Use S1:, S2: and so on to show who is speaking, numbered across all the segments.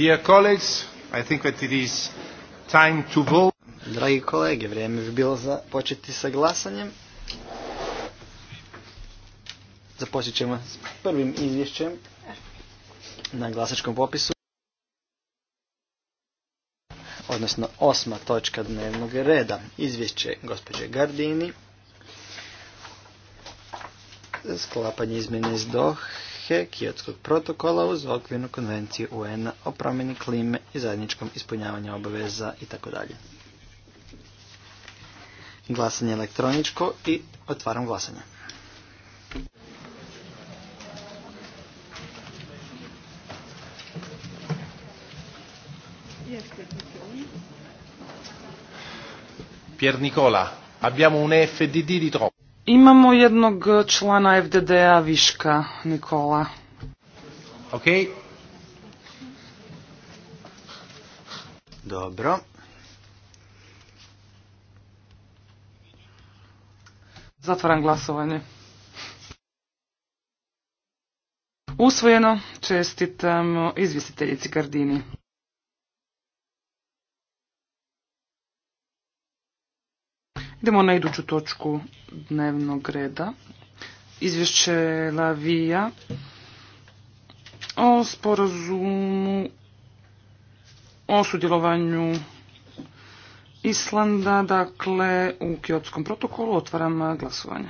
S1: Dear colleagues, I think
S2: that it is time to vote. Dragi kolege, vrijeme bi bilo za početi sa glasanjem. Započet ćemo s prvim izvješćem na glasačkom popisu. Odnosno osma točka dnevnog reda. Izvješće gospođe Gardini. Sklapanje izmjene iz Dohe Turske, Kijotskog protokola uz okvirnu konvenciju un o promjeni klime i zajedničkom ispunjavanju obaveza itd. Glasanje elektroničko i otvaram glasanje.
S1: Pier Nicola, abbiamo un FDD di
S3: Imamo jednog člana FDD-a Viška, Nikola.
S2: Ok. Dobro.
S3: Zatvaram glasovanje. Usvojeno čestitam izvjestiteljici Gardini. Idemo na iduću točku dnevnog reda. Izvješće Lavija o sporazumu o sudjelovanju Islanda, dakle u Kiotskom protokolu otvaram glasovanje.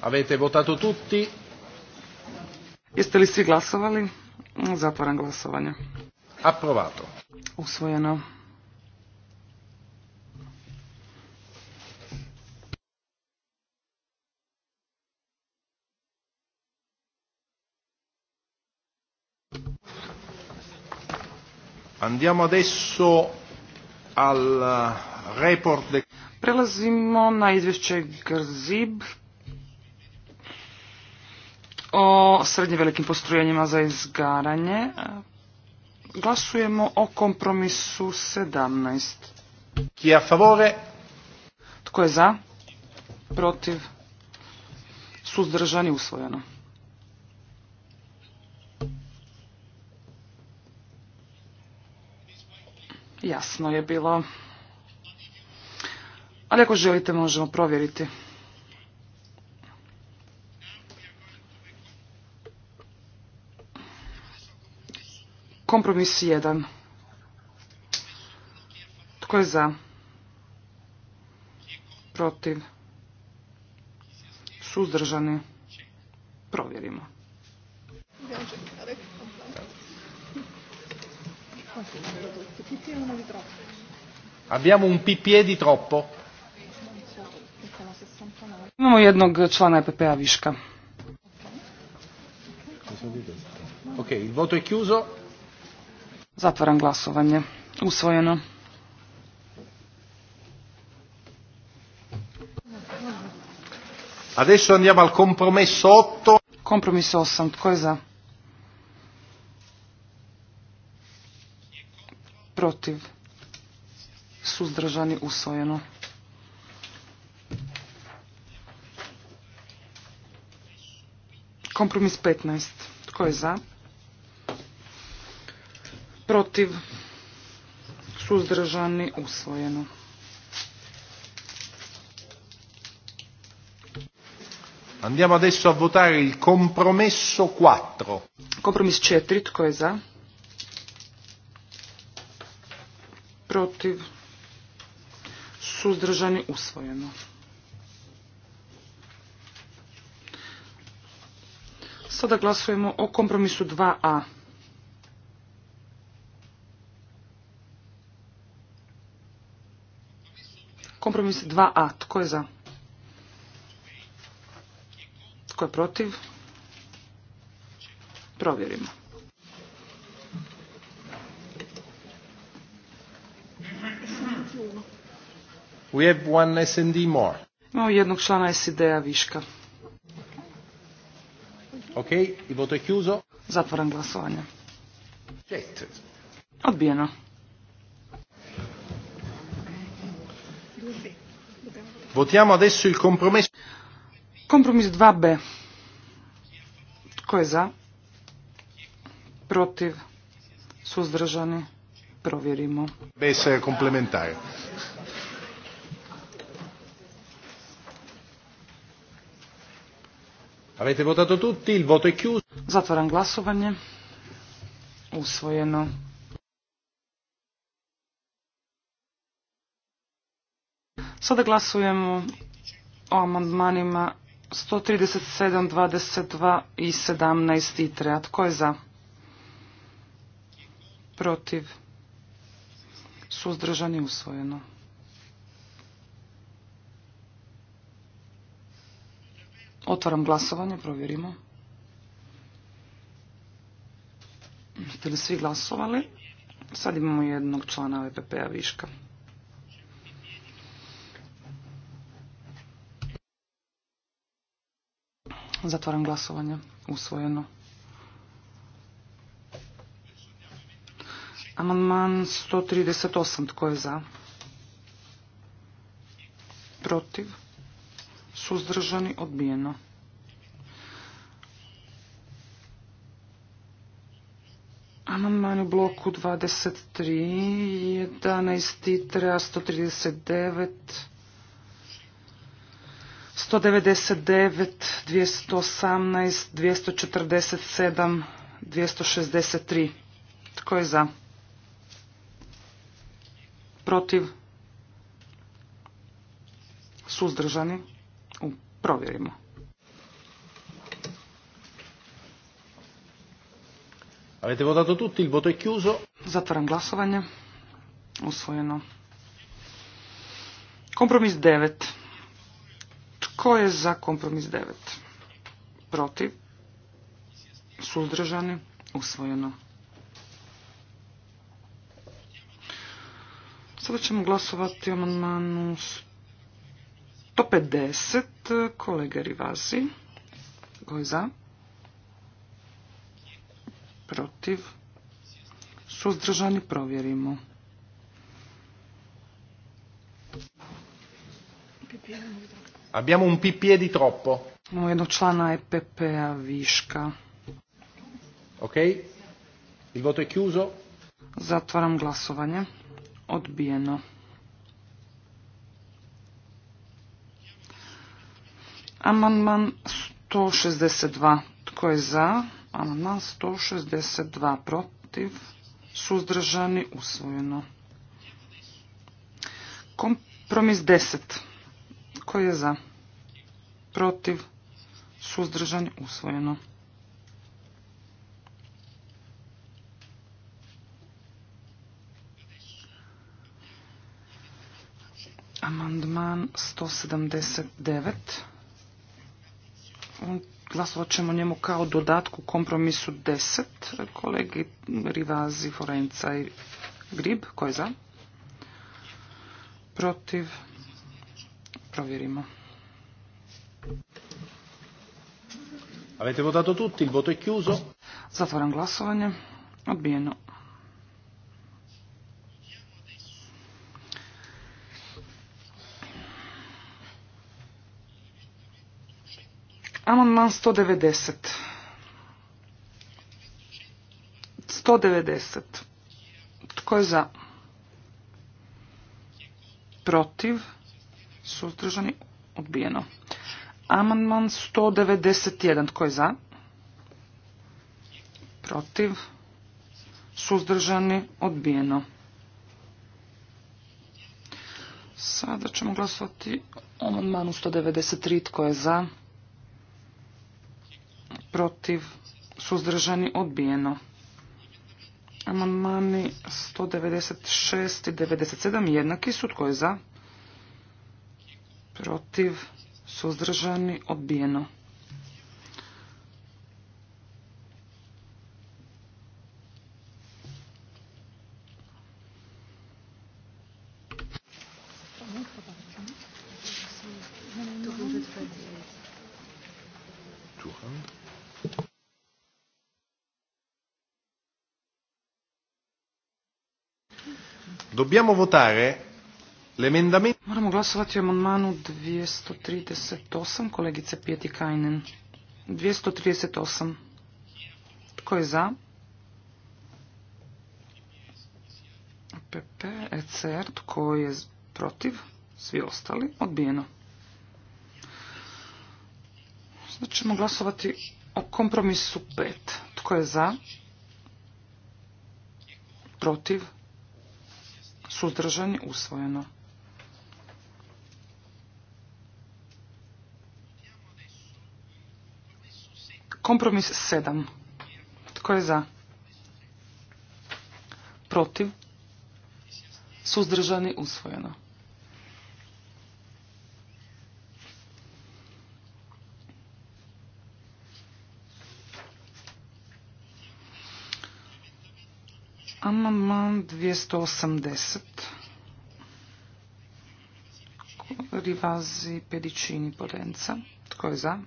S1: Avete votato tutti?
S3: Jeste li svi glasovali? Zatvaram glasovanje.
S1: Approvato.
S3: Usvojeno.
S1: Andiamo adesso al uh, report de... Prelazimo
S3: na izvješće Grzib o srednje velikim postrojenjima za izgaranje. Glasujemo o kompromisu 17. Chi favore? Tko je za? Protiv? Suzdržani usvojeno. Jasno je bilo. Ali ako želite možemo provjeriti. Kompromis 1. Tko je za? Protiv? Suzdržani? Provjerimo.
S1: Abbiamo un PPE di troppo.
S3: Imamo jednog člana EPP-a viška. Ok,
S1: il voto è chiuso.
S3: Zatvaram glasovanje.
S1: Usvojeno. Adesso andiamo al compromesso 8. Compromesso 8. Tko je za?
S3: Protiv. Suzdržani usvojeno. Kompromis 15. Tko je za? protiv, suzdržani, usvojeno.
S1: Andiamo adesso a votare il compromesso 4.
S3: Kompromis 4, tko je za? Protiv, suzdržani, usvojeno. Sada glasujemo o kompromisu 2a. Kompromis 2a. Tko je za? Tko je protiv?
S1: Provjerimo. We have one SND more.
S3: Imamo jednog člana SID-a viška.
S1: Ok, i voto je chiuso.
S3: Zatvoram glasovanje. Odbijeno.
S1: Votiamo adesso il compromesso. Kompromis 2b.
S3: Tko je za? Protiv? Suzdržani? Provjerimo.
S1: Bese komplementare. Avete votato tutti, il voto è chiuso.
S3: Zatvaram glasovanje. Usvojeno. Sada glasujemo o amandmanima 137, 22 i 17 i A tko je za? Protiv? i usvojeno. Otvaram glasovanje, provjerimo. Jeste li svi glasovali? Sad imamo jednog člana VPP-a viška. Zatvaram glasovanje. Usvojeno. Amandman 138. Tko je za? Protiv? Suzdržani? Odbijeno. Amandman u bloku 23, 11, 139, 199, 218, 247, 263. Tko je za? Protiv? Suzdržani? U, provjerimo. Avete votato tutti, il voto è chiuso. Zatvaram glasovanje. Usvojeno. Kompromis 9. Tko je za kompromis 9? Protiv? Suzdržani? Usvojeno. Sada ćemo glasovati o amandmanu 150 kolege Rivazi. Tko je za? Protiv? Suzdržani? Provjerimo.
S1: Abbiamo un PPE di troppo.
S3: Imamo jednog člana EPP-a viška.
S1: Ok. Il voto è chiuso.
S3: Zatvaram glasovanje. Odbijeno. Amandman 162. Tko je za? Amandman 162. Protiv? Suzdržani? Usvojeno. Kompromis 10. Kompromis 10. Tko je za? Protiv? Suzdržan? Usvojeno. Amandman 179. Glasovat ćemo njemu kao dodatku kompromisu 10. Kolegi Rivazi, Forenca i Grib. Ko je za? Protiv? Provjerimo.
S1: Avete votato tutti, il voto è chiuso.
S3: Zatvoram glasovanje. Odbijeno. Amandman 190. 190. Tko je za? Protiv? Suzdržani? Odbijeno. Amandman 191. Tko je za? Protiv? Suzdržani? Odbijeno. Sada ćemo glasovati o amandmanu 193. Tko je za? Protiv? Suzdržani? Odbijeno. Amandmani 196 i 97 jednaki su. Tko je za? protiv, suzdržani, odbijeno.
S1: Dobbiamo votare Moramo glasovati o amandmanu
S3: 238, kolegice Pjeti Kajnen. 238. Tko je za? PP, ECR, tko je protiv? Svi ostali, odbijeno. Znači ćemo glasovati o kompromisu 5. Tko je za? Protiv? je Usvojeno. Kompromis 7. Tko je za? Protiv? Suzdržani? Usvojeno. Amandman 280. Rivazi Pedičini Porenca. Tko je za?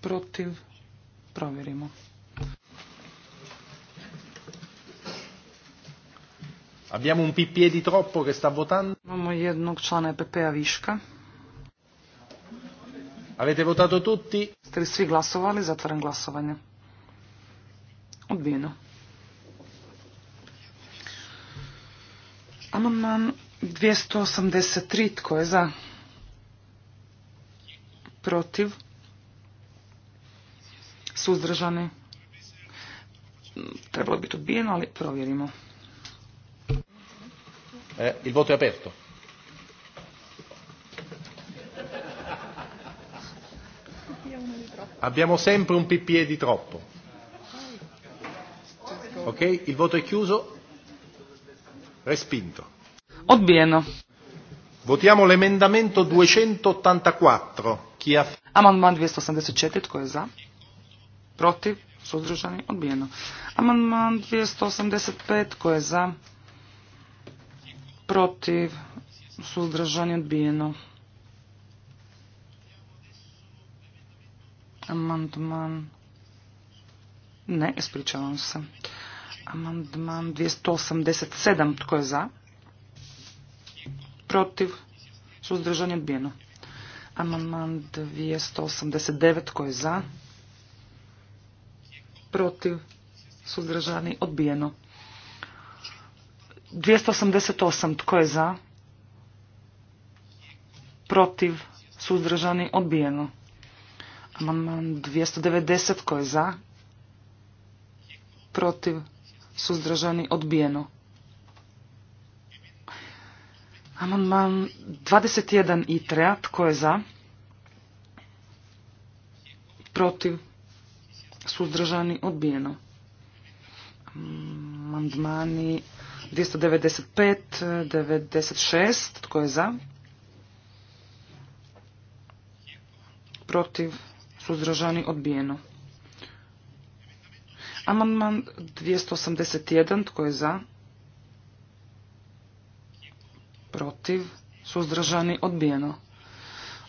S3: protiv,
S1: provjerimo. Abbiamo un PPE di troppo che sta votando.
S3: Imamo jednog člana EPP-a viška.
S1: Avete votato tutti? Ste li svi glasovali?
S3: Zatvaram glasovanje. Odbijeno. Amandman 283. Tko je za? Protiv? Suzdržani? Trebalo bi to bijeno, ali provjerimo.
S1: Eh, il voto è aperto. Abbiamo sempre un PPE di troppo. Ok, il voto è chiuso. Respinto. Odbieno. Votiamo l'emendamento 284. Chi ha... Amandman 284, tko je za?
S3: protiv, suzdržani, odbijeno. Amandman 285 koje je za, protiv, suzdržani, odbijeno. Amandman... Ne, ispričavam se. Amandman 287. Tko je za? Protiv? Suzdržan odbijeno. Amandman 289. Tko je za? protiv, suzdržani, odbijeno. 288. Tko je za? Protiv, suzdržani, odbijeno. Amandman 290. Tko je za? Protiv, suzdržani, odbijeno. Amandman 21 i 3. Tko je za? Protiv, suzdržani, odbijeno. Amandmani 295, 96, tko je za? Protiv, suzdržani, odbijeno. Amandman 281, tko je za? Protiv, suzdržani, odbijeno.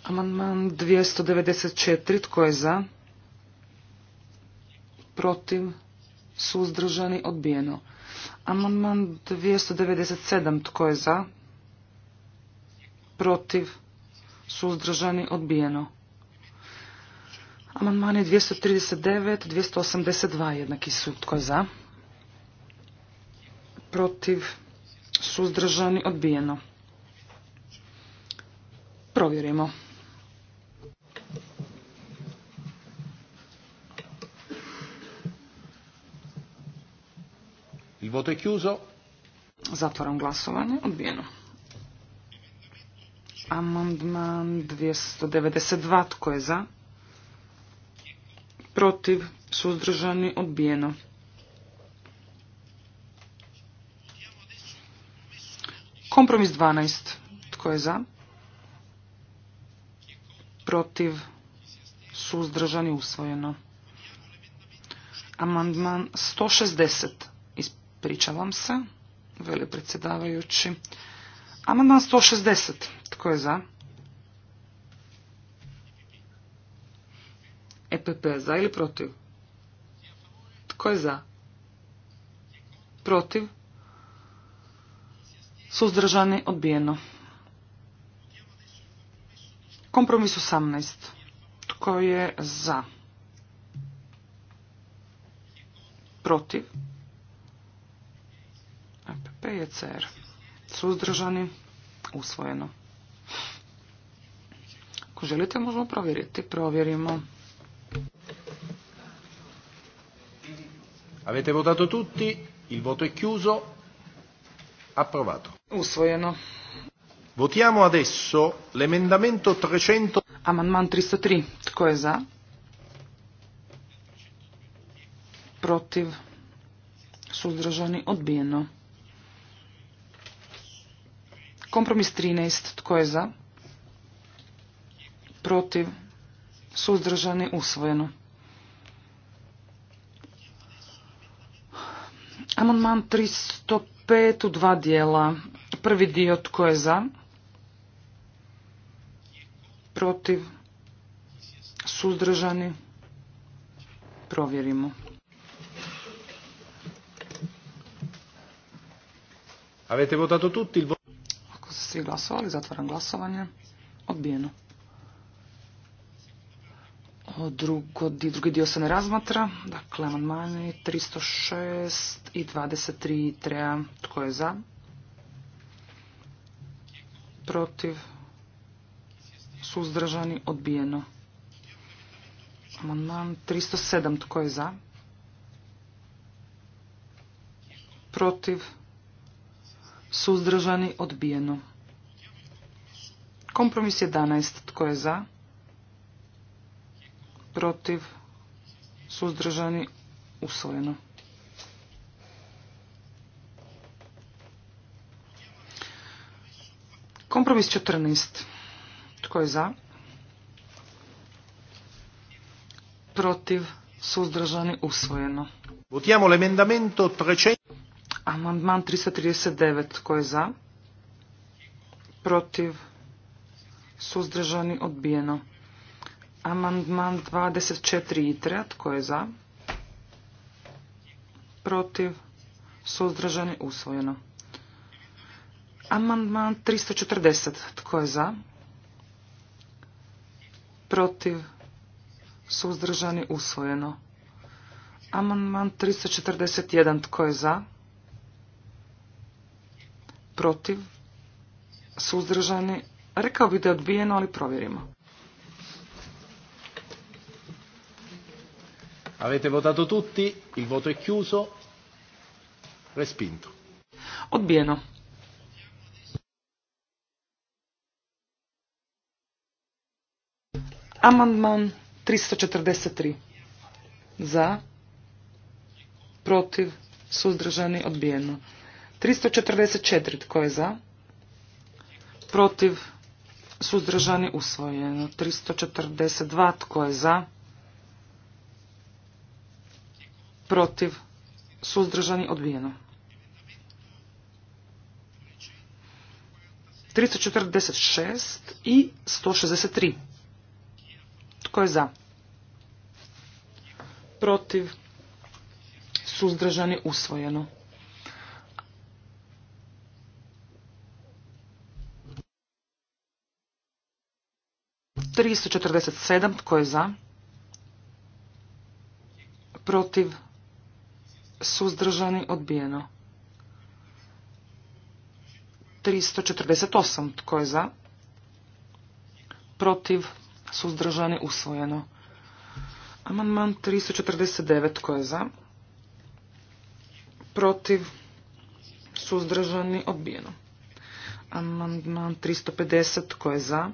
S3: Amandman 294, tko je za? protiv, suzdržani, odbijeno. Amandman 297. Tko je za? Protiv, suzdržani, odbijeno. je 239, 282 jednaki su. Tko je za? Protiv, suzdržani, odbijeno. Provjerimo. voto è chiuso. Zatvaram glasovanje. Odbijeno. Amandman 292. Tko je za? Protiv. Suzdržani. Odbijeno. Kompromis 12. Tko je za? Protiv. Suzdržani. Usvojeno. Amandman 160. Ispričavam se, veli predsjedavajući. Amandman 160. Tko je za? EPP je za ili protiv? Tko je za? Protiv? Suzdržani odbijeno. Kompromis 18. Tko je za? Protiv? EPP Suzdržani. Usvojeno.
S1: Ako želite možemo provjeriti. Provjerimo. Avete votato tutti? Il voto è chiuso. Approvato.
S3: Usvojeno.
S1: Votiamo adesso l'emendamento 300. Amandman 303. Tko je za?
S3: Protiv. Suzdržani odbijeno. Kompromis 13. Tko je za? Protiv? Suzdržani? Usvojeno. Amandman 305 u dva dijela. Prvi dio tko je za? Protiv? Suzdržani?
S1: Provjerimo. Avete votato tutti il svi glasovali?
S3: Zatvaram glasovanje. Odbijeno. drugi dio se ne razmatra. Dakle, tristo 306 i 23 treba. Tko je za? Protiv? Suzdržani? Odbijeno. Amandman 307. Tko je za? Protiv? Suzdržani? Odbijeno. Kompromis 11. Tko je za? Protiv? Suzdržani? Usvojeno. Kompromis 14. Tko je za? Protiv? Suzdržani? Usvojeno.
S1: Votiamo l'emendamento
S3: 300. Amandman 339. Tko je za? Protiv? suzdržani, odbijeno. Amandman 24 i 3, tko je za? Protiv, suzdržani, usvojeno. Amandman 340, tko je za? Protiv, suzdržani, usvojeno. Amandman 341, tko je za? Protiv, suzdržani, Rekao bi da je odbijeno, ali provjerimo.
S1: Avete votato tutti, il voto è chiuso, respinto.
S3: Odbijeno. Amandman 343. Za. Protiv. Suzdržani. Odbijeno. 344. Tko je za? Protiv suzdržani, usvojeno. 342, tko je za? Protiv, suzdržani, odbijeno. 346 i 163. Tko je za? Protiv, suzdržani, usvojeno. 347. Tko je za? Protiv? Suzdržani? Odbijeno. 348. Tko je za? Protiv? Suzdržani? Usvojeno. Amandman 349. Tko je za? Protiv? Suzdržani? Odbijeno. Amandman 350. Tko je za?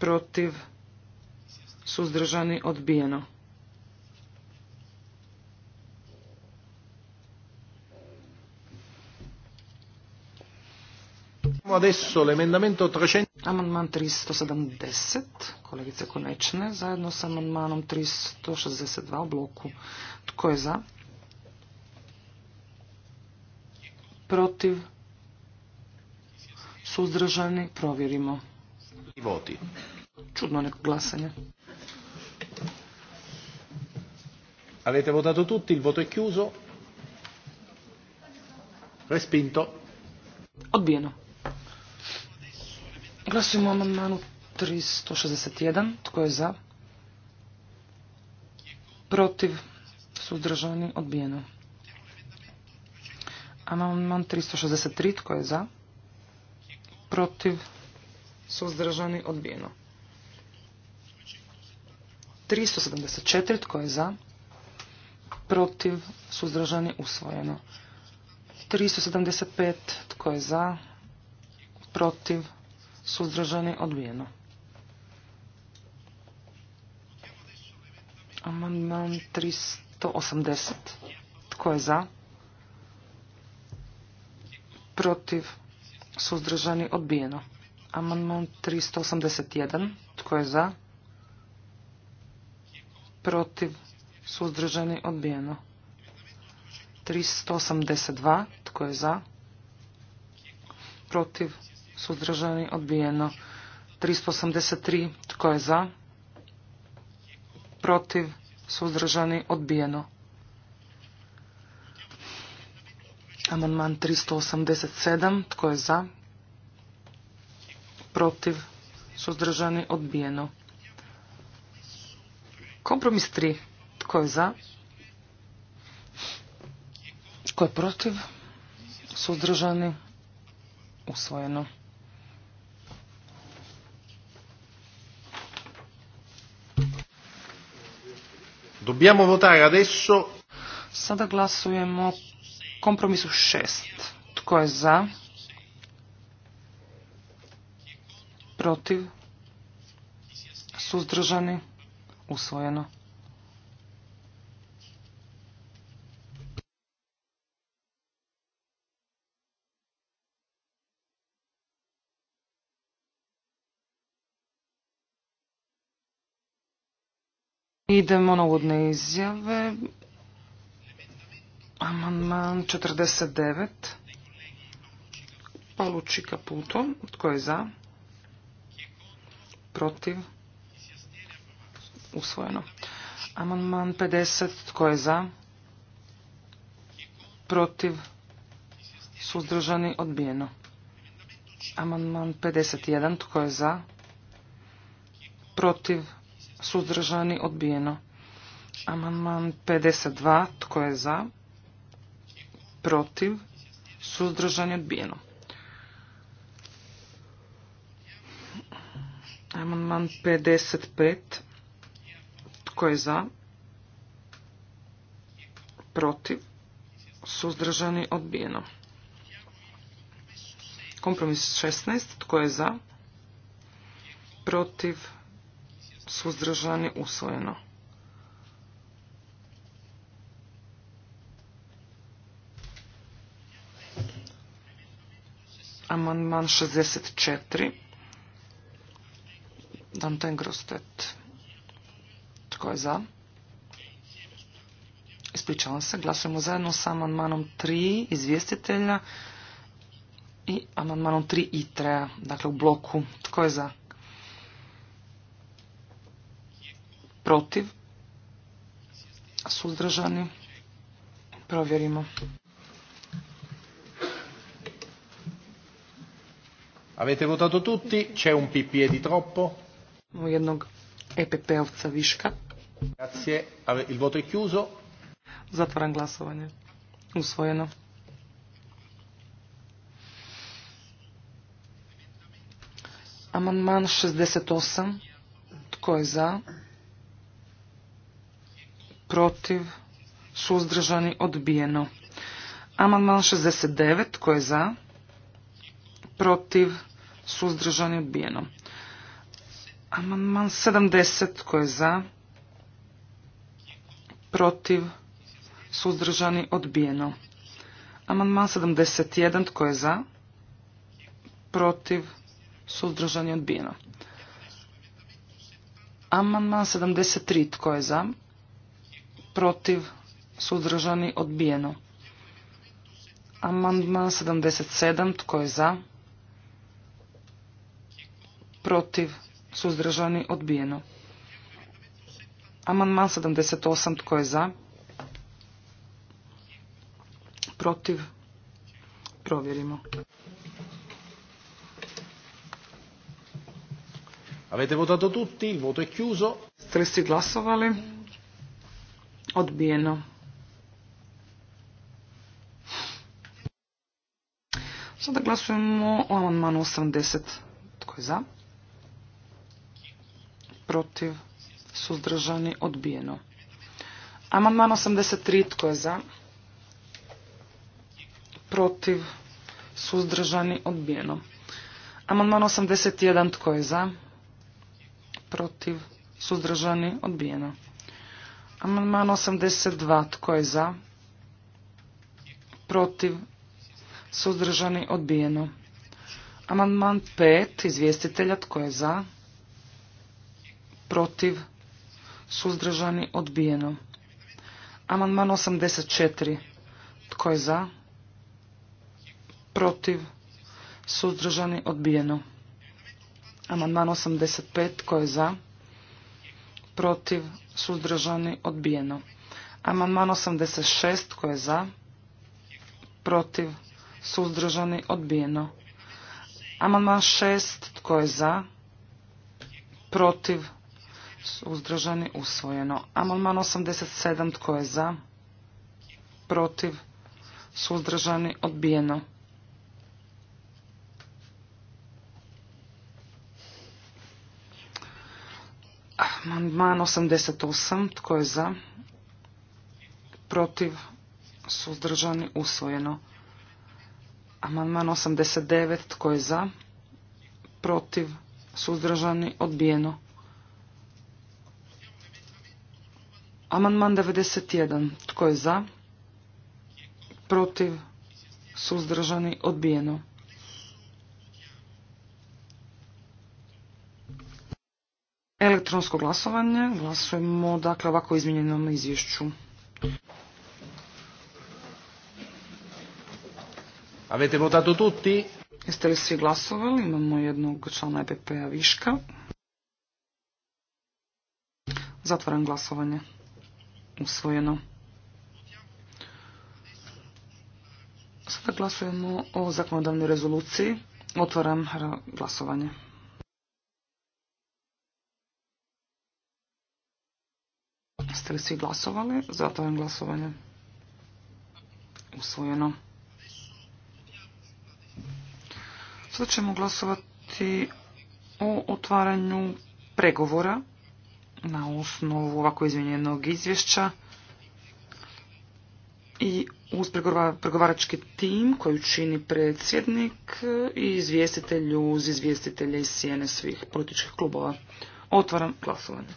S3: protiv, suzdržani,
S1: odbijeno. Adesso
S3: l'emendamento Amandman 370, kolegice Konečne, zajedno sa amandmanom 362 u bloku. Tko je za? Protiv? Suzdržani? Provjerimo. I voti. Čudno neko glasanje.
S1: Avete votato tutti, il voto è chiuso. Respinto.
S3: Odbijeno. Glasujemo o amandmanu 361. Tko je za? Protiv. Suzdržani. Odbijeno. Amandman 363. Tko je za? Protiv suzdržani, odbijeno. 374, tko je za, protiv, suzdržani, usvojeno. 375, tko je za, protiv, suzdržani, odbijeno. Amandman 380, tko je za, protiv, suzdržani, odbijeno. Amandman 381. Tko je za? Protiv? Suzdržani? Odbijeno. 382. Tko je za? Protiv? Suzdržani? Odbijeno. 383. Tko je za? Protiv? Suzdržani? Odbijeno. Amandman 387. Tko je za? protiv, suzdržani, odbijeno. Kompromis 3. Tko je za? Tko je protiv? Suzdržani, usvojeno.
S1: Dobbiamo votare adesso.
S3: Sada glasujemo kompromisu 6. Tko je za? protiv, suzdržani, usvojeno. Idemo na uvodne izjave. Amandman 49. je putom. Tko je za? protiv, usvojeno. Amandman 50, tko je za, protiv, suzdržani, odbijeno. Amandman 51, tko je za, protiv, suzdržani, odbijeno. Amandman 52, tko je za, protiv, suzdržani, odbijeno. Amandman 55. Tko je za? Protiv? Suzdržani? Odbijeno. Kompromis 16. Tko je za? Protiv? Suzdržani? Usvojeno. Amandman 64. Danton Grostet. Tko je za? Ispričavam se, glasujemo zajedno sa amandmanom 3 izvjestitelja i amandmanom 3 i 3, dakle u bloku. Tko je za? Protiv? Suzdržani? Provjerimo.
S1: Avete votato tutti? C'è un PPE di troppo? Imamo jednog EPP-ovca viška. Grazie, il voto è Zatvaram glasovanje. Usvojeno.
S3: Amandman 68. Tko je za? Protiv? Suzdržani? Odbijeno. Amandman 69. Tko je za? Protiv? Suzdržani? Odbijeno. Amandman 70. Tko je za? Protiv? Suzdržani? Odbijeno. Amandman 71. Tko je za? Protiv? Suzdržani? Odbijeno. Amandman 73. Tko je za? Protiv? Suzdržani? Odbijeno. Amandman 77. Tko je za? Protiv? suzdržani, odbijeno. Amandman 78, tko je za? Protiv? Provjerimo.
S1: Avete votato tutti, il voto è chiuso. Ste glasovali? Odbijeno.
S3: Sada glasujemo o amandmanu 80. Tko je za? protiv, suzdržani, odbijeno. Amandman 83, tko je za? Protiv, suzdržani, odbijeno. Amandman 81, tko je za? Protiv, suzdržani, odbijeno. Amandman 82, tko je za? Protiv, suzdržani, odbijeno. Amandman 5, izvjestitelja, tko je za? protiv, suzdržani, odbijeno. Amandman 84. Tko je za? Protiv, suzdržani, odbijeno. Amandman 85. Tko je za? Protiv, suzdržani, odbijeno. Amandman 86. Tko je za? Protiv, suzdržani, odbijeno. Amandman 6. Tko je za? Protiv, Suzdržani, usvojeno. Amandman 87. Tko je za? Protiv? Suzdržani, odbijeno. Amandman 88. Tko je za? Protiv? Suzdržani, usvojeno. Amandman 89. Tko je za? Protiv? Suzdržani, odbijeno. Amandman 91. Tko je za? Protiv? Suzdržani? Odbijeno. Elektronsko glasovanje. Glasujemo dakle ovako izmijenjenom izvješću.
S1: Avete votato tutti?
S3: Jeste li svi glasovali? Imamo jednog člana EPP-a viška. Zatvaram glasovanje usvojeno. Sada glasujemo o zakonodavnoj rezoluciji. Otvaram glasovanje. Ste li svi glasovali? Zatvaram glasovanje. Usvojeno. Sada ćemo glasovati o otvaranju pregovora na osnovu ovako izmjenjenog izvješća i uz pregovarački tim koji čini predsjednik i izvjestitelj uz izvjestitelje iz sjene svih političkih klubova. Otvaram glasovanje.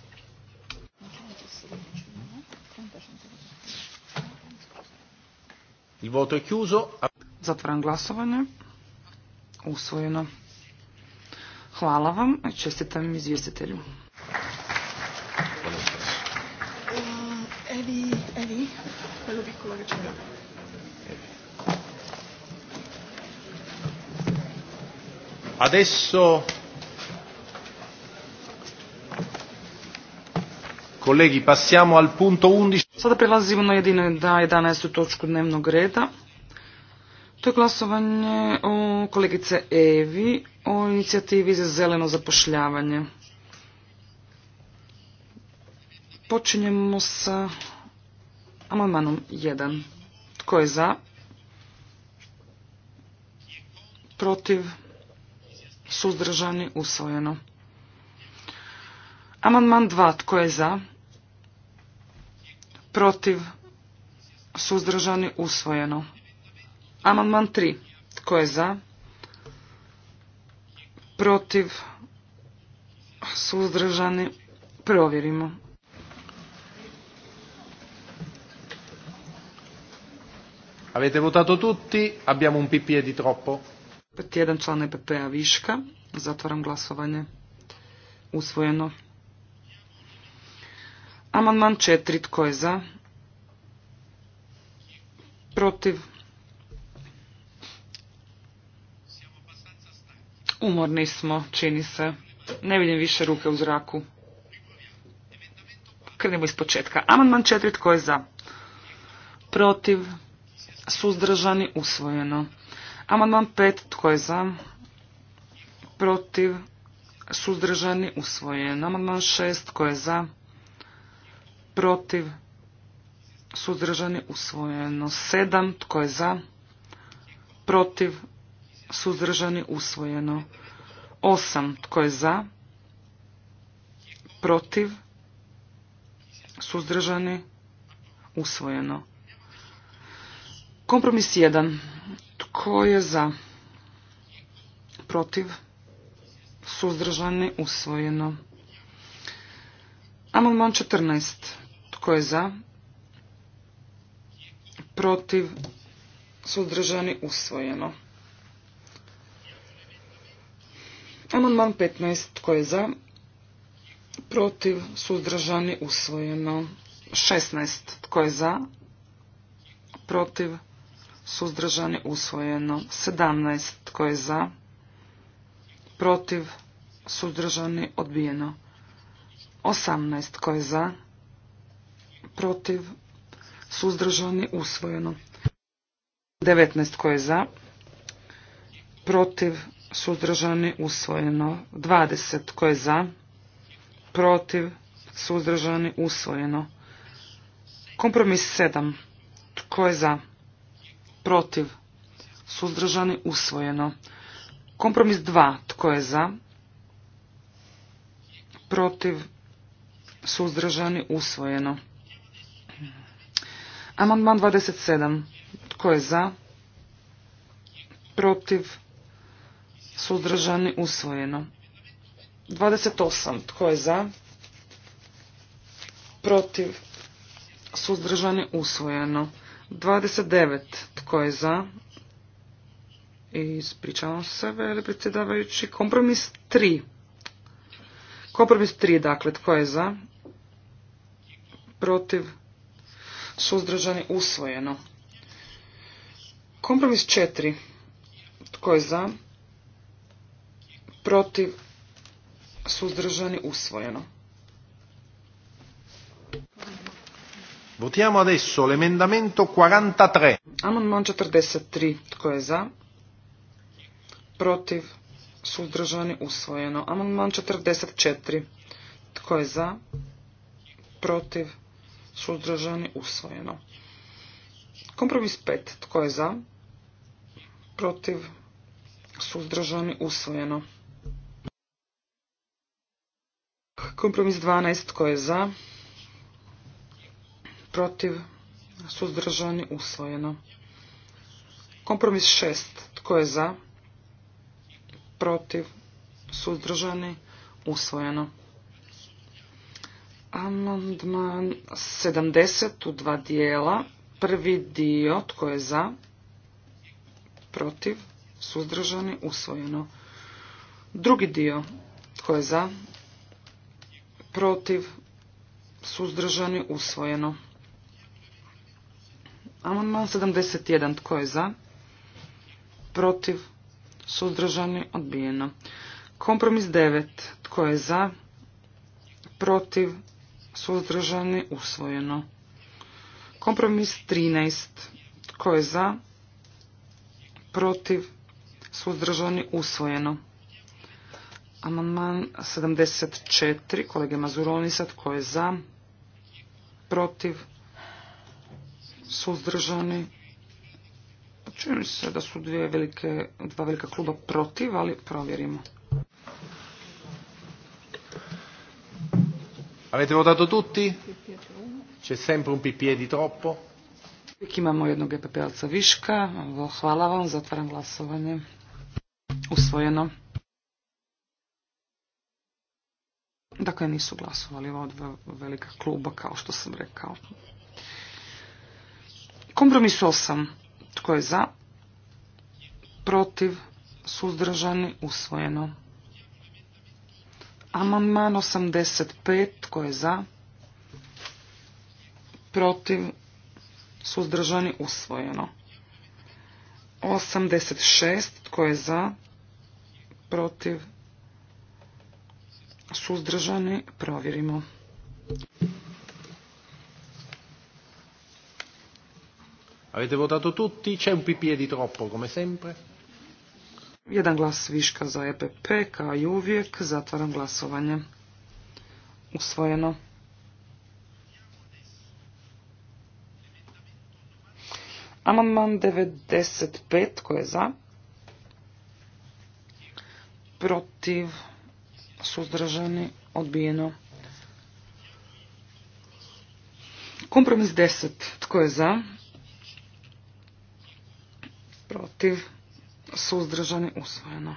S3: Il voto chiuso. Zatvaram glasovanje. Usvojeno. Hvala vam čestitam izvjestitelju.
S1: Adesso, kolegi, passiamo al punto 11.
S3: Sada prelazimo na 11. točku dnevnog reda. To je glasovanje o kolegice Evi o inicijativi za zeleno zapošljavanje. Počinjemo sa Amandmanom 1. Tko je za? Protiv? Suzdržani? Usvojeno. Amandman 2. Tko je za? Protiv? Suzdržani? Usvojeno. Amandman 3. Tko je za? Protiv? Suzdržani? Provjerimo.
S1: Avete votato tutti? Abbiamo un PPE di troppo? jedan član EPP-a viška.
S3: Zatvaram glasovanje. Usvojeno. Amandman četiri. Tko je za? Protiv? Umorni smo, čini se. Ne vidim više ruke u zraku. Krenimo iz početka. Amandman četiri. Tko je za? Protiv? suzdržani, usvojeno. Amandman 5, tko je za, protiv, suzdržani, usvojeno. Amandman 6, tko je za, protiv, suzdržani, usvojeno. 7, tko je za, protiv, suzdržani, usvojeno. 8, tko je za, protiv, suzdržani, usvojeno. Kompromis 1. Tko je za? Protiv? Suzdržani? Usvojeno. Amandman 14. Tko je za? Protiv? Suzdržani? Usvojeno. Amandman 15. Tko je za? Protiv? Suzdržani? Usvojeno. 16. Tko je za? Protiv? suzdržani, usvojeno. 17 tko je za, protiv, suzdržani, odbijeno. 18 tko je za, protiv, suzdržani, usvojeno. 19 tko je za, protiv, suzdržani, usvojeno. 20 tko je za, protiv, suzdržani, usvojeno. Kompromis 7. Tko je za? protiv, suzdržani, usvojeno. Kompromis 2, tko je za, protiv, suzdržani, usvojeno. Amandman 27, tko je za, protiv, suzdržani, usvojeno. 28, tko je za, protiv, suzdržani, usvojeno. 29, tko je za? Ispričavam se, veli predsjedavajući. Kompromis 3. Kompromis 3, dakle, tko je za? Protiv? Suzdržani? Usvojeno. Kompromis 4. Tko je za? Protiv? Suzdržani? Usvojeno.
S1: Votiamo adesso l'emendamento 43. Amandman 43. Tko je za? Protiv? Suzdržani?
S3: Usvojeno. Amandman 44. Tko je za? Protiv? Suzdržani? Usvojeno. Kompromis 5. Tko je za? Protiv? Suzdržani? Usvojeno. Kompromis 12. Tko je za? protiv, suzdržani, usvojeno. Kompromis šest, Tko je za? Protiv, suzdržani, usvojeno. Amandman 70 u dva dijela. Prvi dio, tko je za? Protiv, suzdržani, usvojeno. Drugi dio, tko je za? Protiv, suzdržani, usvojeno. Amandman 71. Tko je za? Protiv? Suzdržani? Odbijeno. Kompromis 9. Tko je za? Protiv? Suzdržani? Usvojeno. Kompromis 13. Tko je za? Protiv? Suzdržani? Usvojeno. Amandman 74. Kolege Mazuronisa. Tko je za? Protiv? suzdržani. Čujem se da su dvije velike, dva velika kluba protiv, ali provjerimo.
S1: Avete votato tutti? C'è sempre un PPE di troppo. Uvijek imamo jednog EPP-alca viška.
S3: Hvala vam, zatvaram glasovanje. Usvojeno. Dakle, nisu glasovali od dva velika kluba, kao što sam rekao. Kompromis 8. Tko je za? Protiv? Suzdržani? Usvojeno. Amandman 85. Tko je za? Protiv? Suzdržani? Usvojeno. 86. Tko je za? Protiv? Suzdržani? Provjerimo.
S1: Avete votato tutti? C'è un PP e di troppo, come sempre?
S3: Jedan glas viška za EPP, kao i uvijek. Zatvaram glasovanje. Usvojeno. Amandman 95, ko je za? Protiv, suzdržani, odbijeno. Kompromis 10, tko je za? protiv, suzdržani, usvojeno.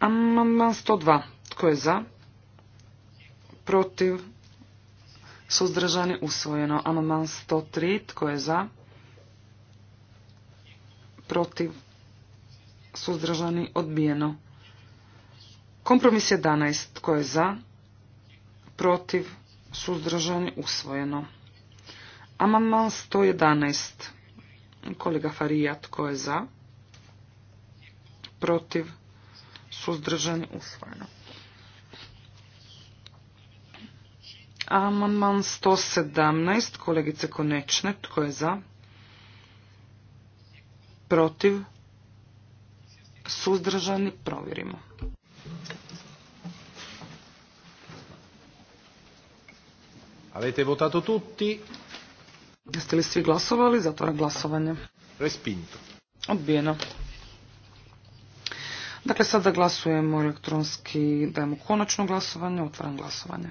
S3: Amandman 102. Tko je za? Protiv, suzdržani, usvojeno. Amandman 103. Tko je za? Protiv, suzdržani, odbijeno. Kompromis 11. Tko je za? Protiv, suzdržani, usvojeno. Amandman 111. Kolega Farija, tko je za? Protiv? suzdržani, Usvojeno. Amandman 117. Kolegice Konečne, tko je za? Protiv?
S1: Suzdržani? Provjerimo. Avete votato tutti? Jeste
S3: li svi glasovali? Zatvoram glasovanje.
S1: Respinto.
S3: Odbijeno. Dakle, sada glasujemo elektronski, dajemo konačno glasovanje, otvaram glasovanje.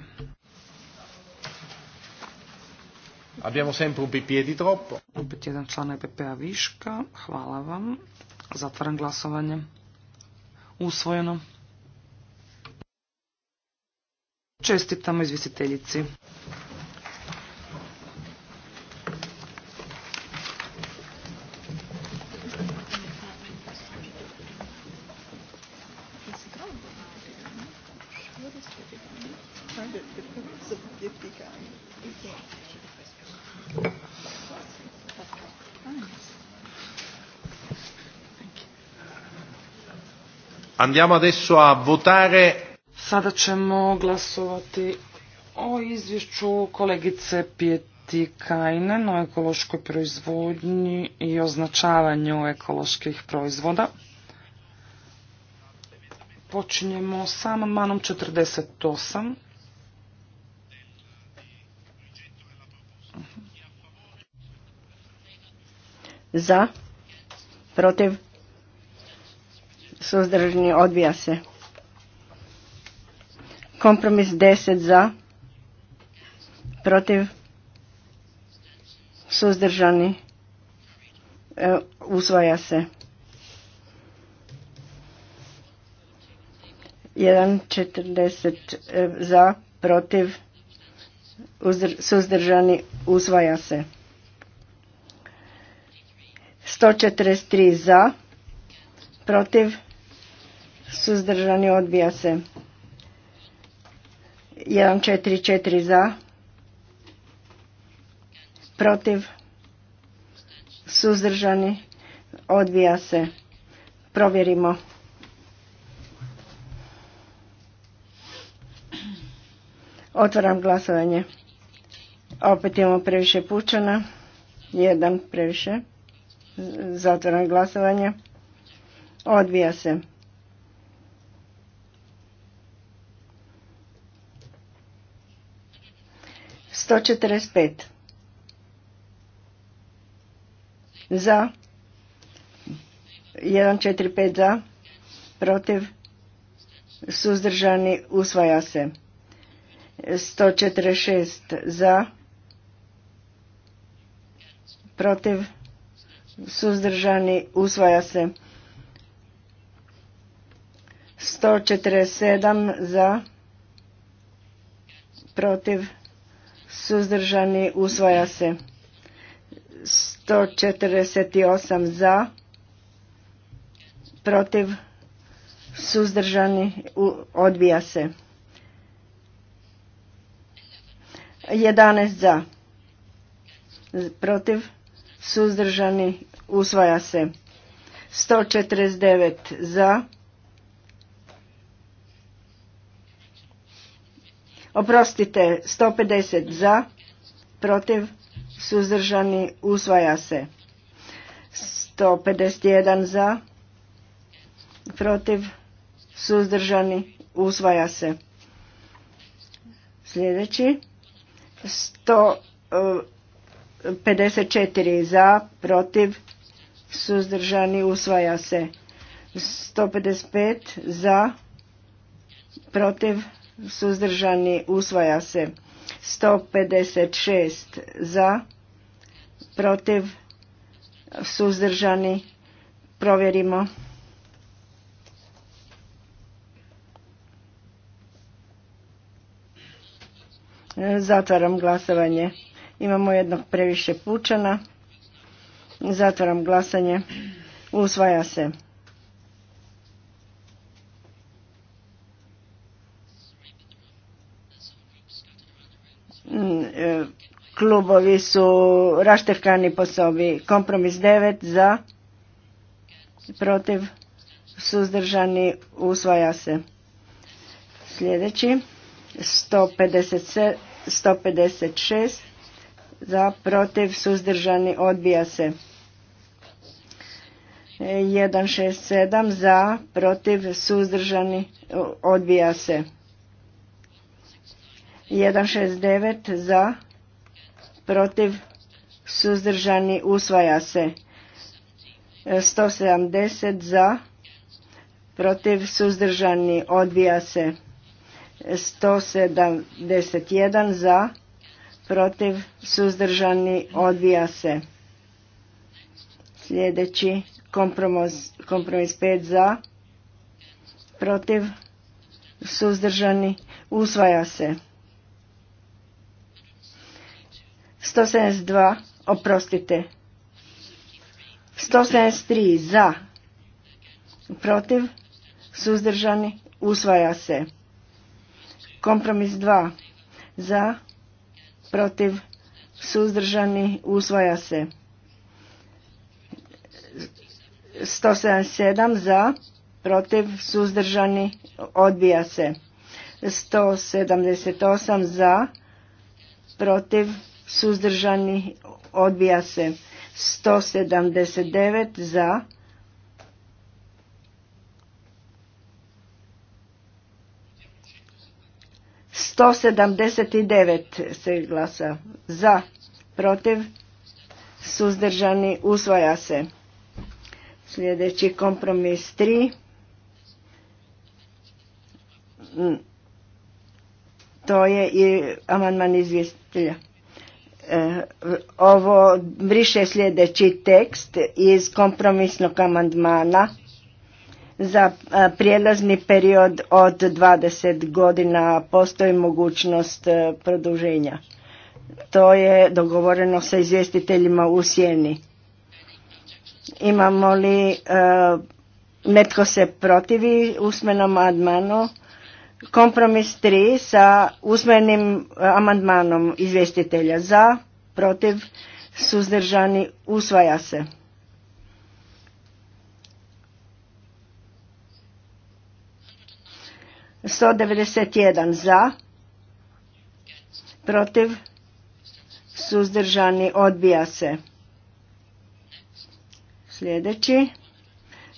S1: Abbiamo sempre un e
S3: di troppo. jedan član EPP-a viška. Hvala vam. Zatvaram glasovanje. Usvojeno. Čestitamo izvisiteljici.
S1: Andiamo adesso a votare.
S3: Sada ćemo glasovati o izvješću kolegice Pjeti Kajnen o ekološkoj proizvodnji i označavanju ekoloških proizvoda. Počinjemo sa amandmanom 48.
S4: Za, protiv, suzdržani, odbija se. Kompromis 10 za, protiv, suzdržani, e, usvaja se. četrdeset e, za, protiv, suzdržani, usvaja se. 143 za, protiv, suzdržani odbija se 4 za protiv suzdržani odbija se provjerimo otvaram glasovanje opet imamo previše pučana jedan previše zatvaram glasovanje odbija se 145. Za. 145 za. Protiv. Suzdržani. Usvaja se. 146 za. Protiv. Suzdržani. Usvaja se. 147 za. Protiv suzdržani usvaja se 148 za protiv suzdržani odbija se 11 za protiv suzdržani usvaja se 149 za Oprostite, 150 za, protiv, suzdržani, usvaja se. 151 za, protiv, suzdržani, usvaja se. Sljedeći, 154 za, protiv, suzdržani, usvaja se. 155 za, protiv, suzdržani usvaja se 156 za protiv suzdržani provjerimo zatvaram glasovanje imamo jednog previše pučana zatvaram glasanje usvaja se E, klubovi su raštevkani po sobi. Kompromis 9 za, protiv, suzdržani, usvaja se. Sljedeći, 156 za, protiv, suzdržani, odbija se. 167 e, za, protiv, suzdržani, odbija se. 169 za, protiv, suzdržani, usvaja se. 170 za, protiv, suzdržani, odbija se. 171 za, protiv, suzdržani, odbija se. Sljedeći kompromis, kompromis 5 za, protiv, suzdržani, usvaja se. 172, oprostite. 173 za, protiv, suzdržani, usvaja se. Kompromis 2 za, protiv, suzdržani, usvaja se. 177 za, protiv, suzdržani, odbija se. 178 za, protiv, suzdržani odbija se 179 za sto sedamdeset devet se glasa za protiv suzdržani usvaja se sljedeći kompromis tri mm. to je i amandman izvjestitelja Eh, ovo briše sljedeći tekst iz kompromisnog amandmana za eh, prijelazni period od 20 godina postoji mogućnost eh, produženja. To je dogovoreno sa izvjestiteljima u sjeni. Imamo li netko se protivi usmenom amandmanu? Kompromis 3 sa usmenim e, amandmanom izvjestitelja za, protiv, suzdržani, usvaja se. Sto devedeset jedan za, protiv, suzdržani, odbija se. Sljedeći.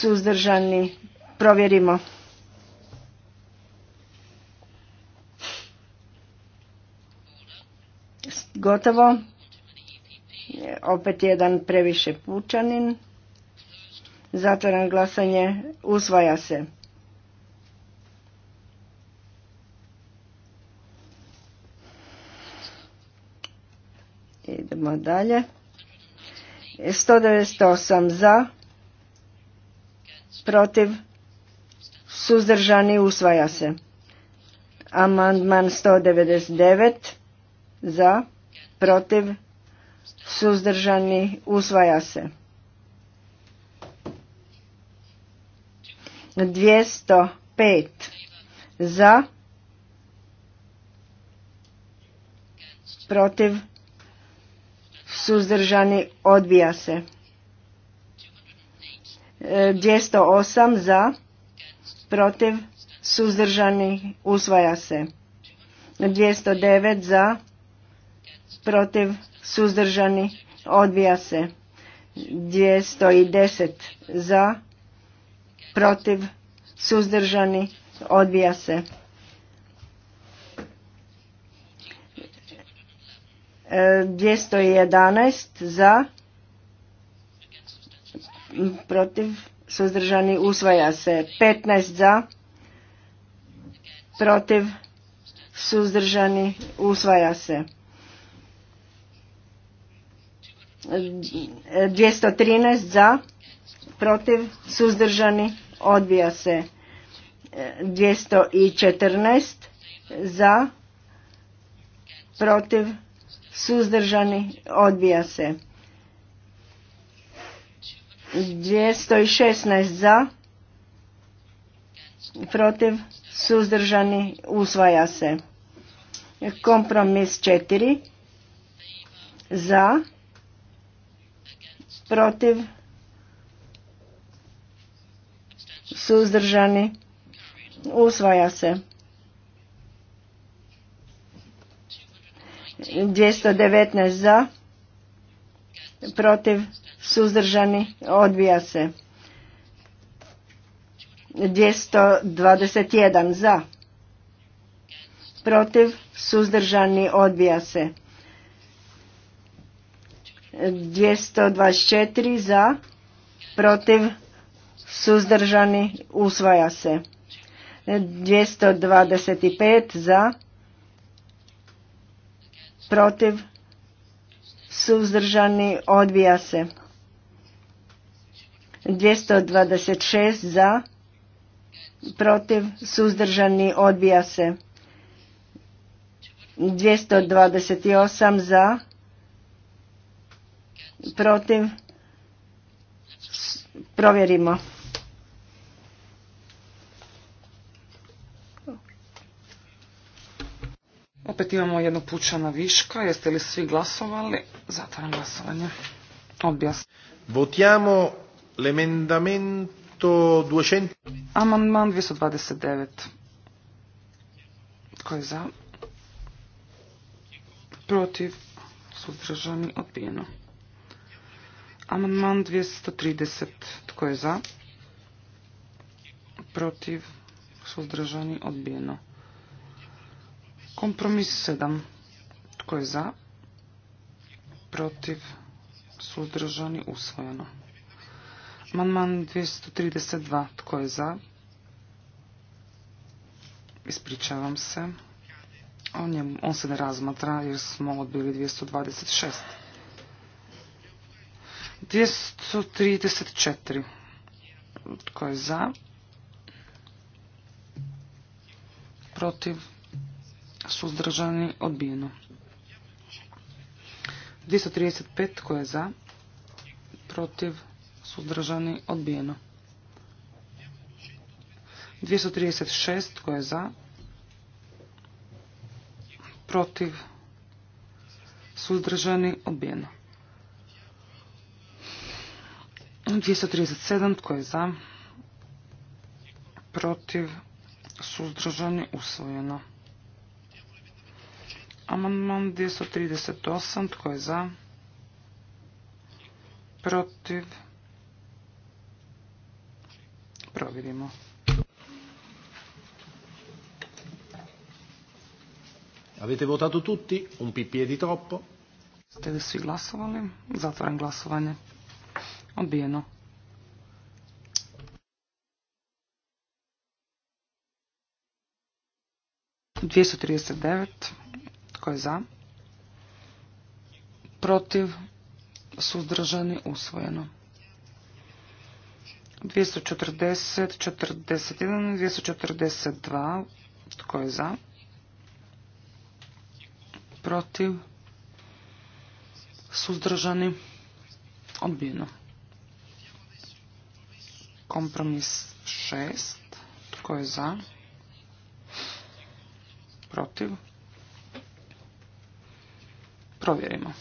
S4: suzdržani, provjerimo. Gotovo. Opet jedan previše pučanin. Zatvoran glasanje. Usvaja se. Idemo dalje. 198 za protiv, suzdržani, usvaja se. Amandman 199 za, protiv, suzdržani, usvaja se. 205 za, protiv, suzdržani, odbija se. 208 za, protiv, suzdržani, usvaja se. 209 za, protiv, suzdržani, odbija se. 210 za, protiv, suzdržani, odbija se. 211 za, protiv, protiv, suzdržani, usvaja se 15 za, protiv, suzdržani, usvaja se 213 za, protiv, suzdržani, odbija se 214 za, protiv, suzdržani, odbija se 216 za, protiv, suzdržani, usvaja se. Kompromis 4 za, protiv, suzdržani, usvaja se. 219 za, protiv, suzdržani, odbija se. 221 za, protiv, suzdržani, odbija se. 224 za, protiv, suzdržani, usvaja se. 225 za, protiv, suzdržani, odbija se. 226 za, protiv, suzdržani, odbija se. 228 za, protiv, provjerimo.
S3: Opet imamo jednu pučana viška. Jeste li svi glasovali?
S1: Zatvaram glasovanje. Odbija se. Votiamo L'emendamento 200... Amandman 229. Tko je za?
S3: Protiv? Suzdržani? Odbijeno. Amandman 230. Tko je za? Protiv? Suzdržani? Odbijeno. Kompromis 7. Tko je za? Protiv? Suzdržani? Usvojeno. Amandman 232. Tko je za? Ispričavam se. On, je, on se ne razmatra jer smo odbili 226. 234. Tko je za? Protiv? Suzdržani? Odbijeno. 235. Tko je za? Protiv? suzdržani, odbijeno. 236 tko je za, protiv, suzdržani, odbijeno. 237 tko je za, protiv, suzdržani, usvojeno. Amandman 238 tko je za, protiv, provjerimo.
S1: Avete votato tutti? Un pipie di troppo?
S3: Ste li svi glasovali? Zatvaram glasovanje. Odbijeno. Dvijesto trideset devet. Tko je za? Protiv? Suzdržani? Usvojeno. 240, 41, 242. Tko je za? Protiv? Suzdržani? Odbijeno. Kompromis 6. Tko je za? Protiv? Provjerimo.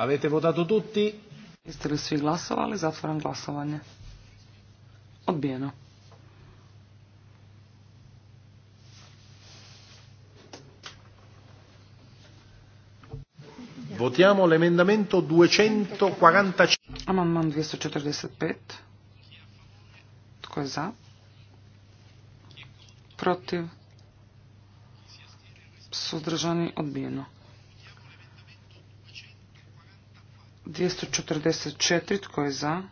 S3: Avete votato tutti? Jeste li svi glasovali? Zatvaram glasovanje.
S1: Odbijeno. Votiamo l'emendamento 245. Amandman 245.
S3: Tko je za? Protiv? Suzdržani odbijeno. 244. Tko je za?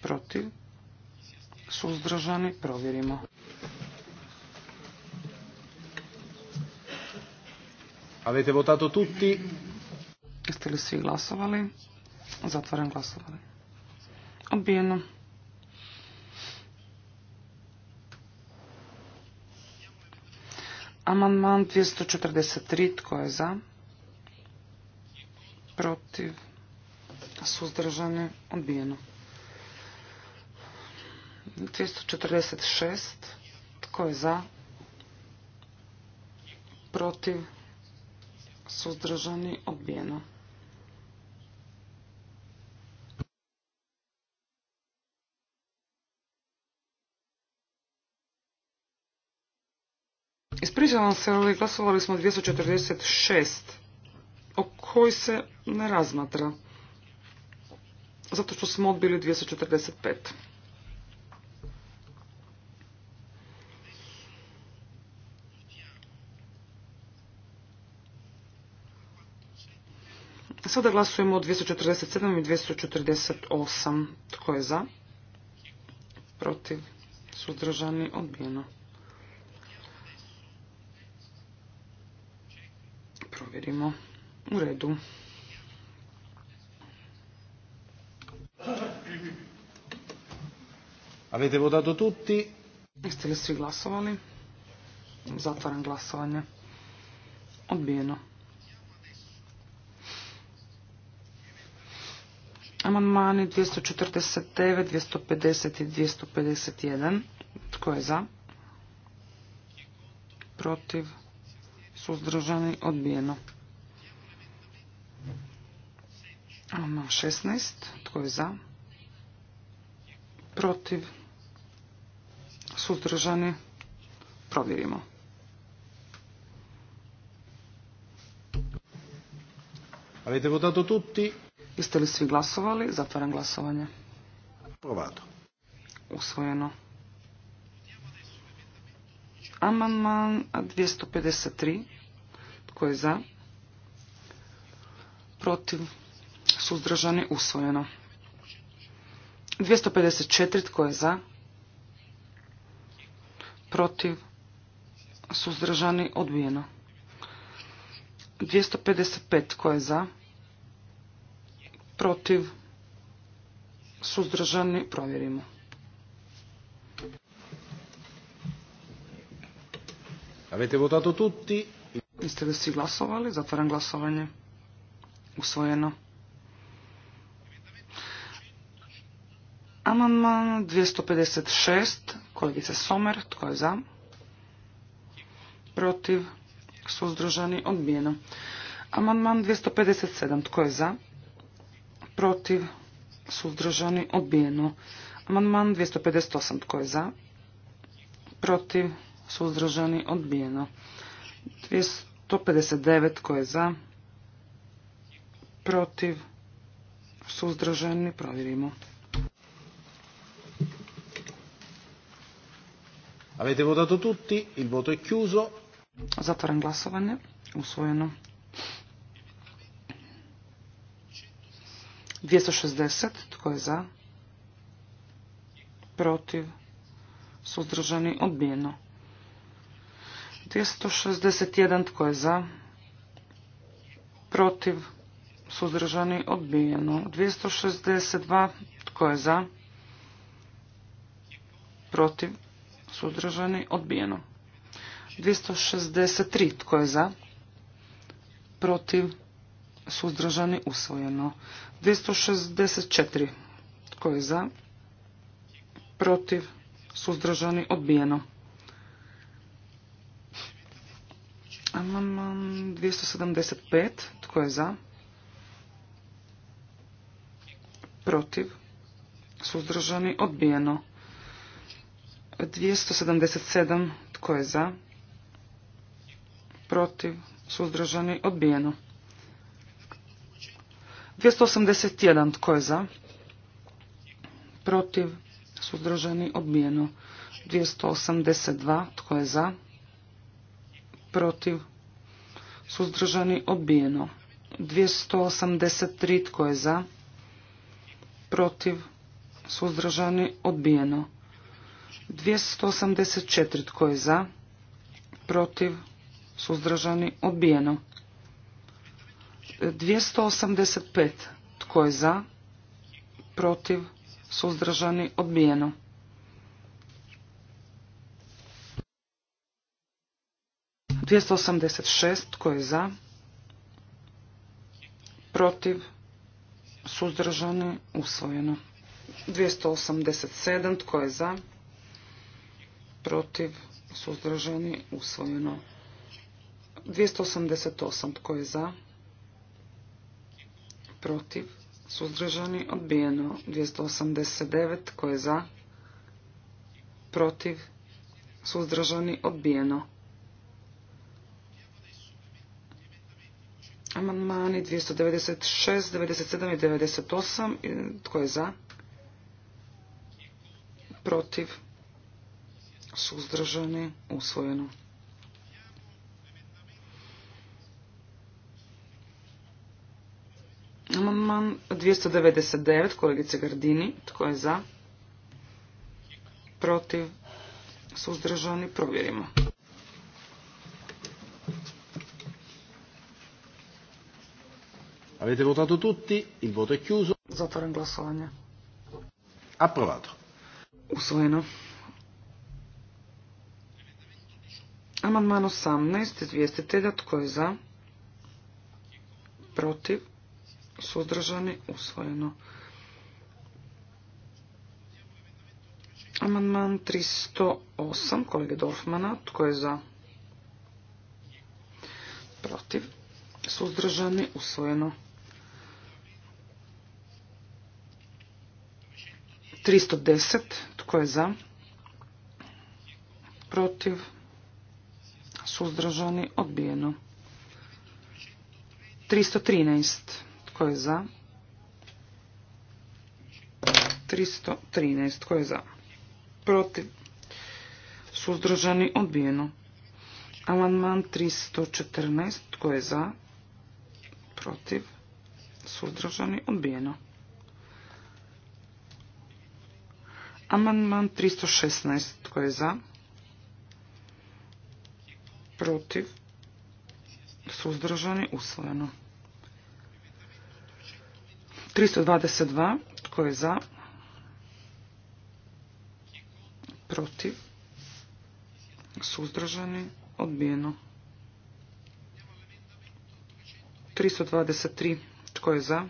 S3: Protiv? Suzdržani? Provjerimo.
S1: Avete votato tutti?
S3: Jeste li svi glasovali? Zatvaram glasovanje. Odbijeno. Amandman 243. Tko je za? Protiv? Suzdržani? Odbijeno. 246. Tko je za? Protiv? Suzdržani? Odbijeno. Glasovali se, dvjesto glasovali smo 246, o koji se ne razmatra, zato što smo odbili 245. Sada glasujemo o 247 i 248. Tko je za? Protiv? Suzdržani? Odbijeno. provjerimo. U redu.
S1: Avete votato
S3: tutti? Jeste li svi glasovali? Zatvaram glasovanje. Odbijeno. Amandmani 249, 250 i 251. Tko je za? Protiv? suzdržani, odbijeno. ono 16, tko je za? Protiv, suzdržani, provjerimo. Avete votato tutti? Jeste li svi glasovali? Zatvaram glasovanje. Provato. Usvojeno. Amandman 253. Tko je za? Protiv? Suzdržani? Usvojeno. 254. Tko je za? Protiv? Suzdržani? Odbijeno. 255. Tko je za? Protiv? Suzdržani? Provjerimo.
S1: Avete votato tutti?
S3: Niste da si glasovali? Zatvaram glasovanje. Usvojeno. Amandman 256, kolegice Somer, tko je za? Protiv, suzdržani, odbijeno. Amandman 257, tko je za? Protiv, suzdržani, odbijeno. Amandman 258, tko je za? Protiv, suzdržani, odbijeno. 259 koje je za, protiv, suzdržani, provjerimo.
S1: Avete votato tutti, il voto è chiuso.
S3: Zatvaram glasovanje, usvojeno. 260, tko je za? Protiv, suzdržani, odbijeno. 261. Tko je za? Protiv? Suzdržani? Odbijeno. 262. Tko je za? Protiv? Suzdržani? Odbijeno. 263. Tko je za? Protiv? Suzdržani? Usvojeno. 264. Tko je za? Protiv? Suzdržani? Odbijeno. Amandman 275. Tko je za? Protiv? Suzdržani? Odbijeno. 277. Tko je za? Protiv? Suzdržani? Odbijeno. 281. Tko je za? Protiv? Suzdržani? Odbijeno. 282. Tko je za? protiv, suzdržani, odbijeno. 283 tko je za, protiv, suzdržani, odbijeno. 284 tko je za, protiv, suzdržani, odbijeno. 285 tko je za, protiv, suzdržani, odbijeno. 286. Tko je za? Protiv? Suzdržani? Usvojeno. 287. Tko je za? Protiv? Suzdržani? Usvojeno. 288. Tko je za? Protiv? Suzdržani? Odbijeno. 289. Tko je za? Protiv? Suzdržani? Odbijeno. Amandmani 296, 97 i 98. Tko je za? Protiv? Suzdržani? Usvojeno. Amandman 299, kolegice Gardini. Tko je za? Protiv?
S1: Suzdržani? Provjerimo. Avete votato tutti? Il voto è chiuso. in glasovanje. Approvato. Usvojeno.
S3: Amandman 18, izvjestitelja, tko je za? Protiv? Suzdržani? Usvojeno. Amandman 308, kolege Dorfmana, tko je za? Protiv? Suzdržani? Usvojeno. 310. Tko je za? Protiv? Suzdržani? Odbijeno. 313. Tko je za? 313. Tko je za? Protiv? Suzdržani? Odbijeno. Amandman 314. Tko je za? Protiv? Suzdržani? Odbijeno. Amandman 316. Tko je za? Protiv? Suzdržani? Usvojeno. 322. Tko je za? Protiv? Suzdržani? Odbijeno. 323. Tko je za?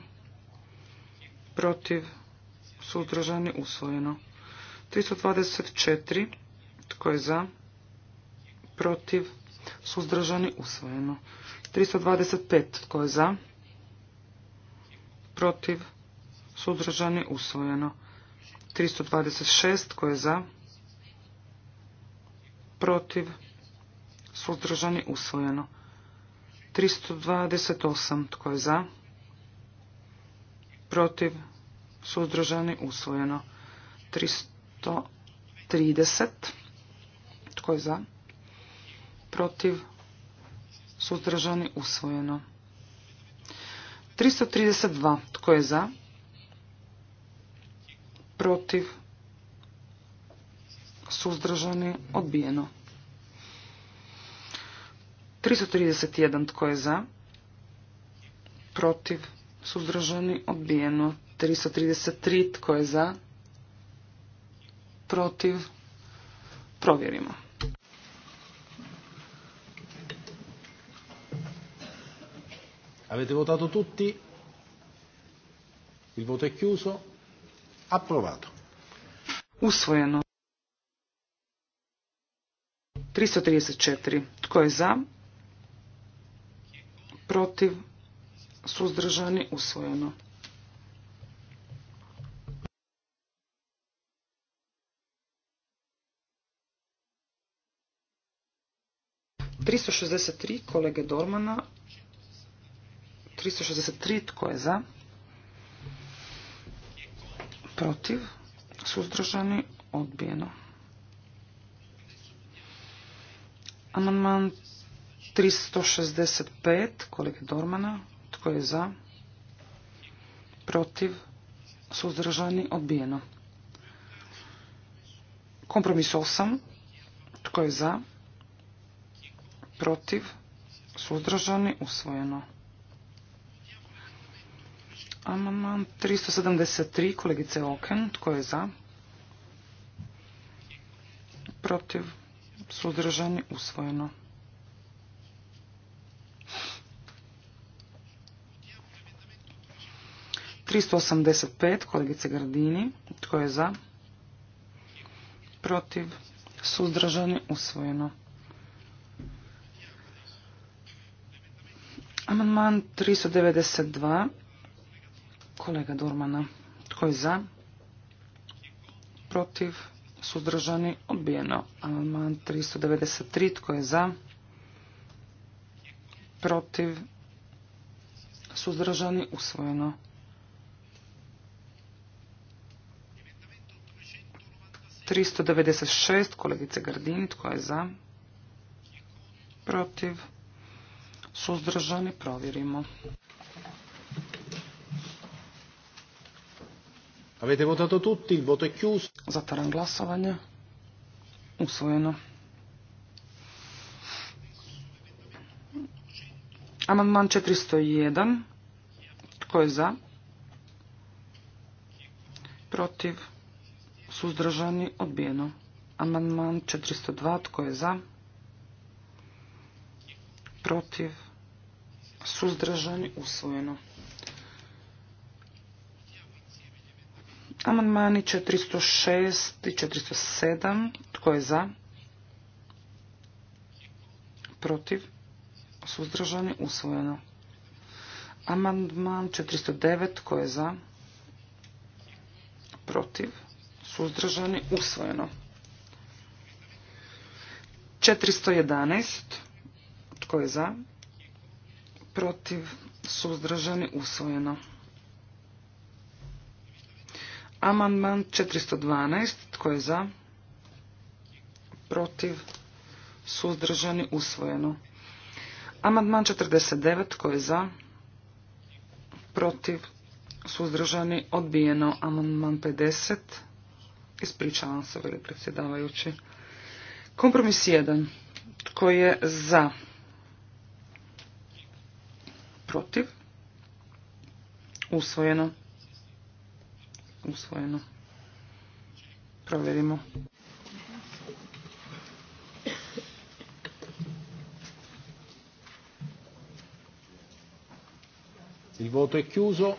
S3: Protiv? Suzdržani? Usvojeno. 324. Tko je za? Protiv? Suzdržani? Usvojeno. 325. Tko je za? Protiv? Suzdržani? Usvojeno. 326. Tko je za? Protiv? Suzdržani? Usvojeno. 328. Tko je za? Protiv? Suzdržani? Usvojeno. 300 130. Tko je za? Protiv? Suzdržani? Usvojeno. 332. Tko je za? Protiv? Suzdržani? Odbijeno. 331. Tko je za? Protiv? Suzdržani? Odbijeno. 333. Tko je za? protiv,
S1: provjerimo. Avete votato tutti? Il voto è chiuso. Approvato. Usvojeno.
S3: 334. Tko je za? Protiv? Suzdržani? Usvojeno. 363 kolege Dormana. 363 tko je za? Protiv? Suzdržani? Odbijeno. Amandman 365 kolege Dormana. Tko je za? Protiv? Suzdržani? Odbijeno. Kompromis 8. Tko je za? protiv, suzdržani, usvojeno. Amandman 373, kolegice Oken, tko je za? Protiv, suzdržani, usvojeno. Tristo osamdeset pet, kolegice Gardini, tko je za? Protiv, suzdržani, usvojeno. Amandman 392. Kolega Dormana. Tko je za? Protiv? Suzdržani? Odbijeno. Amandman 393. Tko je za? Protiv? Suzdržani? Usvojeno. Tristo devedeset šest kolegice Gardini, tko je za? Protiv suzdržani, provjerimo.
S1: Avete votato tutti, il voto è chiuso. Zatvaram glasovanje. Usvojeno.
S3: Amandman 401. Tko je za? Protiv. Suzdržani. Odbijeno. Amandman 402. Tko je za? protiv, suzdržani, usvojeno. Amandmani 406 i 407. Tko je za? Protiv? Suzdržani? Usvojeno. Amandman 409. Tko je za? Protiv? Suzdržani? Usvojeno. 411. Tko je za? Protiv? Suzdržani? Usvojeno. Amandman 412. Tko je za? Protiv? Suzdržani? Usvojeno. Amandman 49. Tko je za? Protiv? Suzdržani? Odbijeno. Amandman 50. Ispričavam se, veli predsjedavajući. Kompromis 1. Tko je za? protiv, usvojeno, usvojeno. Provjerimo.
S1: Il voto è chiuso.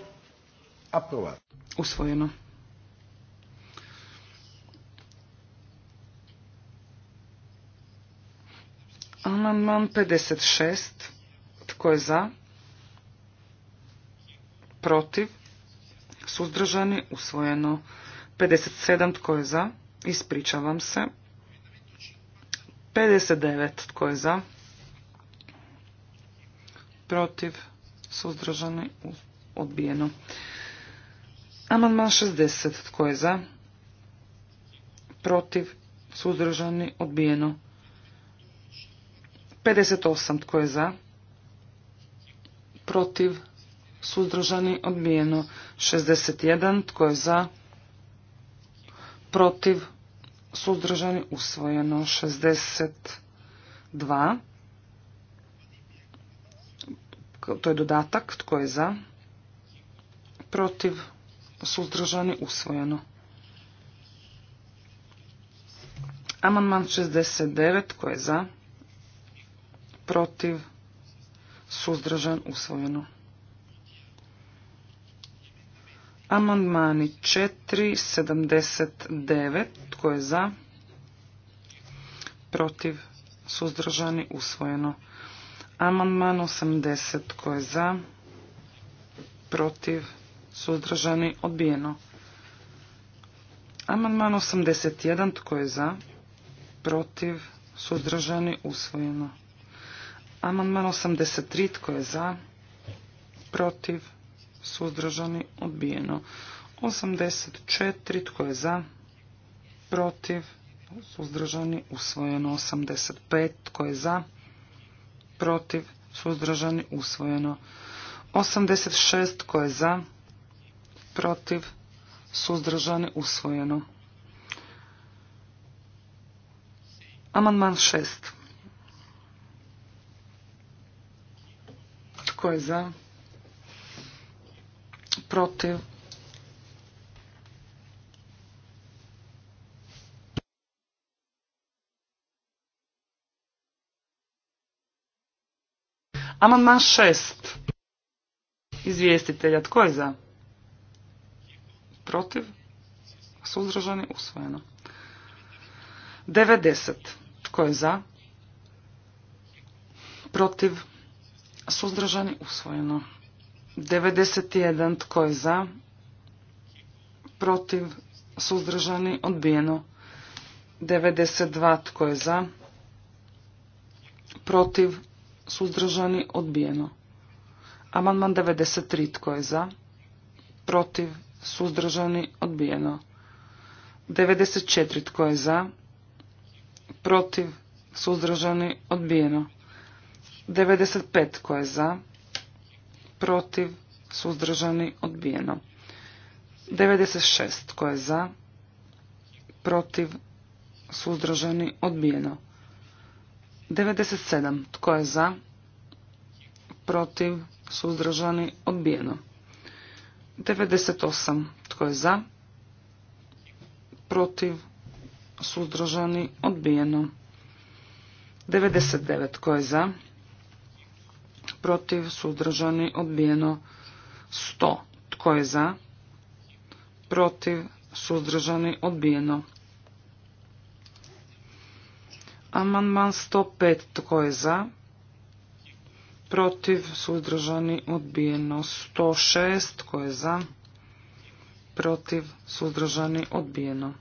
S1: Approvato. Usvojeno.
S3: Amandman 56. Tko je za? protiv, suzdržani, usvojeno. 57 tko je za, ispričavam se. 59 tko je za, protiv, suzdržani, odbijeno. Amandman 60 tko je za, protiv, suzdržani, odbijeno. 58 tko je za, protiv, suzdržani, odbijeno. 61, tko je za, protiv, suzdržani, usvojeno. 62, to je dodatak, tko je za, protiv, suzdržani, usvojeno. Amandman 69, tko je za, protiv, suzdržan, usvojeno. Amandmani 4.79. Tko je za? Protiv? Suzdržani? Usvojeno. Amandman 80. Tko je za? Protiv? Suzdržani? Odbijeno. Amandman 81. Tko je za? Protiv? Suzdržani? Usvojeno. Amandman 83. Tko je za? Protiv? suzdržani, odbijeno. 84, tko je za, protiv, suzdržani, usvojeno. 85, tko je za, protiv, suzdržani, usvojeno. 86, tko je za, protiv, suzdržani, usvojeno. Amandman 6. Tko je za? protiv? Amandman šest. Izvjestitelja. Tko je za? Protiv? Suzdržani? Usvojeno. 90. Tko je za? Protiv? Suzdržani? Usvojeno. 91. Tko je za? Protiv? Suzdržani? Odbijeno. 92. Tko je za? Protiv? Suzdržani? Odbijeno. Amandman 93. Tko je za? Protiv? Suzdržani? Odbijeno. 94. Tko je za? Protiv? Suzdržani? Odbijeno. 95. Tko je za? protiv, suzdržani, odbijeno. 96. Tko je za? Protiv, suzdržani, odbijeno. 97. Tko je za? Protiv, suzdržani, odbijeno. 98. Tko je za? Protiv, suzdržani, odbijeno. 99. Tko je za? protiv, suzdržani, odbijeno 100. Tko je za? Protiv, suzdržani, odbijeno. Amandman 105. Tko je za? Protiv, suzdržani, odbijeno 106. Tko je za? Protiv, suzdržani, odbijeno.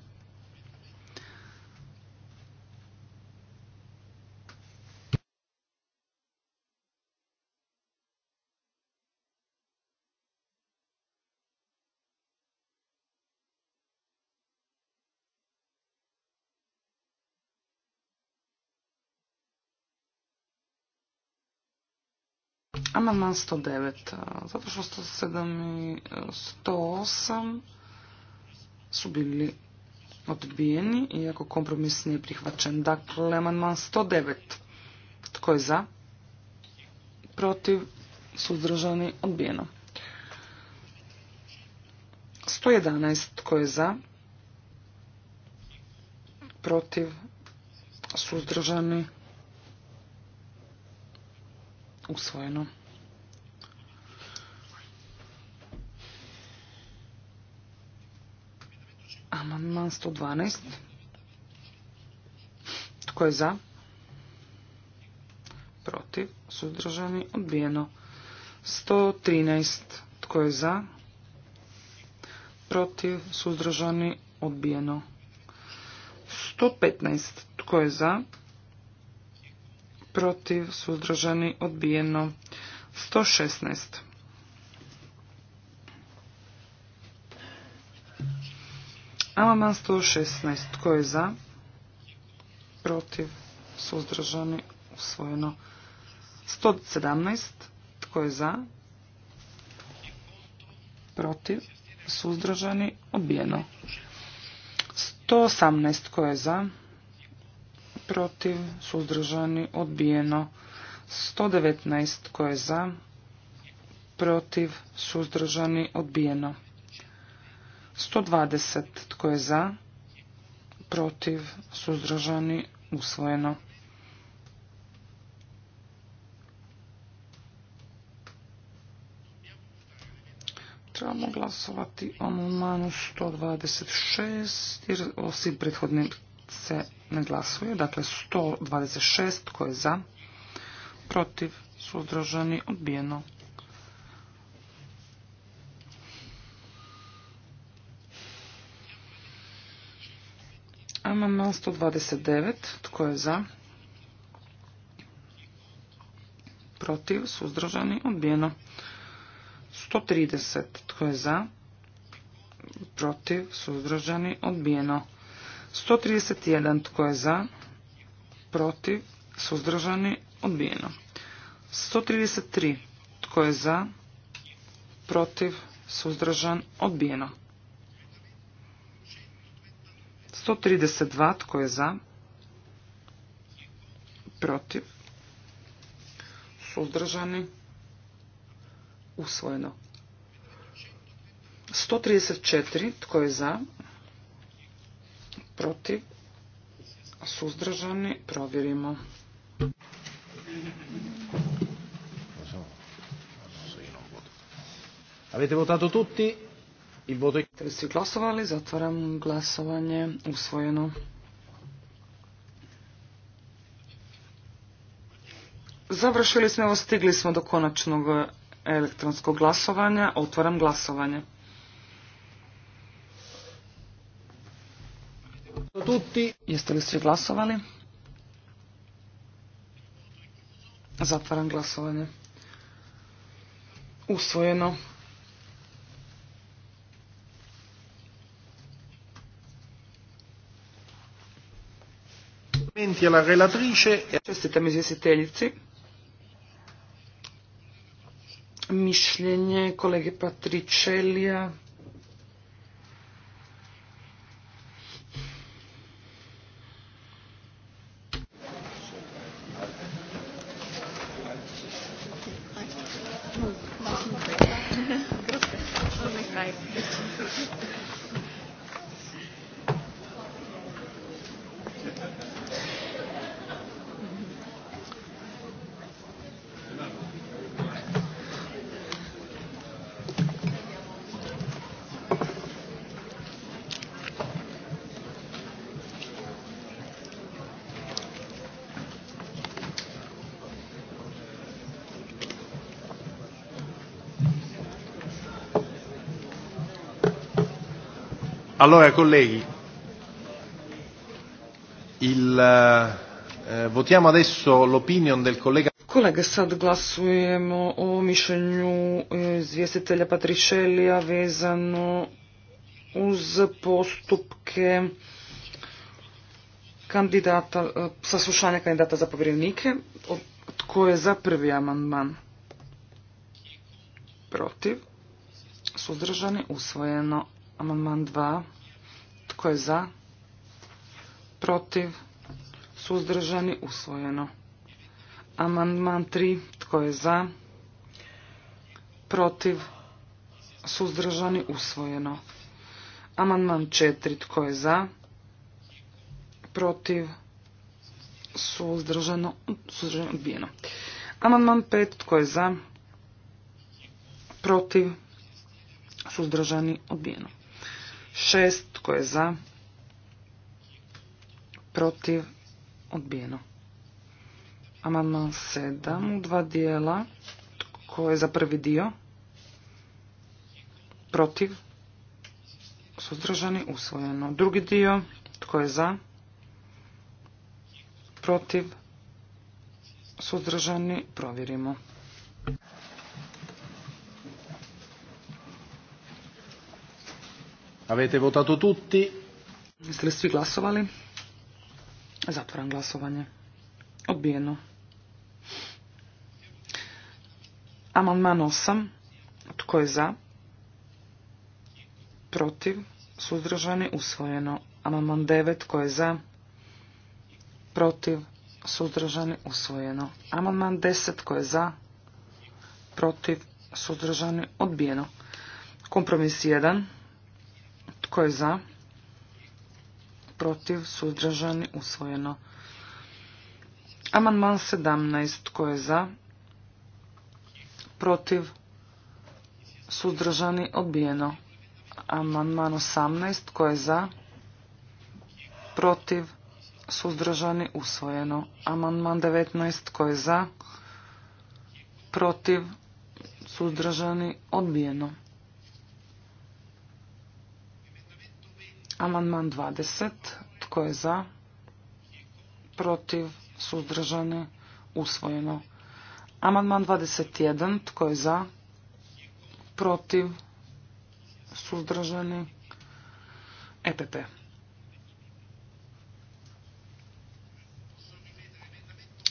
S3: Amandman 109. Zato što 107 i 108 e, su bili odbijeni, iako kompromis nije prihvaćen. Dakle, man 109. Tko je za? Protiv? Suzdržani? Odbijeno. 111. Tko je za? Protiv? Suzdržani? Usvojeno. Amandman 112. Tko je za? Protiv. Suzdržani. Odbijeno. 113. Tko je za? Protiv. Suzdržani. Odbijeno. 115. Tko je za? Protiv. Suzdržani. Odbijeno. 116. Amaman 116. Tko je za? Protiv. Suzdržani. Usvojeno. 117. Tko je za? Protiv. Suzdržani. Odbijeno. 118. Tko je za? Protiv. Suzdržani. Odbijeno. 119. Tko je za? Protiv. Suzdržani. Odbijeno. 120. Tko je za? Protiv? Suzdržani? Usvojeno. Trebamo glasovati o manu 126 jer osim prethodnih se ne glasuje. Dakle, 126 tko je za, protiv, suzdržani, odbijeno. Imamo 129. Tko je za? Protiv, suzdržani, odbijeno. 130. Tko je za? Protiv, suzdržani, odbijeno. 131. Tko je za? Protiv, suzdržani, odbijeno. 133. Tko je za? Protiv, suzdržan, odbijeno. 132 tko je za? Protiv? Suzdržani? Usvojeno. 134 tko je za? Protiv?
S1: Suzdržani? Provjerimo. Avete votato tutti? I
S3: li Svi glasovali, zatvaram glasovanje, usvojeno. Završili smo, evo stigli smo do konačnog e, elektronskog glasovanja, otvaram glasovanje. Tutti. Jeste li svi glasovali? Zatvaram glasovanje. Usvojeno. complimenti alla e relatrice. Čestitam izvjestiteljici. Mišljenje kolege Patričelija
S1: Allora, colleghi, il, eh, eh, votiamo adesso l'opinion del collega... Kolege, sad glasujemo
S3: o mišljenju eh, izvjestitelja Patričelija vezano uz postupke kandidata, eh, saslušanja kandidata za povjerenike. Tko je za prvi amandman? Protiv. Suzdržani. Usvojeno. Amandman 2. Tko je za? Protiv? Suzdržani? Usvojeno. Amandman 3. Tko je za? Protiv? Suzdržani? Usvojeno. Amandman 4. Tko je za? Protiv? Suzdržano? Suzdržano? Odbijeno. Amandman 5. Tko je za? Protiv? Suzdržani? Odbijeno. 6 tko je za, protiv, odbijeno. Amandman 7 u dva dijela, tko je za prvi dio, protiv, suzdržani, usvojeno. Drugi dio, tko je za, protiv, suzdržani, provjerimo.
S1: Avete votato tutti? Jeste
S3: li svi glasovali? Zatvoram glasovanje. Odbijeno. Amandman 8. Tko je za? Protiv? Suzdržani? Usvojeno. Amandman 9. Tko je za? Protiv? Suzdržani? Usvojeno. Amandman 10. Tko je za? Protiv? Suzdržani? Odbijeno. Kompromis 1. Tko je za? Protiv, suzdržani, usvojeno. Amandman 17. Tko je za? Protiv, suzdržani, odbijeno. Amandman 18. Tko je za? Protiv, suzdržani, usvojeno. Amandman 19. Tko je za? Protiv, suzdržani, odbijeno. Amandman 20. Tko je za? Protiv? Suzdržani? Usvojeno. Amandman 21. Tko je za? Protiv? Suzdržani? EPP.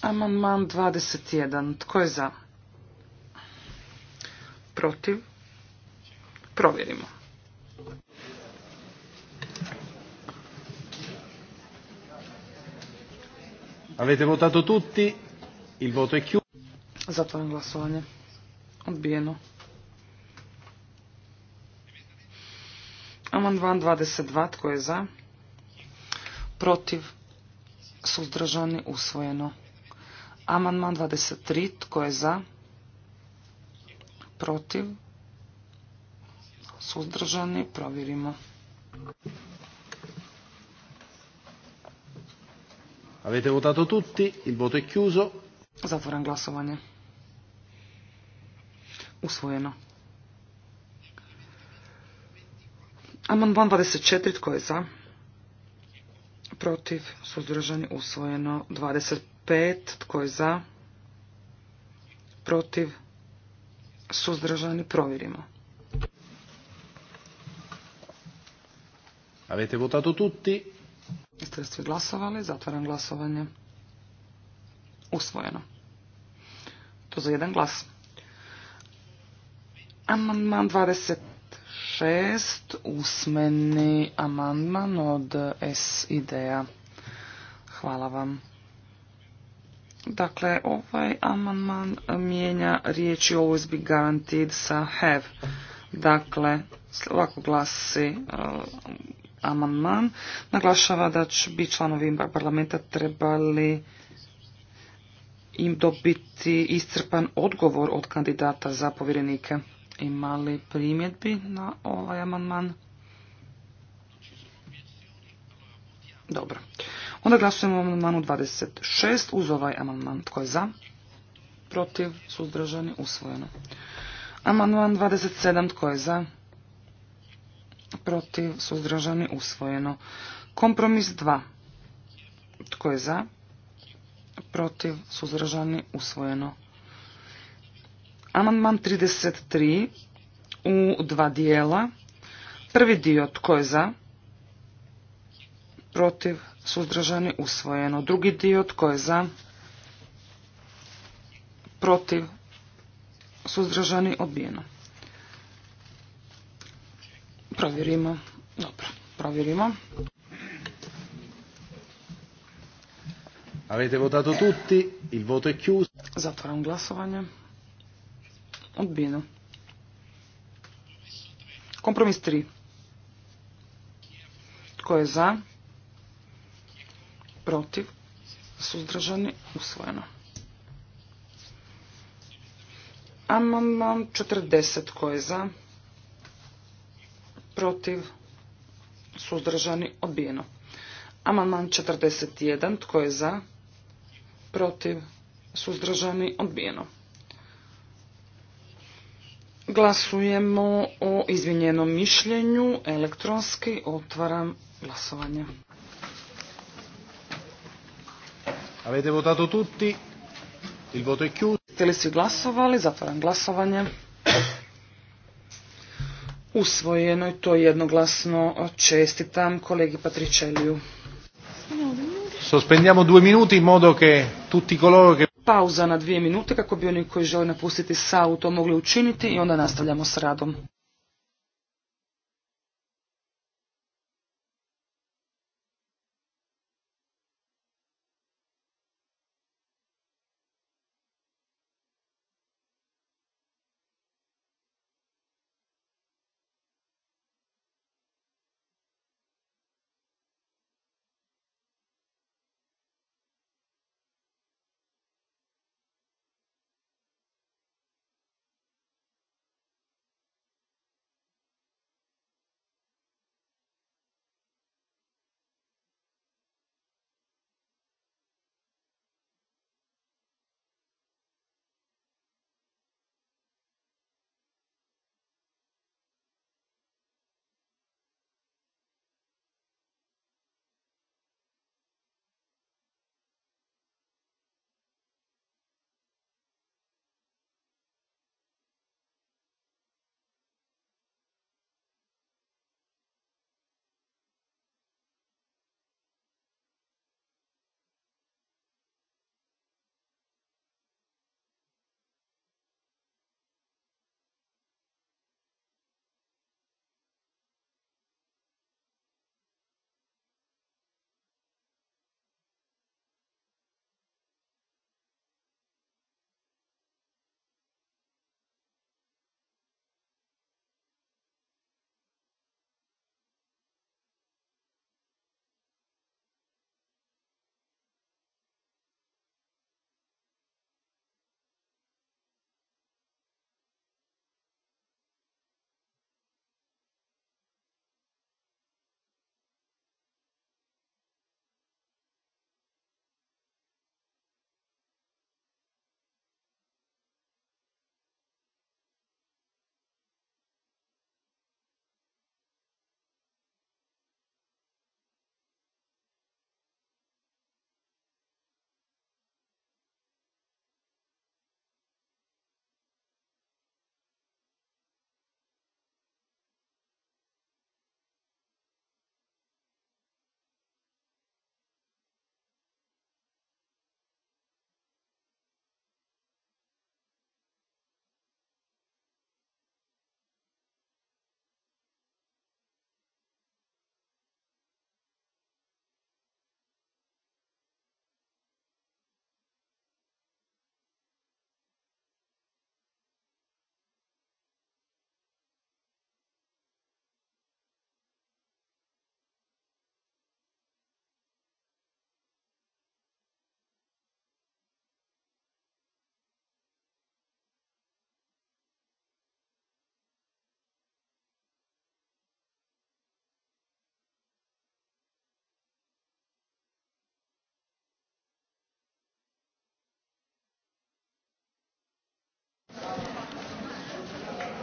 S3: Amandman 21. Tko je za? Protiv? Provjerimo.
S1: Avete votato tutti? Il voto è chiuso.
S3: Zatvaram glasovanje. Odbijeno. Amandman 22. Tko je za? Protiv? Suzdržani? Usvojeno. Amandman 23. Tko je za? Protiv? Suzdržani? Provjerimo.
S1: Avete votato tutti, il voto è chiuso. Zatvoram glasovanje. Usvojeno.
S3: Amandman 24, tko je za? Protiv, suzdržani, usvojeno. 25, tko je za? Protiv, suzdržani, provjerimo.
S1: Avete votato tutti?
S3: Jeste svi glasovali? Zatvaram glasovanje. Usvojeno. To za jedan glas. Amandman 26, usmeni amandman od s ideja Hvala vam. Dakle, ovaj amandman mijenja riječi always be guaranteed sa have. Dakle, ovako glasi amandman naglašava da bi članovi parlamenta trebali im dobiti iscrpan odgovor od kandidata za povjerenike. Imali li primjedbi na ovaj amandman? Dobro. Onda glasujemo o amandmanu 26 uz ovaj amandman. Tko je za? Protiv? Suzdržani? Usvojeno. Amandman 27. Tko je za? protiv, suzdržani, usvojeno. Kompromis 2. Tko je za? Protiv, suzdržani, usvojeno. Amandman 33 u dva dijela. Prvi dio tko je za? Protiv, suzdržani, usvojeno. Drugi dio tko je za? Protiv, suzdržani, odbijeno. Provjerimo. Dobro, provjerimo. Avete votato tutti, il voto è chiuso. Zatvaram glasovanje. Odbijeno. Kompromis 3. Tko je za? Protiv? Suzdržani? Usvojeno. Amandman 40. Tko je za? protiv, suzdržani, odbijeno. Amandman 41, tko je za, protiv, suzdržani, odbijeno. Glasujemo o izvinjenom mišljenju, elektronski otvaram glasovanje.
S1: Avete votato tutti? Il voto è chiuso. Ste li svi glasovali?
S3: Zatvaram glasovanje usvojeno i to jednoglasno čestitam kolegi Patričeliju.
S1: Sospendiamo due minuti in modo che tutti coloro che...
S3: Pauza na dvije minute kako bi oni koji žele napustiti sa to mogli učiniti i onda nastavljamo s radom.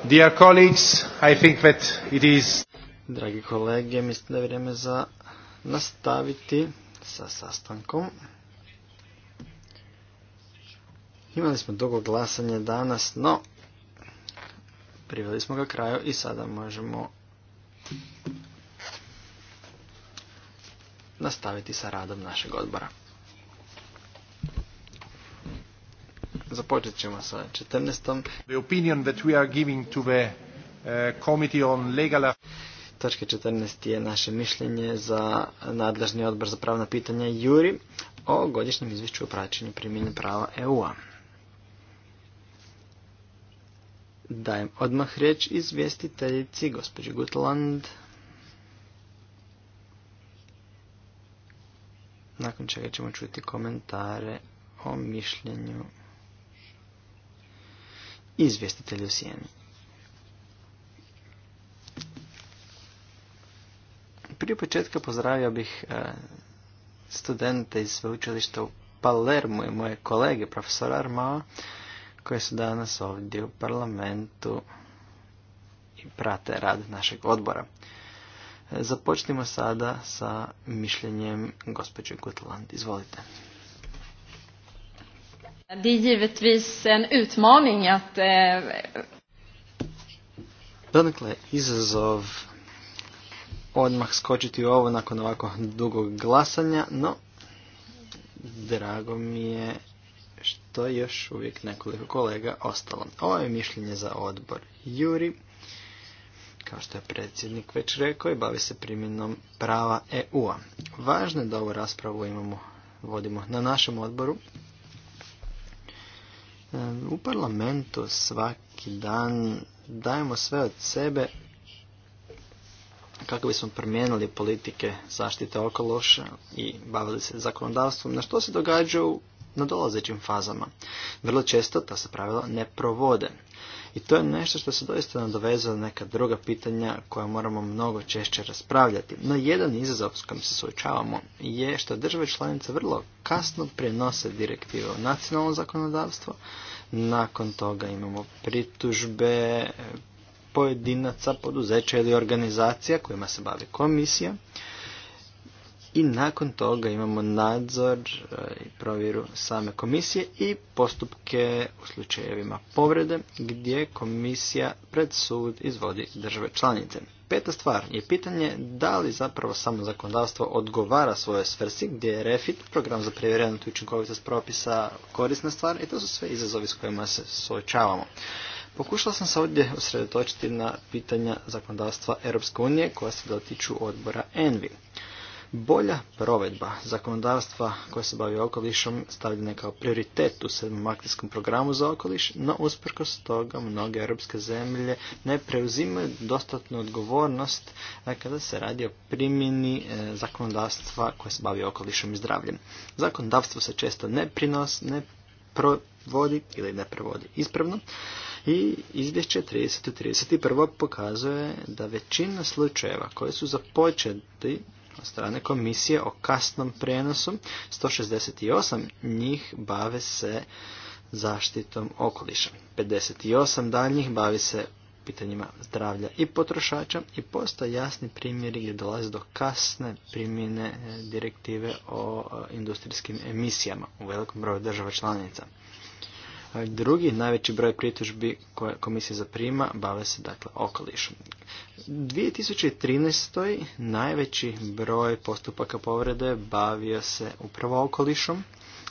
S2: Dear colleagues, I think that it is... Dragi kolege, mislim da je vrijeme za nastaviti sa sastankom. Imali smo dugo glasanje danas, no priveli smo ga kraju i sada možemo nastaviti sa radom našeg odbora. Započet ćemo sa 14. The opinion that we are giving to the uh, committee on legal Točka 14 je naše mišljenje za nadležni odbor za pravna pitanja Juri o godišnjem izvješću o praćenju primjenja prava EU-a. Dajem odmah riječ izvjestiteljici gospođi Gutland. Nakon čega ćemo čuti komentare o mišljenju izvjestitelj u sjeni. Prije početka pozdravio bih e, studente iz sveučilišta u Palermu i moje kolege, profesora Armao, koje su danas ovdje u parlamentu i prate rad našeg odbora. E, započnimo sada sa mišljenjem gospođe Gutland. Izvolite.
S4: Det är givetvis en utmaning att... Eh,
S2: Donekle izazov odmah skočiti u ovo nakon ovako dugog glasanja, no drago mi je što još uvijek nekoliko kolega ostalo. Ovo je mišljenje za odbor Juri, kao što je predsjednik već rekao i bavi se primjenom prava EU-a. Važno je da ovu raspravu imamo, vodimo na našem odboru, u parlamentu svaki dan dajemo sve od sebe kako bismo promijenili politike zaštite okološa i bavili se zakonodavstvom na što se događa u nadolazećim fazama. Vrlo često ta se pravila ne provode. I to je nešto što se doista nadovezuje na neka druga pitanja koja moramo mnogo češće raspravljati. No jedan izazov s kojim se suočavamo je što države članice vrlo kasno prenose direktive u nacionalno zakonodavstvo. Nakon toga imamo pritužbe pojedinaca, poduzeća ili organizacija kojima se bavi komisija i nakon toga imamo nadzor e, i provjeru same komisije i postupke u slučajevima povrede gdje komisija pred sud izvodi države članice. Peta stvar je pitanje da li zapravo samo zakonodavstvo odgovara svoje svrsi gdje je REFIT, program za i učinkovitost propisa, korisna stvar i to su sve izazovi s kojima se suočavamo. Pokušala sam se ovdje usredotočiti na pitanja zakonodavstva Europske unije koja se dotiču odbora ENVI. Bolja provedba zakonodavstva koje se bavi okolišom stavljena je kao prioritet u sedmom akcijskom programu za okoliš, no usprkos toga mnoge europske zemlje ne preuzimaju dostatnu odgovornost eh, kada se radi o primjeni eh, zakonodavstva koje se bavi okolišom i zdravljem. Zakonodavstvo se često ne prinos, ne provodi ili ne provodi ispravno i izvješće 31. pokazuje da većina slučajeva koje su započeti od strane komisije o kasnom prijenosu. 168 njih bave se zaštitom okoliša. 58 daljnjih bavi se pitanjima zdravlja i potrošača i postoje jasni primjeri gdje dolaze do kasne primjene e, direktive o e, industrijskim emisijama u velikom broju država članica. Pa drugi najveći broj pritužbi koje komisija zaprima bave se dakle okolišom. 2013. najveći broj postupaka povrede bavio se upravo okolišom,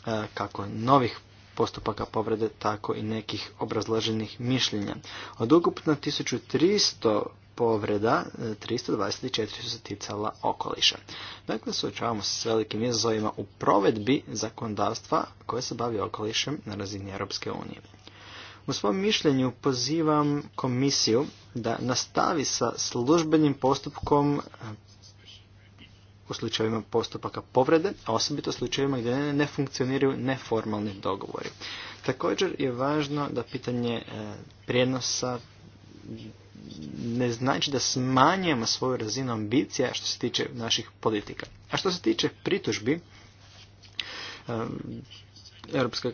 S2: e, kako novih postupaka povrede, tako i nekih obrazloženih mišljenja. Od ukupno 1300 povreda, 324 e, su se ticala okoliša. Dakle, suočavamo se s velikim izazovima u provedbi zakonodavstva koje se bavi okolišem na razini Europske unije. U svom mišljenju pozivam komisiju da nastavi sa službenim postupkom e, u slučajevima postupaka povrede, a osobito u slučajevima gdje ne funkcioniraju neformalni dogovori. Također je važno da pitanje e, prijenosa ne znači da smanjujemo svoju razinu ambicija što se tiče naših politika. A što se tiče pritužbi, Europska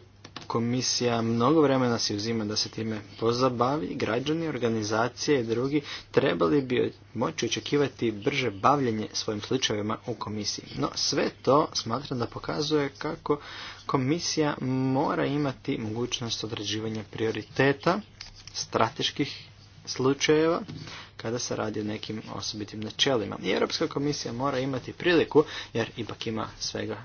S2: komisija mnogo vremena se uzima da se time pozabavi, građani, organizacije i drugi trebali bi moći očekivati brže bavljenje svojim slučajevima u komisiji. No sve to smatram da pokazuje kako komisija mora imati mogućnost određivanja prioriteta, strateških slučajeva kada se radi o nekim osobitim načelima. I Europska komisija mora imati priliku, jer ipak ima svega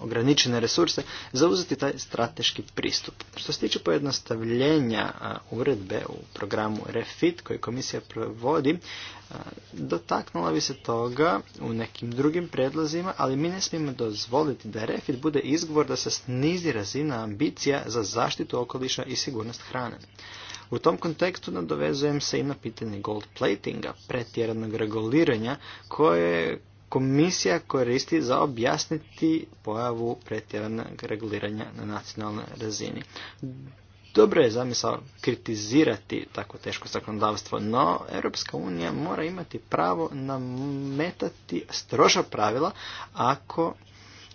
S2: ograničene resurse, zauzeti taj strateški pristup. Što se tiče pojednostavljenja uredbe u programu REFIT koji komisija provodi, dotaknula bi se toga u nekim drugim predlozima, ali mi ne smijemo dozvoliti da REFIT bude izgovor da se snizi razina ambicija za zaštitu okoliša i sigurnost hrane. U tom kontekstu nadovezujem se i na pitanje gold platinga, pretjeranog reguliranja koje komisija koristi za objasniti pojavu pretjeranog reguliranja na nacionalnoj razini. Dobro je zamisao kritizirati tako teško zakonodavstvo, no Europska unija mora imati pravo nametati stroža pravila ako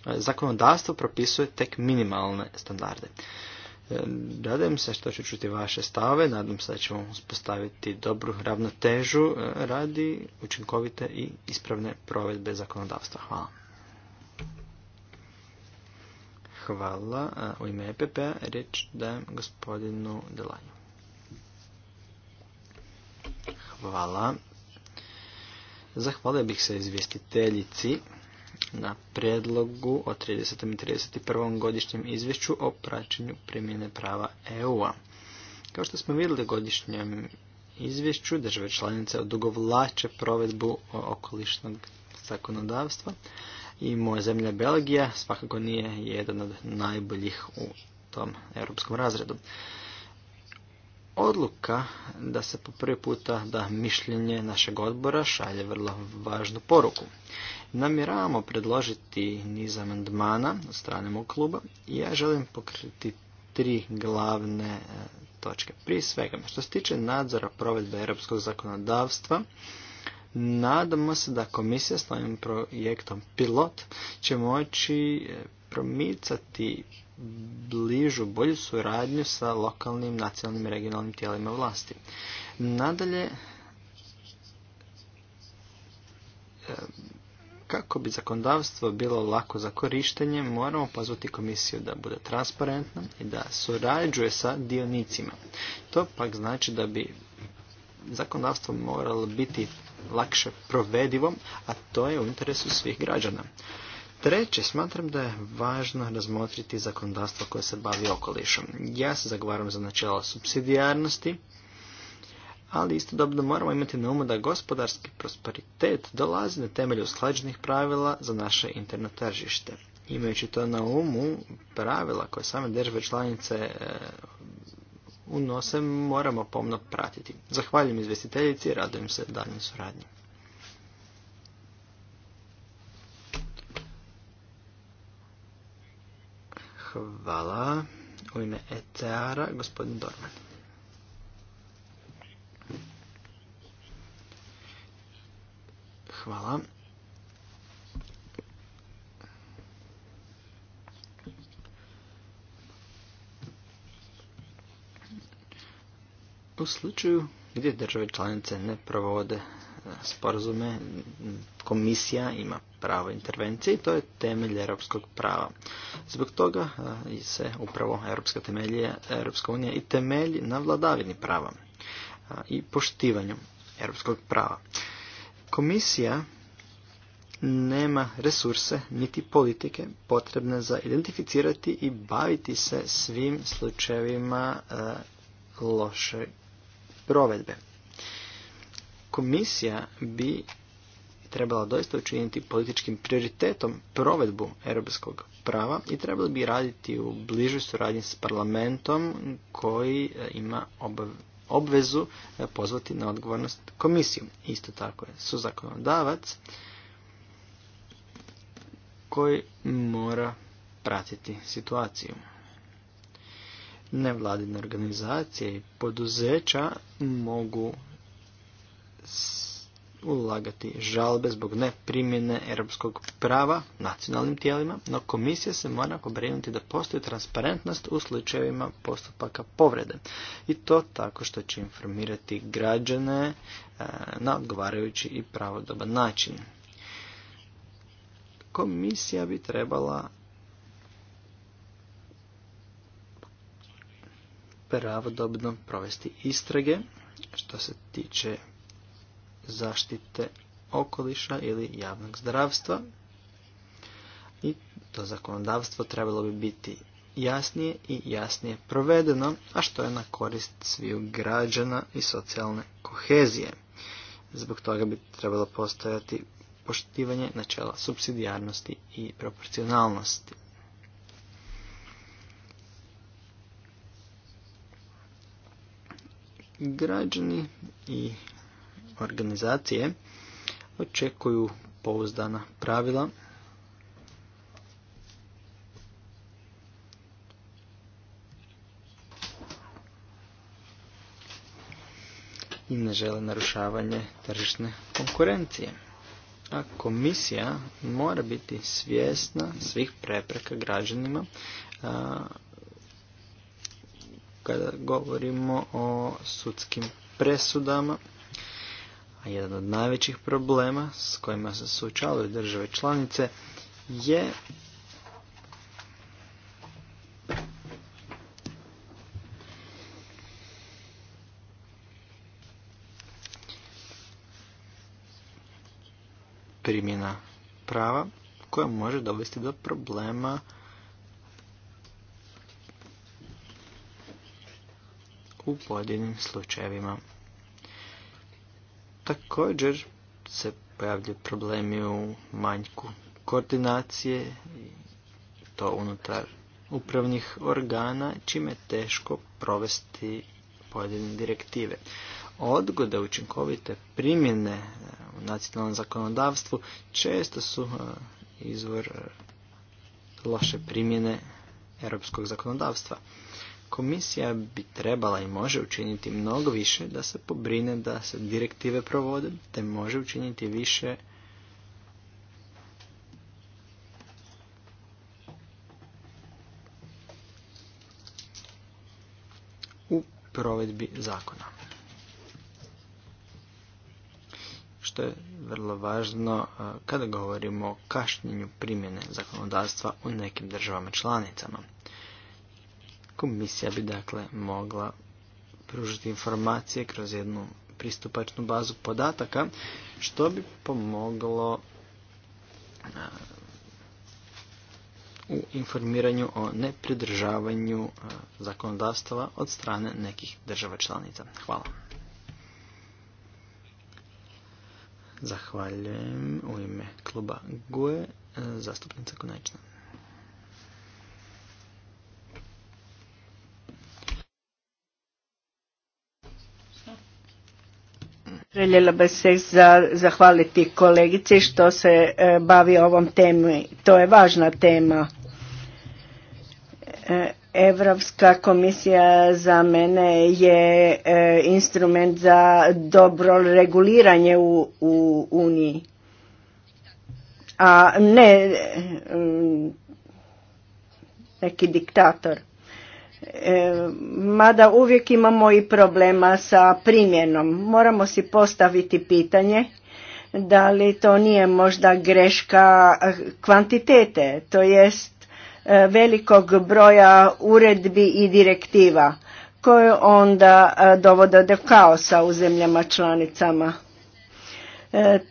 S2: zakonodavstvo propisuje tek minimalne standarde. Nadam se što ću čuti vaše stave, nadam se da ćemo uspostaviti dobru ravnotežu e, radi učinkovite i ispravne provedbe zakonodavstva. Hvala. Hvala. E, u ime EPP p-a riječ dajem gospodinu Delanju. Hvala. Zahvalio bih se izvjestiteljici na predlogu o 30. i 31. godišnjem izvješću o praćenju primjene prava EU-a. Kao što smo vidjeli u godišnjem izvješću, države članice odugovlače provedbu okolišnog zakonodavstva i moja zemlja Belgija svakako nije jedan od najboljih u tom europskom razredu. Odluka da se po prvi puta da mišljenje našeg odbora šalje vrlo važnu poruku. Namjeravamo predložiti niz amandmana od strane mog kluba i ja želim pokriti tri glavne e, točke. Prije svega, što se tiče nadzora provedbe europskog zakonodavstva, nadamo se da komisija s novim projektom Pilot će moći e, promicati bližu, bolju suradnju sa lokalnim, nacionalnim i regionalnim tijelima vlasti. Nadalje, e, kako bi zakonodavstvo bilo lako za korištenje, moramo pozvati komisiju da bude transparentna i da surađuje sa dionicima. To pak znači da bi zakonodavstvo moralo biti lakše provedivo, a to je u interesu svih građana. Treće, smatram da je važno razmotriti zakonodavstvo koje se bavi okolišom. Ja se zagovaram za načelo subsidijarnosti, ali istodobno moramo imati na umu da gospodarski prosperitet dolazi na temelju usklađenih pravila za naše interno tržište. Imajući to na umu, pravila koje same države članice e, unose moramo pomno pratiti. Zahvaljujem izvestiteljici i radujem se daljnjoj suradnji. Hvala. U ime ETR-a, gospodin Dorman. Hvala. U slučaju gdje države članice ne provode e, sporazume, komisija ima pravo intervencije i to je temelj europskog prava. Zbog toga e, se upravo Europska temelje, Europska unija i temelji na vladavini prava e, i poštivanju europskog prava. Komisija nema resurse niti politike potrebne za identificirati i baviti se svim slučajevima e, loše provedbe. Komisija bi trebala doista učiniti političkim prioritetom provedbu europskog prava i trebala bi raditi u bližoj suradnji s parlamentom koji e, ima obav, obvezu e, pozvati na odgovornost komisiju. Isto tako je su zakonodavac koji mora pratiti situaciju. Nevladine organizacije i poduzeća mogu ulagati žalbe zbog neprimjene europskog prava nacionalnim tijelima, no komisija se mora pobrinuti da postoji transparentnost u slučajevima postupaka povrede. I to tako što će informirati građane e, na odgovarajući i pravodoban način. Komisija bi trebala pravodobno provesti istrage što se tiče zaštite okoliša ili javnog zdravstva. I to zakonodavstvo trebalo bi biti jasnije i jasnije provedeno, a što je na korist sviju građana i socijalne kohezije. Zbog toga bi trebalo postojati poštivanje načela subsidijarnosti i proporcionalnosti. Građani i organizacije očekuju pouzdana pravila i ne žele narušavanje tržišne konkurencije. A komisija mora biti svjesna svih prepreka građanima kada govorimo o sudskim presudama jedan od najvećih problema s kojima se suočavaju države članice je primjena prava koja može dovesti do problema u pojedinim slučajevima. Također se pojavljuju problemi u manjku koordinacije, i to unutar upravnih organa, čime je teško provesti pojedine direktive. Odgode učinkovite primjene e, u nacionalnom zakonodavstvu često su e, izvor loše primjene europskog zakonodavstva. Komisija bi trebala i može učiniti mnogo više da se pobrine da se direktive provode, te može učiniti više u provedbi zakona. Što je vrlo važno kada govorimo o kašnjenju primjene zakonodavstva u nekim državama članicama. Komisija bi dakle mogla pružiti informacije kroz jednu pristupačnu bazu podataka što bi pomoglo u informiranju o nepridržavanju zakonodavstva od strane nekih država članica. Hvala. Zahvaljujem u ime kluba GUE, zastupnica Konečna.
S4: Željela bi se zahvaliti kolegici što se e, bavi ovom temom. To je važna tema. E, Evropska komisija za mene je e, instrument za dobro reguliranje u Uniji. A ne neki diktator. E, mada uvijek imamo i problema sa primjenom. Moramo si postaviti pitanje da li to nije možda greška e, kvantitete, to jest e, velikog broja uredbi i direktiva koje onda dovode do kaosa u zemljama članicama.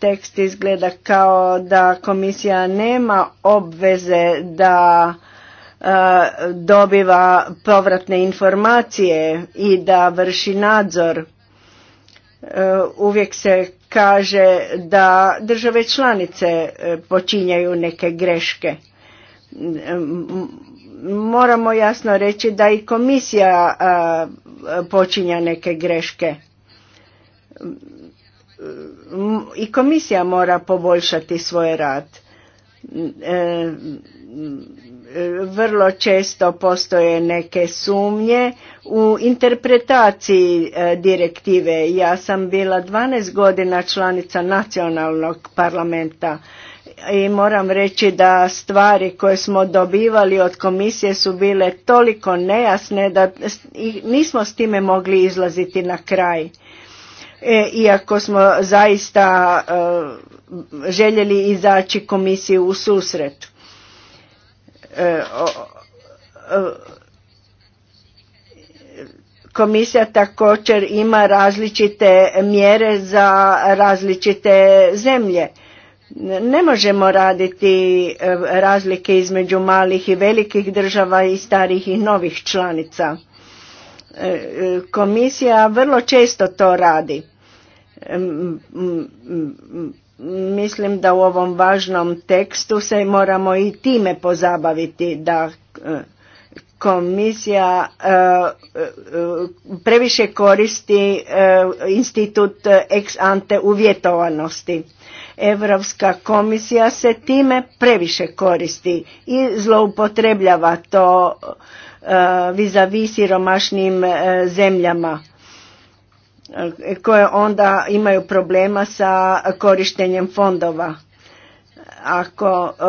S4: Tekst izgleda kao da komisija nema obveze da E, dobiva povratne informacije i da vrši nadzor. E, uvijek se kaže da države članice e, počinjaju neke greške. Moramo jasno reći da i komisija počinja neke greške. I komisija mora poboljšati svoj rad vrlo često postoje neke sumnje u interpretaciji e, direktive. Ja sam bila 12 godina članica nacionalnog parlamenta i moram reći da stvari koje smo dobivali od komisije su bile toliko nejasne da nismo s time mogli izlaziti na kraj. E, iako smo zaista e, željeli izaći komisiju u susret E, komisija također ima različite mjere za različite zemlje. Ne možemo raditi e, razlike između malih i velikih država i starih i novih članica. E, komisija vrlo često to radi Mislim da u ovom važnom tekstu se moramo i time pozabaviti da e, komisija e, e, previše koristi institut ex ante uvjetovanosti. Europska komisija se time previše koristi i zloupotrebljava to vis siromašnim zemljama E, koje onda imaju problema sa korištenjem fondova. Ako e,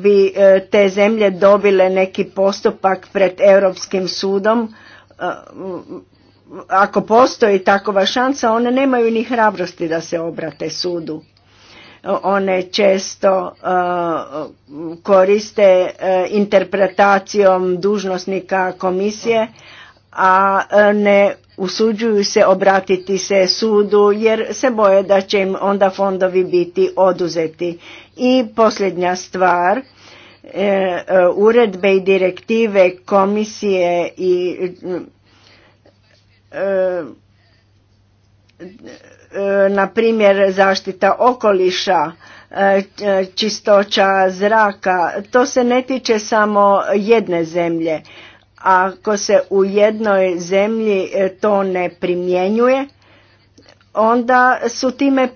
S4: bi e, te zemlje dobile neki postupak pred Europskim sudom, ako postoji takova šansa, one nemaju ni hrabrosti da se obrate sudu. One često koriste interpretacijom dužnosnika komisije, a e, ne usuđuju se obratiti se sudu jer se boje da će im onda fondovi biti oduzeti. I posljednja stvar, e, e, uredbe i direktive komisije i na primjer zaštita okoliša, čistoća zraka, to se ne tiče samo jedne zemlje ako se u jednoj zemlji e, to ne primjenjuje, onda su time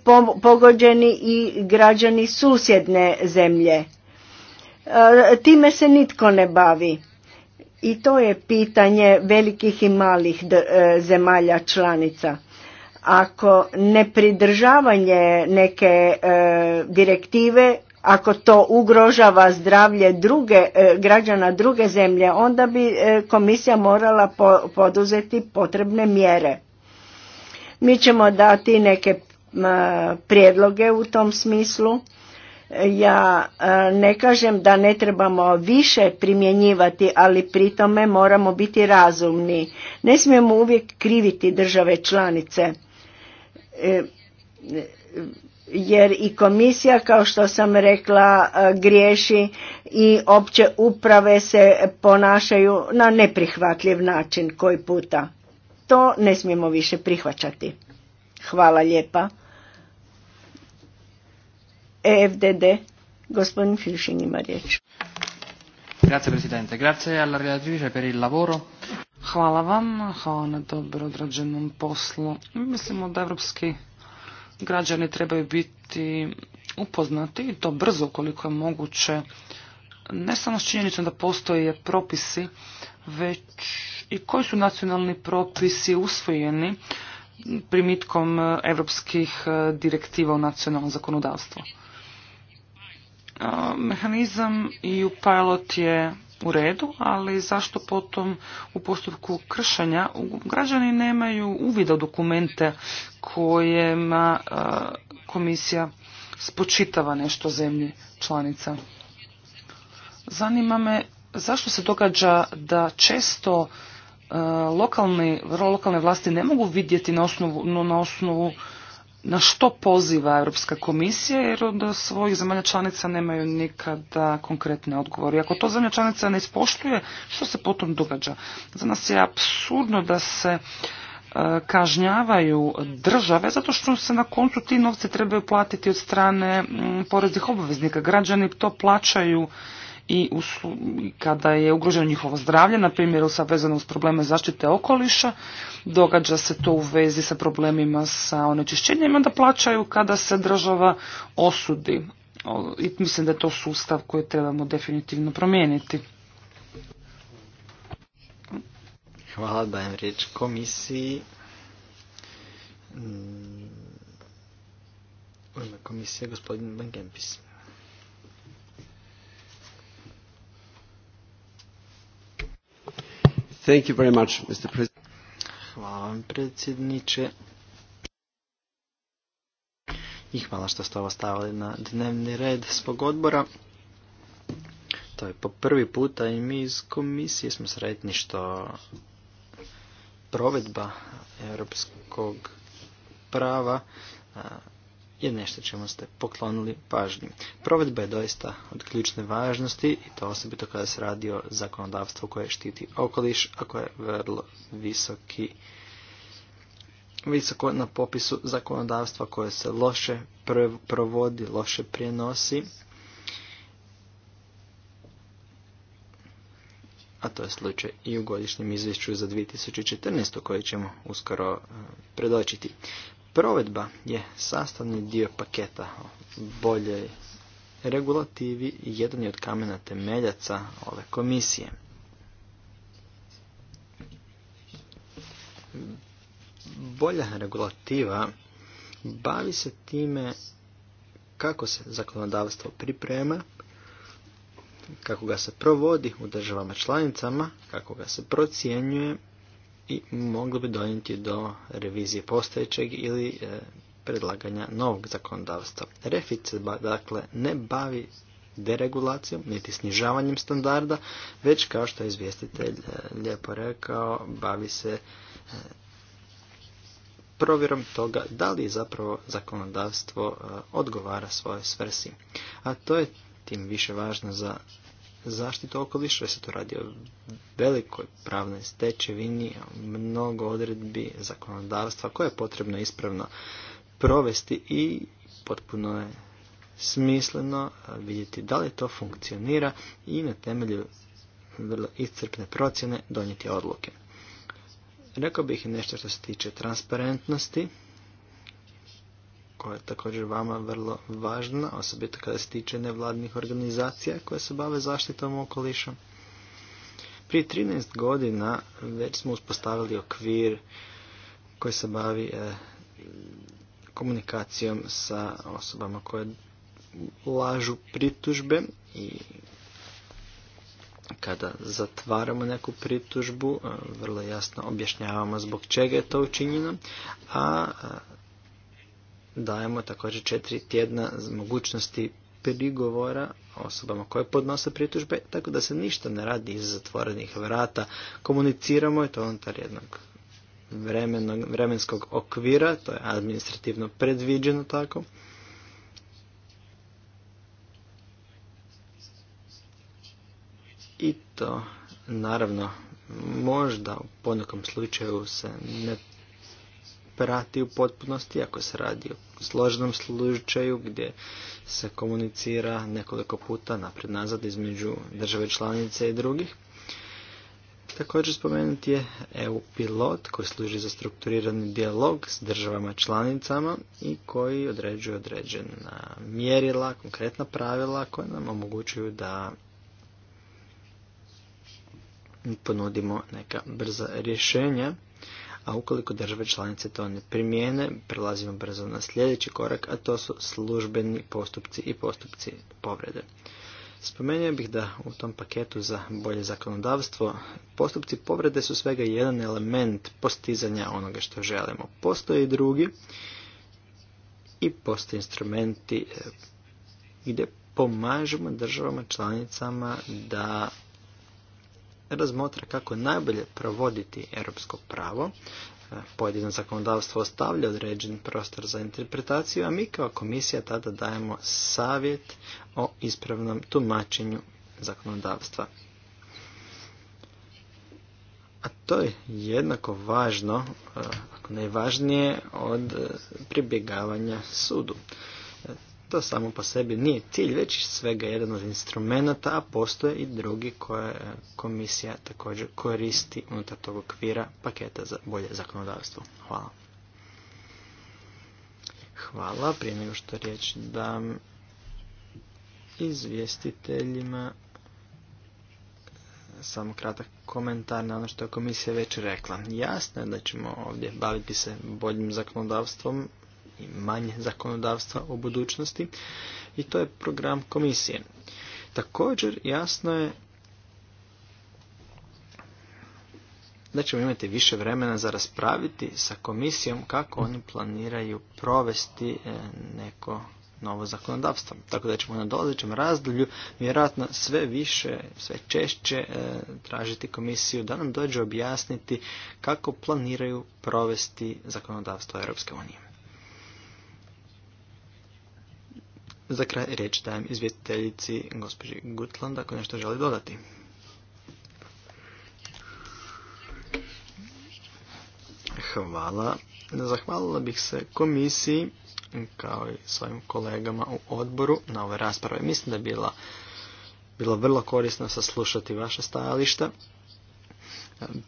S4: pogođeni i građani susjedne zemlje. E, time se nitko ne bavi. I to je pitanje velikih i malih e, zemalja članica. Ako pridržavanje neke direktive ako to ugrožava zdravlje druge, e, građana druge zemlje, onda bi e, komisija morala poduzeti potrebne mjere. Mi ćemo dati neke prijedloge u tom smislu. Ja e, ne kažem da ne trebamo više primjenjivati, ali pri tome moramo biti razumni. Ne smijemo uvijek kriviti države članice jer i komisija kao što sam rekla e, griješi i opće uprave se ponašaju na neprihvatljiv način koji puta. To ne smijemo više prihvaćati. Hvala lijepa. EFDD, gospodin Filšin ima riječ.
S2: Grazie Presidente,
S3: grazie alla relatrice per il lavoro. Hvala vam, hvala na dobro odrađenom poslu. Mislimo da Evropski Građani trebaju biti upoznati i to brzo koliko je moguće ne samo s činjenicom da postoje propisi, već i koji su nacionalni propisi usvojeni primitkom evropskih e, direktiva u nacionalno zakonodavstvo. E, mehanizam EU pilot je u redu, ali zašto potom u postupku kršenja građani nemaju uvida u dokumente kojima komisija spočitava nešto zemlji članica. Zanima me zašto se događa da često lokalni, lokalne vlasti ne mogu vidjeti na osnovu na što poziva Europska komisija jer od svojih zemalja članica nemaju nikada konkretne odgovore. ako to zemlja članica ne ispoštuje, što se potom događa? Za nas je absurdno da se e, kažnjavaju države zato što se na koncu ti novci trebaju platiti od strane poreznih obveznika. Građani to plaćaju i kada je ugroženo njihovo zdravlje, na primjer sa vezano s probleme zaštite okoliša, događa se to u vezi sa problemima sa onečišćenjem, da plaćaju kada se država osudi. I mislim da je to sustav koji trebamo definitivno promijeniti.
S2: Hvala, dajem riječ komisiji. Mm, u gospodin Van Thank you very Hvala vam predsjedniče. I hvala što ste ovo stavili na dnevni red svog odbora. To je po prvi puta i mi iz komisije smo sretni što provedba europskog prava je nešto čemu ste poklonili pažnju. Provedba je doista od ključne važnosti i to osobito kada se radi o zakonodavstvu koje štiti okoliš, a koje je vrlo visoki, visoko na popisu zakonodavstva koje se loše provodi, loše prijenosi. a to je slučaj i u godišnjem izvješću za 2014. koji ćemo uskoro eh, predočiti. Provedba je sastavni dio paketa o boljoj regulativi i jedan je od kamena temeljaca ove komisije. Bolja regulativa bavi se time kako se zakonodavstvo priprema, kako ga se provodi u državama članicama, kako ga se procjenjuje i moglo bi donijeti do revizije postojećeg ili e, predlaganja novog zakonodavstva. Refit se dakle ne bavi deregulacijom niti snižavanjem standarda, već kao što je izvjestitelj e, lijepo rekao, bavi se e, provjerom toga da li zapravo zakonodavstvo odgovara svojoj svrsi. A to je tim više važno za zaštitu okoliša, jer se to radi o velikoj pravnoj stečevini, mnogo odredbi zakonodavstva koje je potrebno ispravno provesti i potpuno je smisleno vidjeti da li to funkcionira i na temelju vrlo iscrpne procjene donijeti odluke. Rekao bih nešto što se tiče transparentnosti, koja je također vama vrlo važna, osobito kada se tiče nevladnih organizacija koje se bave zaštitom okoliša. Prije 13 godina već smo uspostavili okvir koji se bavi e, komunikacijom sa osobama koje lažu pritužbe i kada zatvaramo neku pritužbu, e, vrlo jasno objašnjavamo zbog čega je to učinjeno, a dajemo također četiri tjedna mogućnosti prigovora osobama koje podnose pritužbe, tako da se ništa ne radi iz zatvorenih vrata. Komuniciramo i to unutar jednog vremenog, vremenskog okvira, to je administrativno predviđeno tako. I to, naravno, možda u ponekom slučaju se ne prati u potpunosti, ako se radi o složenom slučaju gdje se komunicira nekoliko puta napred nazad između države članice i drugih. Također spomenuti je EU pilot koji služi za strukturirani dijalog s državama članicama i koji određuje određena mjerila, konkretna pravila koja nam omogućuju da ponudimo neka brza rješenja a ukoliko države članice to ne primijene, prelazimo brzo na sljedeći korak, a to su službeni postupci i postupci povrede. Spomenuo bih da u tom paketu za bolje zakonodavstvo postupci povrede su svega jedan element postizanja onoga što želimo. Postoje i drugi i postoje instrumenti eh, gdje pomažemo državama članicama da razmotra kako najbolje provoditi europsko pravo. E, Pojedino zakonodavstvo ostavlja određen prostor za interpretaciju, a mi kao komisija tada dajemo savjet o ispravnom tumačenju zakonodavstva. A to je jednako važno, e, ako ne od e, pribjegavanja sudu to samo po sebi nije cilj, već svega jedan od instrumenta, a postoje i drugi koje komisija također koristi unutar tog okvira paketa za bolje zakonodavstvo. Hvala. Hvala, prije nego što riječ dam izvjestiteljima samo kratak komentar na ono što je komisija već rekla. Jasno je da ćemo ovdje baviti se boljim zakonodavstvom, manje zakonodavstva u budućnosti i to je program komisije. Također jasno je da ćemo imati više vremena za raspraviti sa komisijom kako oni planiraju provesti e, neko novo zakonodavstvo. Tako da ćemo na dolazećem razdoblju vjerojatno sve više, sve češće e, tražiti komisiju da nam dođe objasniti kako planiraju provesti zakonodavstvo Europske unije. Za kraj reći dajem izvjetiteljici gospođi Gutland ako nešto želi dodati. Hvala. Zahvalila bih se komisiji kao i svojim kolegama u odboru na ove rasprave. Mislim da je bila, bilo vrlo korisno saslušati vaše stajališta.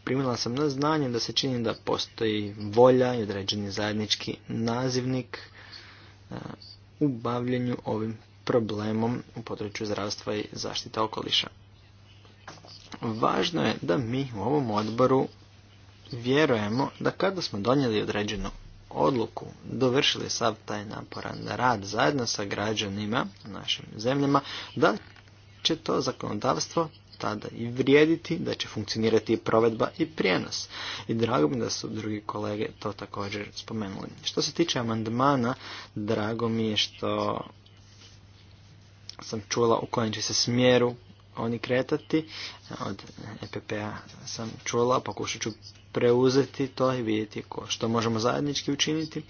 S2: Primila sam na znanje da se čini da postoji volja i određeni zajednički nazivnik u bavljenju ovim problemom u području zdravstva i zaštite okoliša. Važno je da mi u ovom odboru vjerujemo da kada smo donijeli određenu odluku, dovršili sav taj naporan rad zajedno sa građanima u našim zemljama, da će to zakonodavstvo tada i vrijediti, da će funkcionirati i provedba i prijenos. I drago mi da su drugi kolege to također spomenuli. Što se tiče amandmana, drago mi je što sam čula u kojem će se smjeru oni kretati. Od EPP-a sam čula, pokušat ću preuzeti to i vidjeti što možemo zajednički učiniti.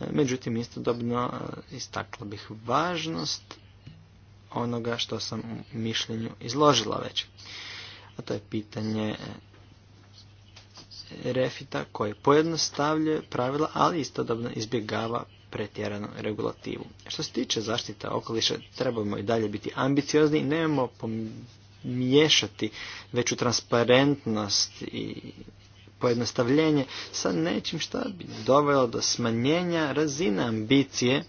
S2: E, međutim, istodobno e, istakla bih važnost onoga što sam u mišljenju izložila već. A to je pitanje e, refita koji pojednostavljuje pravila, ali istodobno izbjegava pretjeranu regulativu. Što se tiče zaštite okoliša, trebamo i dalje biti ambiciozni i nemamo pomiješati veću transparentnost i pojednostavljenje sa nečim što bi dovelo do smanjenja razine ambicije e,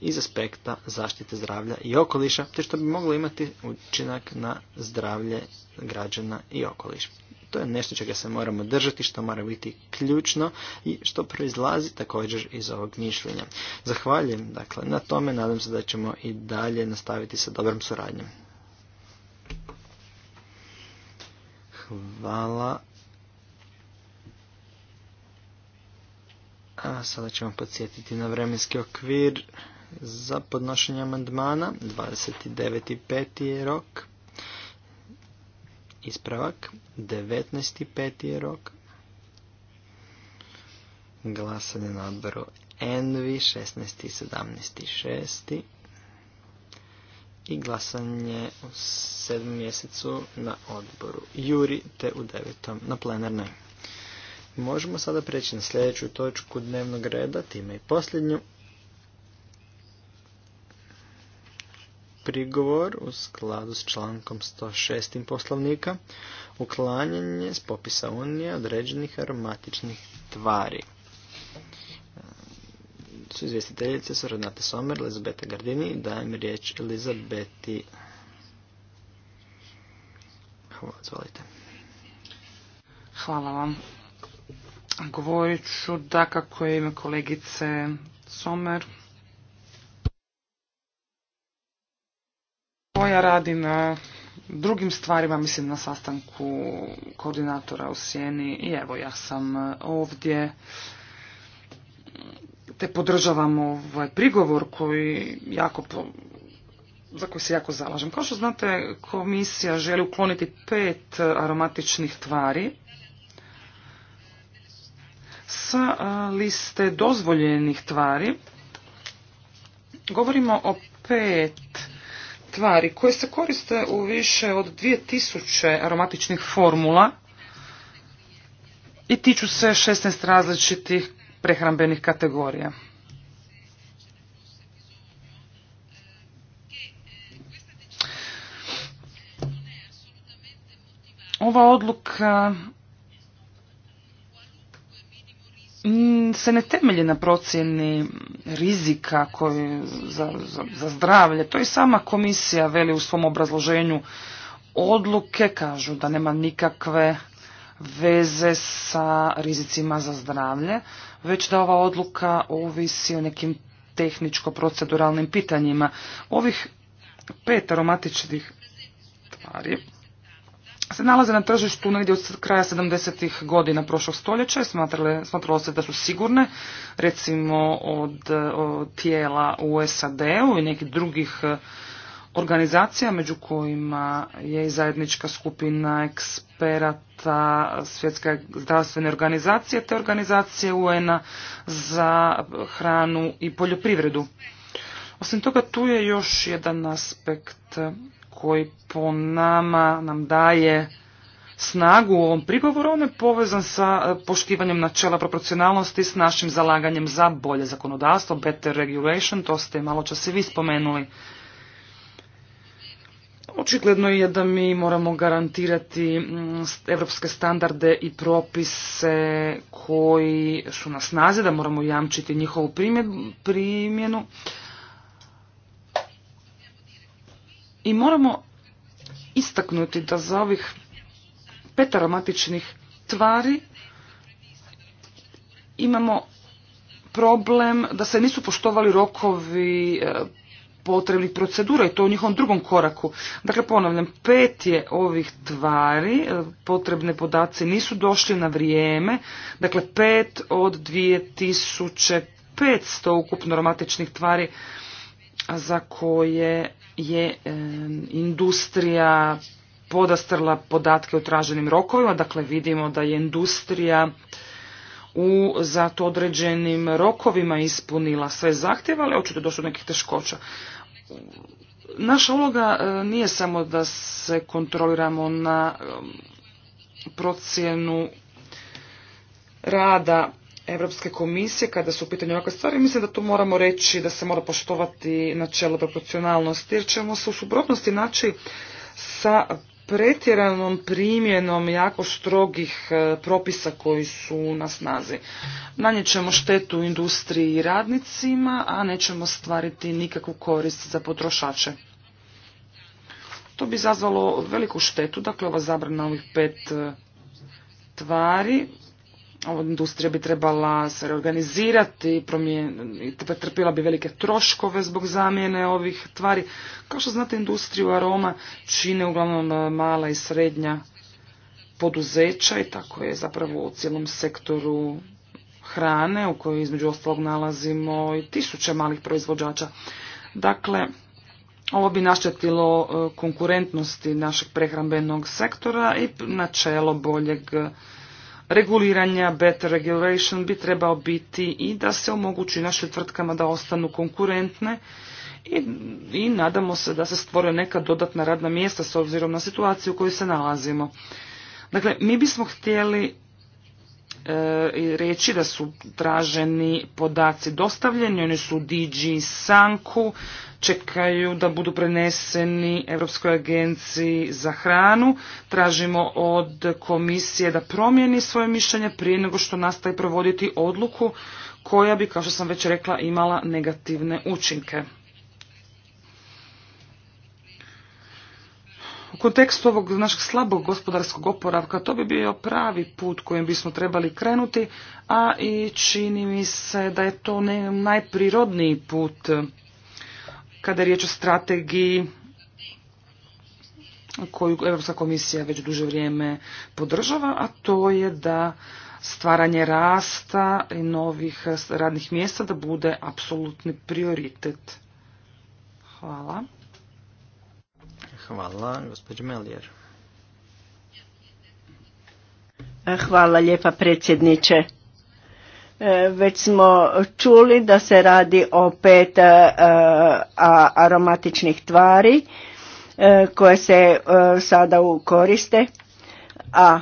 S2: iz aspekta zaštite zdravlja i okoliša, te što bi moglo imati učinak na zdravlje građana i okoliš. To je nešto čega se moramo držati, što mora biti ključno i što proizlazi također iz ovog mišljenja. Zahvaljujem dakle, na tome, nadam se da ćemo i dalje nastaviti sa dobrom suradnjom. Hvala. A sada ćemo podsjetiti na vremenski okvir za podnošenje amandmana. 29.5. je rok. Ispravak. 19.5. je rok. Glasanje na odboru Envi 16. i 17. I glasanje u 7. mjesecu na odboru Juri te u 9. na plenarnoj. Možemo sada preći na sljedeću točku dnevnog reda, time i posljednju. prigovor u skladu s člankom 106. poslovnika uklanjanje s popisa Unije određenih aromatičnih tvari. E, su izvjestiteljice su Renate Somer, Elizabete Gardini dajem riječ Elizabeti. Hvala, Hvala vam. Govorit
S3: ću da kako je ime kolegice Somer Ja radi na e, drugim stvarima, mislim na sastanku koordinatora u Sjeni i evo ja sam e, ovdje te podržavam ovaj prigovor koji jako za koji se jako zalažem. Kao što znate, komisija želi ukloniti pet e, aromatičnih tvari sa liste dozvoljenih tvari. Govorimo o pet tvari koje se koriste u više od 2000 aromatičnih formula i tiču se 16 različitih prehrambenih kategorija. Ova odluka Mm, se ne temelji na procjeni rizika koji za, za, zdravlje. To i sama komisija veli u svom obrazloženju odluke, kažu da nema nikakve veze sa rizicima za zdravlje, već da ova odluka ovisi o nekim tehničko-proceduralnim pitanjima. Ovih pet aromatičnih tvari se nalaze na tržištu negdje od kraja 70. godina prošlog stoljeća i smatralo se da su sigurne, recimo od, od tijela u SAD-u i nekih drugih e, organizacija, među kojima je i zajednička skupina eksperata Svjetske zdravstvene organizacije te organizacije un za hranu i poljoprivredu. Osim toga, tu je još jedan aspekt koji po nama nam daje snagu u ovom prigovoru, on je povezan sa e, poštivanjem načela proporcionalnosti s našim zalaganjem za bolje zakonodavstvo, better regulation, to ste malo čas i vi spomenuli. Očigledno je da mi moramo garantirati evropske standarde i propise koji su na snazi, da moramo jamčiti njihovu primjenu, primjenu I moramo istaknuti da za ovih pet aromatičnih tvari imamo problem da se nisu poštovali rokovi e, potrebnih procedura i to u njihovom drugom koraku. Dakle, ponavljam, pet je ovih tvari, e, potrebne podaci nisu došli na vrijeme, dakle pet od 2500 ukupno aromatičnih tvari za koje je industrija podastrla podatke o traženim rokovima, dakle vidimo da je industrija u za to određenim rokovima ispunila sve zahtjeve, ali očito je došlo do nekih teškoća. Naša uloga e, nije samo da se kontroliramo na procjenu rada Europske komisije kada su u pitanju ovakve stvari, mislim da tu moramo reći da se mora poštovati načelo proporcionalnosti jer ćemo se u suprotnosti naći sa pretjeranom primjenom jako strogih e, propisa koji su na snazi. Nanjećemo štetu industriji i radnicima, a nećemo stvariti nikakvu korist za potrošače. To bi izazvalo veliku štetu, dakle ova zabrana ovih pet e, tvari industrija bi trebala se reorganizirati, trpila bi velike troškove zbog zamjene ovih tvari. Kao što znate, industriju aroma čine uglavnom e, mala i srednja poduzeća i tako je zapravo u cijelom sektoru hrane u kojoj između ostalog nalazimo i tisuće malih proizvođača. Dakle, ovo bi naštetilo e, konkurentnosti našeg prehrambenog sektora i načelo boljeg reguliranja, better regulation bi trebao biti i da se omogući našim tvrtkama da ostanu konkurentne i, i nadamo se da se stvore neka dodatna radna mjesta s obzirom na situaciju u kojoj se nalazimo. Dakle, mi bismo htjeli e, reći da su traženi podaci dostavljeni, oni su DG Sanku, čekaju da budu preneseni Europskoj agenciji za hranu. Tražimo od komisije da promijeni svoje mišljenje prije nego što nastaje provoditi odluku koja bi, kao što sam već rekla, imala negativne učinke. U kontekstu ovog našeg slabog gospodarskog oporavka to bi bio pravi put kojim bismo trebali krenuti, a i čini mi se da je to najprirodniji put kada je riječ o strategiji koju Europska komisija već duže vrijeme podržava, a to je da stvaranje rasta i novih radnih mjesta da bude apsolutni prioritet.
S2: Hvala. Hvala, gospođo Melijer.
S4: Hvala lijepa predsjedniče. E, već smo čuli da se radi o pet e, aromatičnih tvari e, koje se sada koriste, a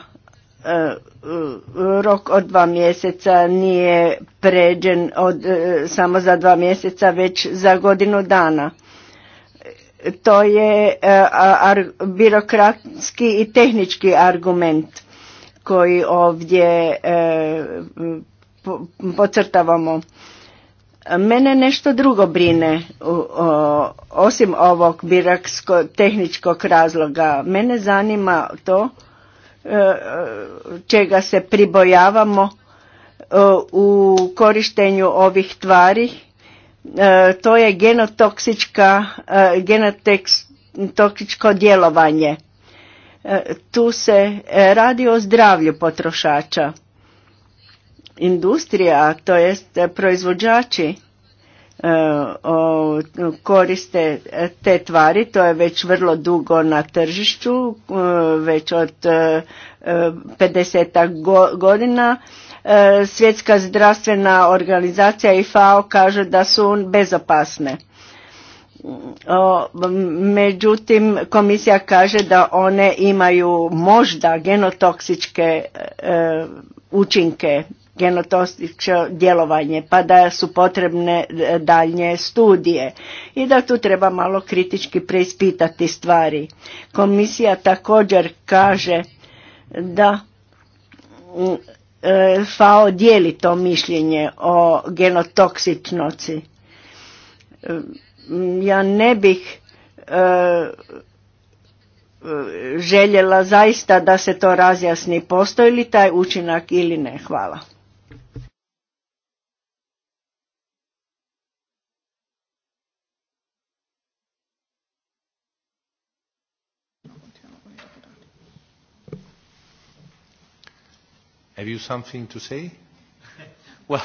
S4: rok od dva mjeseca nije pređen od, samo za dva mjeseca, već za godinu dana. To je birokratski i tehnički argument koji ovdje podcrtavamo. Mene nešto drugo brine, osim ovog biraksko tehničkog razloga. Mene zanima to e, čega se pribojavamo e, u korištenju ovih tvari. E, to je genotoksička, genotoksičko djelovanje. Tu se radi o zdravlju potrošača industrija, to jest e, proizvođači e, koriste e, te tvari, to je već vrlo dugo na tržištu, već od 50 godina. Svjetska zdravstvena organizacija i FAO kaže da su bezopasne. Međutim, komisija kaže da one imaju možda genotoksičke učinke genotostičko djelovanje, pa da su potrebne e, daljnje studije i da tu treba malo kritički preispitati stvari. Komisija također kaže da mm, e, FAO dijeli to mišljenje o genotoksičnosti. E, ja ne bih željela zaista da se to razjasni postoji li taj učinak ili ne. Hvala.
S1: Have you something to say?
S2: Well,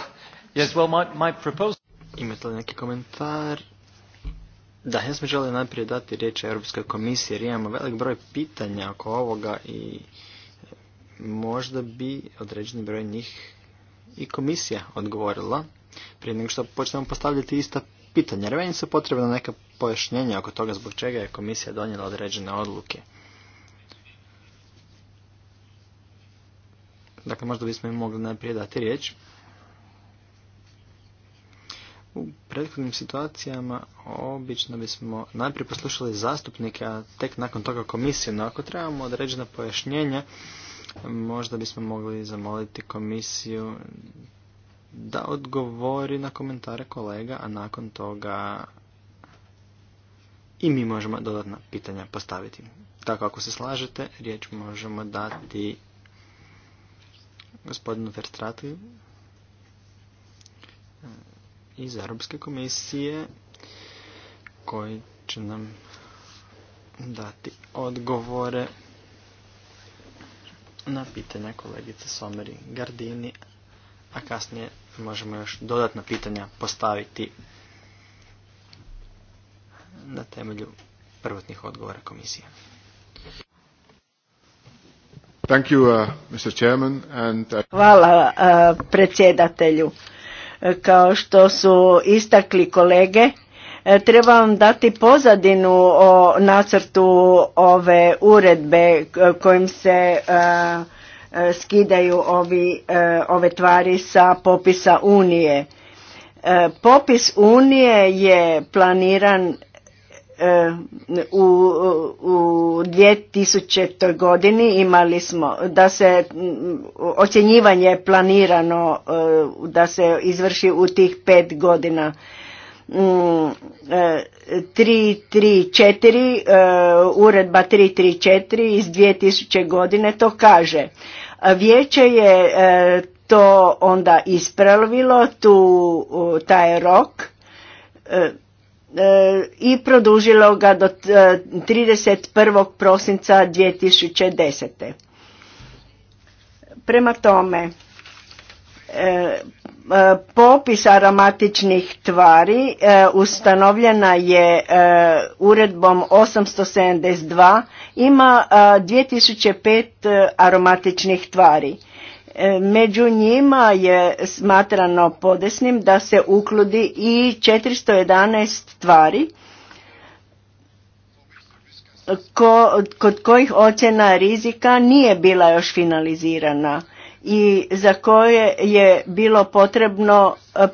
S2: yes, well, my, my proposal... Imate li neki komentar? Da, ja sam želio najprije dati riječ Europskoj komisiji jer imamo velik broj pitanja oko ovoga i e, možda bi određeni broj njih i komisija odgovorila prije nego što počnemo postavljati ista pitanja. Jer meni su potrebna neka pojašnjenja oko toga zbog čega je komisija donijela određene odluke. Dakle, možda bismo im mogli najprije dati riječ. U prethodnim situacijama obično bismo najprije poslušali zastupnike, a tek nakon toga komisiju. No ako trebamo određena pojašnjenja, možda bismo mogli zamoliti komisiju da odgovori na komentare kolega, a nakon toga i mi možemo dodatna pitanja postaviti. Tako ako se slažete, riječ možemo dati gospodinu Verstrati e, iz Europske komisije koji će nam dati odgovore na pitanja kolegice Someri Gardini, a kasnije možemo još dodatna pitanja postaviti na temelju prvotnih odgovora komisije.
S4: Uh, uh, Hvala uh, predsjedatelju. Kao što su istakli kolege, trebam dati pozadinu o nacrtu ove uredbe kojim se skidaju ove tvari sa popisa Unije. Popis Unije je planiran E, u, u 2000. godini imali smo da se mm, ocjenjivanje planirano e, da se izvrši u tih pet godina. 334, mm, e, uredba 334 iz 2000. godine to kaže. Vijeće je to onda ispravilo tu taj rok E, i produžilo ga do 31. E, prosinca 2010. Prema tome, e, popis aromatičnih tvari ustanovljena je uredbom 872, ima 2005 aromatičnih tvari E, među njima je smatrano podesnim da se ukludi i 411 stvari kod kojih ocjena rizika nije bila još finalizirana i za koje je bilo potrebno e,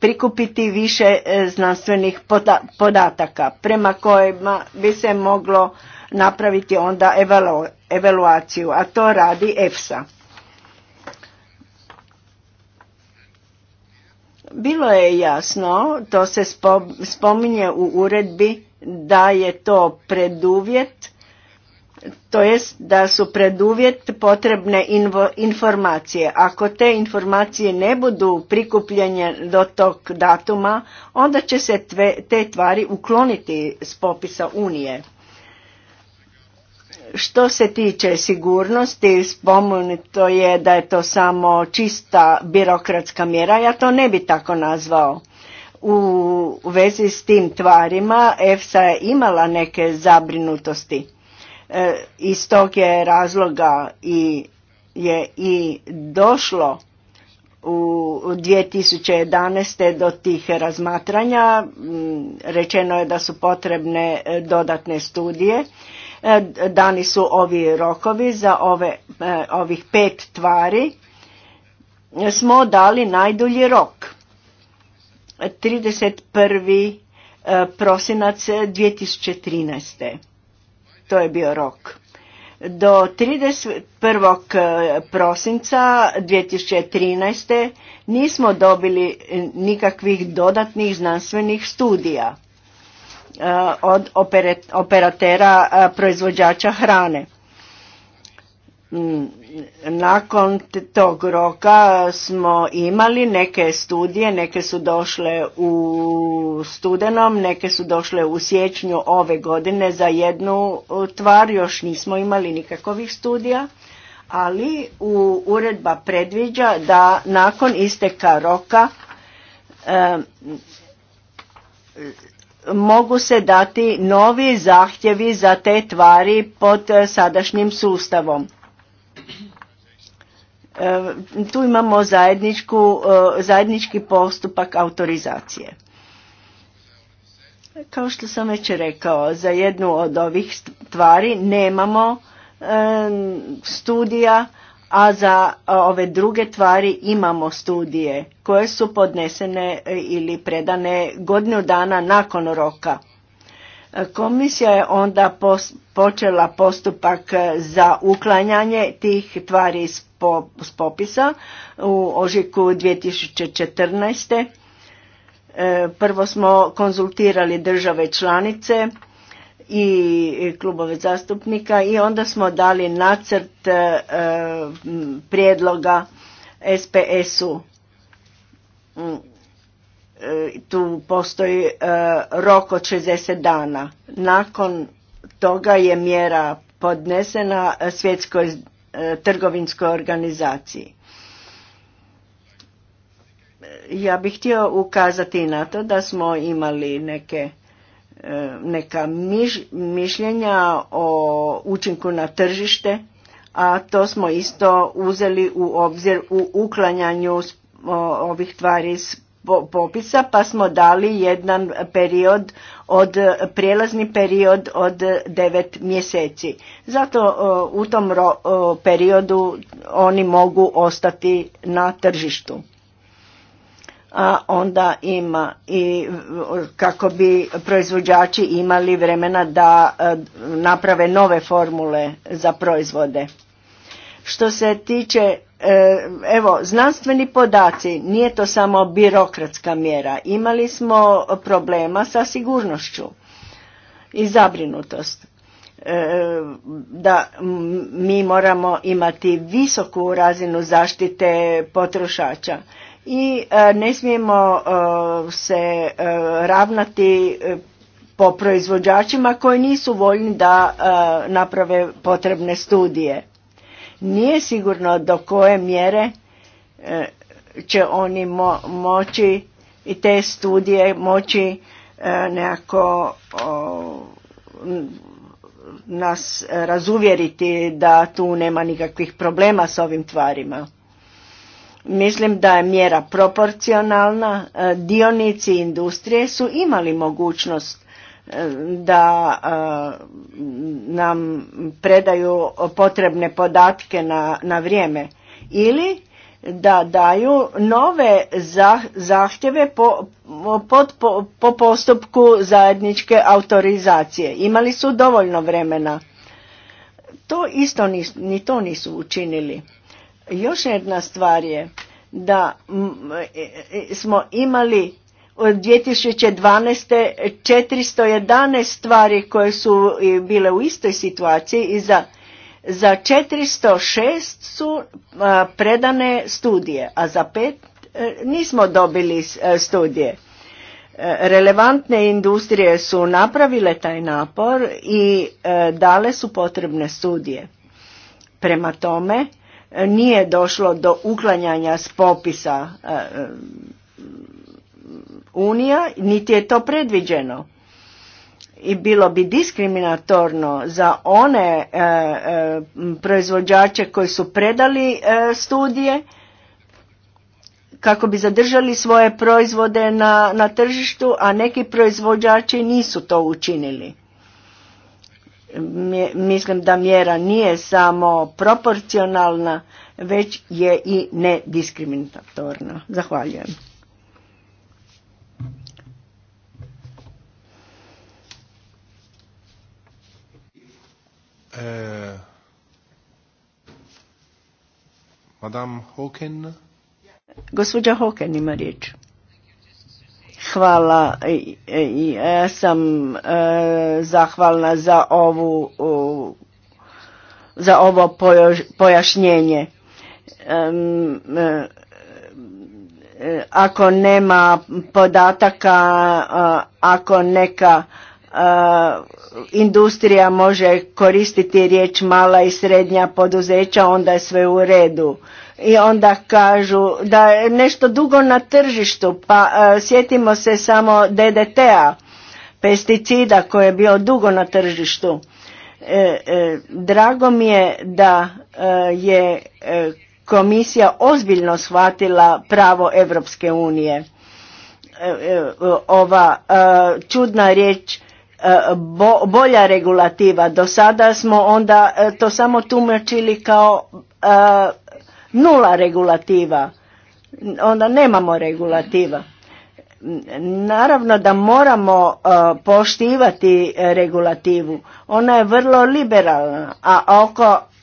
S4: prikupiti više e, znanstvenih podataka prema kojima bi se moglo napraviti onda evaluaciju, a to radi EFSA. Bilo je jasno, to se spominje u uredbi da je to preduvjet, to jest da su preduvjet potrebne invo, informacije. Ako te informacije ne budu prikupljene do tog datuma, onda će se te tvari ukloniti s popisa Unije. Što se tiče sigurnosti, spomenuto je da je to samo čista birokratska mjera, ja to ne bi tako nazvao. U vezi s tim tvarima EFSA je imala neke zabrinutosti. E, iz tog je razloga i je i došlo u 2011. do tih razmatranja. Mm, rečeno je da su potrebne e, dodatne studije E, dani su ovi rokovi za ove, e, ovih pet tvari. Smo dali najdulji rok. 31. E, prosinac 2013. To je bio rok. Do 31. prosinca 2013. nismo dobili nikakvih dodatnih znanstvenih studija Eh, od operatera eh, proizvođača hrane. Mm, nakon tog roka smo imali neke studije, neke su došle u studenom, neke su došle u siječnju ove godine za jednu tvar, još nismo imali nikakvih studija, ali u uredba predviđa da nakon isteka roka eh, mogu se dati novi zahtjevi za te tvari pod e, sadašnjim sustavom. E, tu imamo e, zajednički postupak autorizacije. Kao što sam već rekao, za jednu od ovih tvari nemamo studija a za ove druge tvari imamo studije koje su podnesene e, ili predane godinu dana nakon roka. E, komisija je onda počela postupak e, za uklanjanje tih tvari s popisa u ožiku 2014. Prvo smo konzultirali države članice i klubove zastupnika i onda smo dali nacrt e, prijedloga SPS-u. Mm, e, tu postoji e, rok od 60 dana. Nakon toga je mjera podnesena svjetskoj trgovinskoj organizaciji. Ja bih htio ukazati na to da smo imali neke neka mišljenja o učinku na tržište, a to smo isto uzeli u obzir u uklanjanju ovih tvari s popisa, pa smo dali jedan period od, prijelazni period od devet mjeseci. Zato u tom periodu oni mogu ostati na tržištu a onda ima i kako bi proizvođači imali vremena da e, naprave nove formule za proizvode. Što se tiče, e, evo, znanstveni podaci, nije to samo birokratska mjera. Imali smo problema sa sigurnošću i zabrinutost. E, da mi moramo imati visoku razinu zaštite potrošača i e, ne smijemo e, se e, ravnati po proizvođačima koji nisu voljni da naprave potrebne studije. Nije sigurno do koje mjere će oni moći i te studije moći nekako nas razuvjeriti da tu nema nikakvih problema s ovim tvarima. Mislim da je mjera proporcionalna, e, dionici industrije su imali mogućnost e, da e, nam predaju potrebne podatke na, na vrijeme ili da daju nove zahtjeve po, po, postupku zajedničke autorizacije. Imali su dovoljno vremena. To isto ni to nisu učinili. Još jedna stvar je da e, e, smo imali od 2012. 411 stvari koje su bile u istoj situaciji i za, za 406 su predane studije, a za pet e, nismo dobili studije. relevantne industrije su napravile taj napor i dale su potrebne studije. Prema tome, nije došlo do uklanjanja s popisa e, e, Unija, niti je to predviđeno. I bilo bi diskriminatorno za one e, proizvođače koji su predali studije kako bi zadržali svoje proizvode na, na tržištu, a neki proizvođači nisu to učinili. Mislim da mjera nije samo proporcionalna, već je i nediskriminatorna. Zahvaljujem. E, Madame Hawken. Gospođa Hawken ima riječ. Hvala, ja sam e, zahvalna za ovu za ovo pojašnjenje. E, e, ako nema podataka, ako neka industrija može koristiti riječ mala i srednja poduzeća, onda je sve u redu i onda kažu da je nešto dugo na tržištu, pa e, sjetimo se samo DDT-a, pesticida koji je bio dugo na tržištu. E, e drago mi je da e, je komisija ozbiljno shvatila pravo Evropske unije. Ova čudna riječ bolja regulativa. Do sada smo onda to samo tumačili kao nula regulativa, onda nemamo regulativa. Naravno da moramo e, poštivati regulativu, ona je vrlo liberalna, a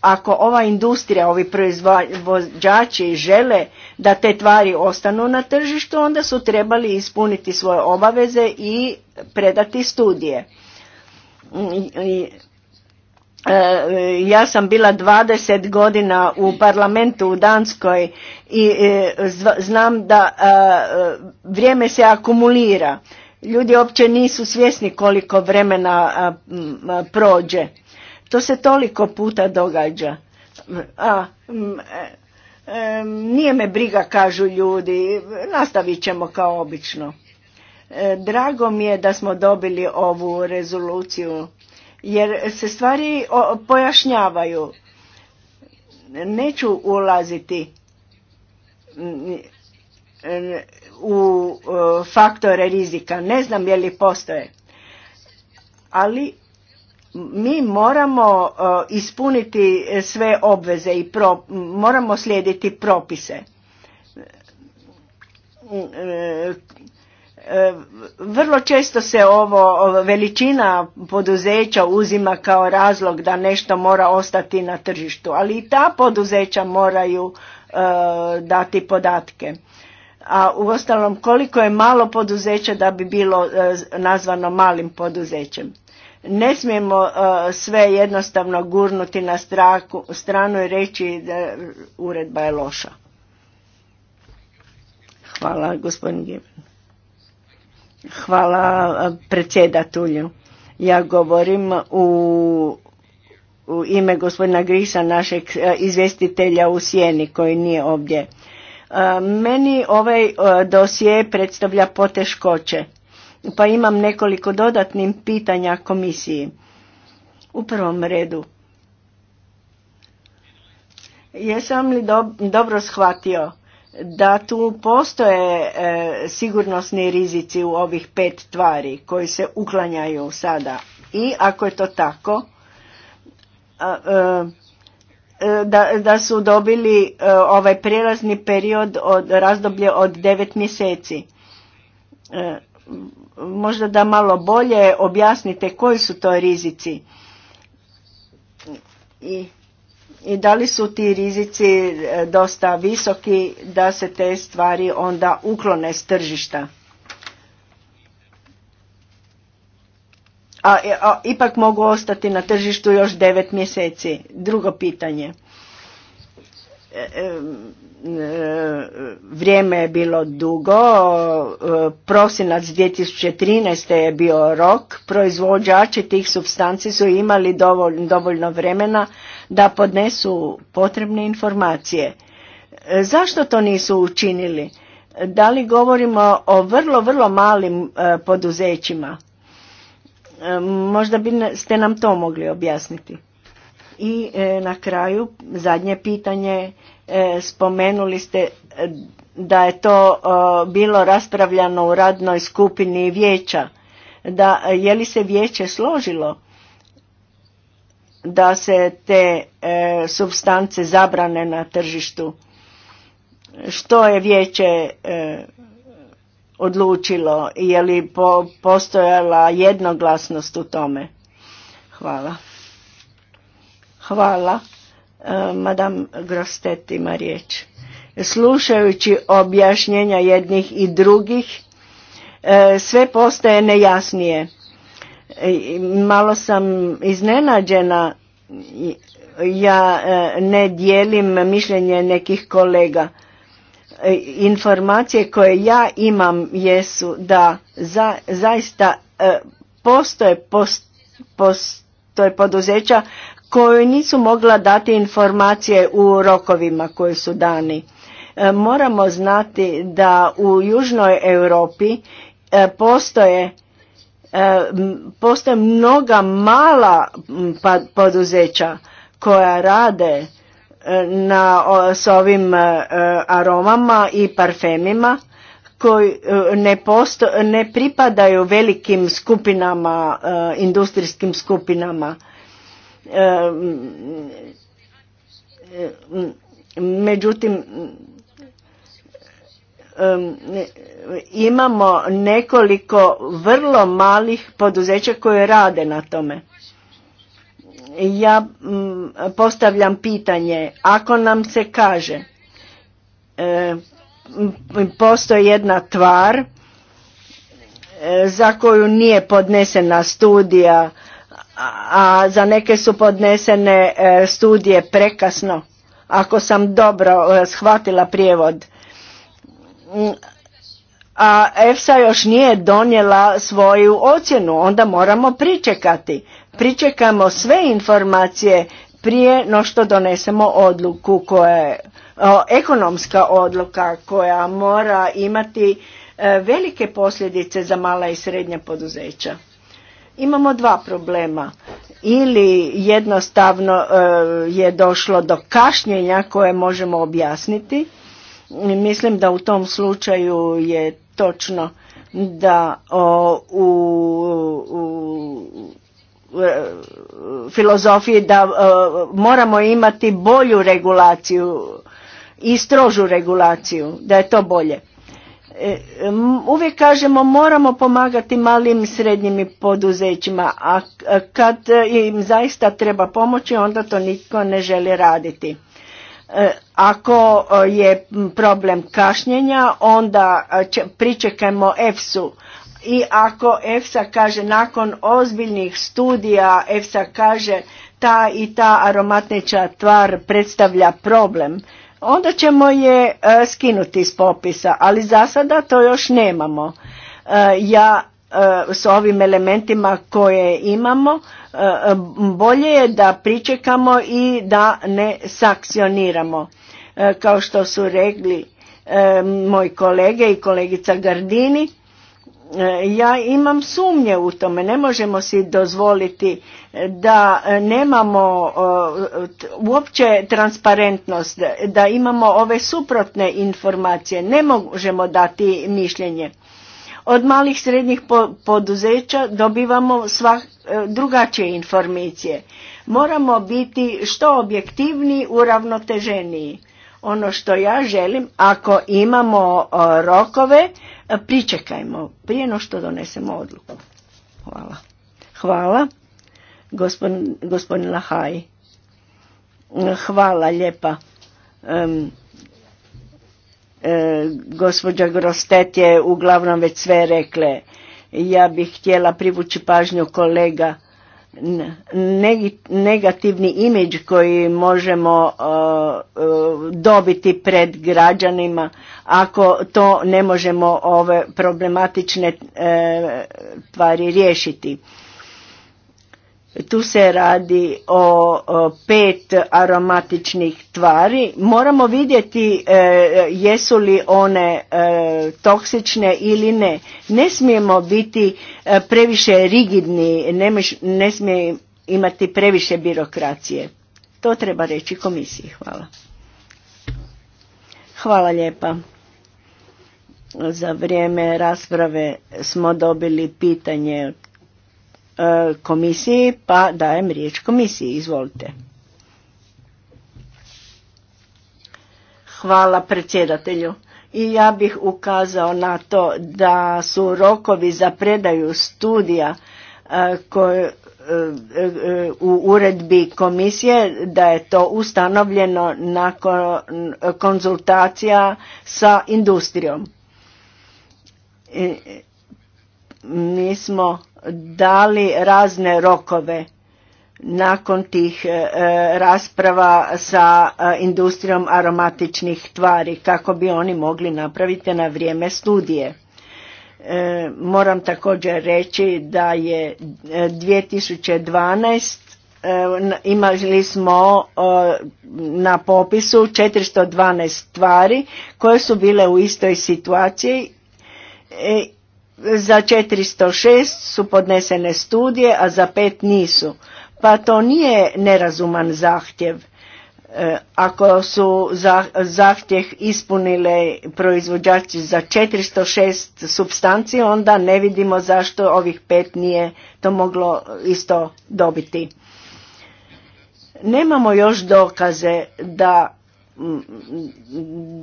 S4: ako ova industrija, ovi proizvođači žele da te tvari ostanu na tržištu, onda su trebali ispuniti svoje obaveze i predati studije. E, ja sam bila 20 godina u parlamentu u Danskoj i e, znam da e, vrijeme se akumulira. Ljudi uopće nisu svjesni koliko vremena prođe. To se toliko puta događa. A, nije me briga, kažu ljudi, nastavit ćemo kao obično. Drago mi je da smo dobili ovu rezoluciju jer se stvari pojašnjavaju. Neću ulaziti mm, mm, u e, faktore rizika, ne znam je li postoje, ali mi moramo e, ispuniti sve obveze i moramo slijediti propise mm, e, vrlo često se ovo veličina poduzeća uzima kao razlog da nešto mora ostati na tržištu, ali i ta poduzeća moraju e, dati podatke. A uostalom koliko je malo poduzeća da bi bilo e, nazvano malim poduzećem. Ne smijemo e, sve jednostavno gurnuti na straku, stranu i reći da uredba je loša. Hvala gospodin Gibran. Hvala eh, predsjedatulju. Ja govorim u, u ime gospodina Grisa, našeg eh, izvjestitelja u Sjeni koji nije ovdje. Eh, meni ovaj dosije predstavlja poteškoće, pa imam nekoliko dodatnih pitanja komisiji. U prvom redu, jesam li dobro shvatio da tu postoje e, sigurnosni rizici u ovih pet tvari koji se uklanjaju sada. I ako je to tako, e, e, da, da su dobili e, ovaj prijelazni period od razdoblje od devet mjeseci. Možda da malo bolje objasnite koji su to rizici. I i da li su ti rizici e, dosta visoki da se te stvari onda uklone s tržišta. A, e, ipak mogu ostati na tržištu još devet mjeseci. Drugo pitanje. E, vrijeme je bilo dugo, prosinac 2013. je bio rok, proizvođači tih substanci su imali dovoljno vremena da podnesu potrebne informacije. E, zašto to nisu učinili? Da li govorimo o vrlo, vrlo malim e, poduzećima? E, možda biste nam to mogli objasniti. I na kraju, zadnje pitanje, spomenuli ste da je to bilo raspravljano u radnoj skupini vijeća. Da, je li se vijeće složilo da se te e, substance zabrane na tržištu. Što je vijeće e, odlučilo? Je li postojala jednoglasnost u tome? Hvala. Hvala. E, Madam Grostet ima riječ. Slušajući objašnjenja jednih i drugih, e, sve postaje nejasnije E, malo sam iznenađena, ja e, ne dijelim mišljenje nekih kolega. E, informacije koje ja imam jesu da zaista postoje, postoje poduzeća koje nisu mogla dati informacije u rokovima koji su dani. Moramo znati da u Južnoj Europi postoje E, postoje mnoga mala pa, poduzeća koja rade e, na, s ovim e, aromama i parfemima koji ne, ne pripadaju velikim skupinama, industrijskim skupinama. Međutim, imamo nekoliko vrlo malih poduzeća koje rade na tome. Ja mm, postavljam pitanje, ako nam se kaže postoji jedna tvar e, za koju nije podnesena studija, a za neke su podnesene e, studije prekasno, ako sam dobro e, shvatila prijevod Mm, a EFSA još nije donijela svoju ocjenu, onda moramo pričekati. Pričekamo sve informacije prije no što donesemo odluku koja je ekonomska odluka koja mora imati e, velike posljedice za mala i srednja poduzeća. Imamo dva problema. Ili jednostavno e, je došlo do kašnjenja koje možemo objasniti, Mislim da u tom slučaju je točno da u, u e, filozofiji da e, moramo imati bolju regulaciju i strožu regulaciju, da je to bolje. E, uvijek kažemo moramo pomagati malim i srednjim poduzećima, a kad im zaista treba pomoći onda to nitko ne želi raditi. E, ako e, je problem kašnjenja, onda e, pričekajmo EFSU. I ako EFSA kaže nakon ozbiljnih studija, EFSA kaže ta i ta aromatniča tvar predstavlja problem, onda ćemo je skinuti s popisa, ali za sada to još nemamo. Ja E, s ovim elementima koje imamo, e, bolje je da pričekamo i da ne sankcioniramo. E, kao što su rekli moji kolege i kolegica Gardini, ja imam sumnje u tome, ne možemo si dozvoliti da nemamo uopće transparentnost, da imamo ove suprotne informacije, ne možemo dati mišljenje. Od malih srednjih poduzeća dobivamo svak, e, drugačije informacije. Moramo biti što objektivniji, uravnoteženiji. Ono što ja želim, ako imamo rokove, e, pričekajmo prije no što donesemo odluku. Hvala. Hvala, gospodin Lahaj. Hvala lijepa. E, gospođa Grostet je uglavnom već sve rekle. Ja bih htjela privući pažnju kolega negativni imeđ koji možemo e, e, dobiti pred građanima ako to ne možemo ove problematične tvari riješiti tu se radi o pet aromatičnih tvari. Moramo vidjeti e, jesu li one e, toksične ili ne. Ne smijemo biti e, previše rigidni, ne smije imati previše birokracije. To treba reći komisiji. Hvala. Hvala lijepa. Za vrijeme rasprave smo dobili pitanje od E, komisiji, pa dajem riječ komisiji. Izvolite. Hvala predsjedatelju. I ja bih ukazao na to da su rokovi za predaju studija e, koje e, u uredbi komisije da je to ustanovljeno nakon konzultacija sa industrijom. Mi smo dali razne rokove nakon tih e, rasprava sa e, industrijom aromatičnih tvari kako bi oni mogli napraviti na vrijeme studije. E, moram također reći da je 2012 e, imali smo na popisu 412 tvari... koje su bile u istoj situaciji za 406 su podnesene studije, a za pet nisu. Pa to nije nerazuman zahtjev. E, ako su zahtjev ispunile proizvođači za 406 substanci, onda ne vidimo zašto ovih pet nije to moglo isto dobiti. Nemamo još dokaze da,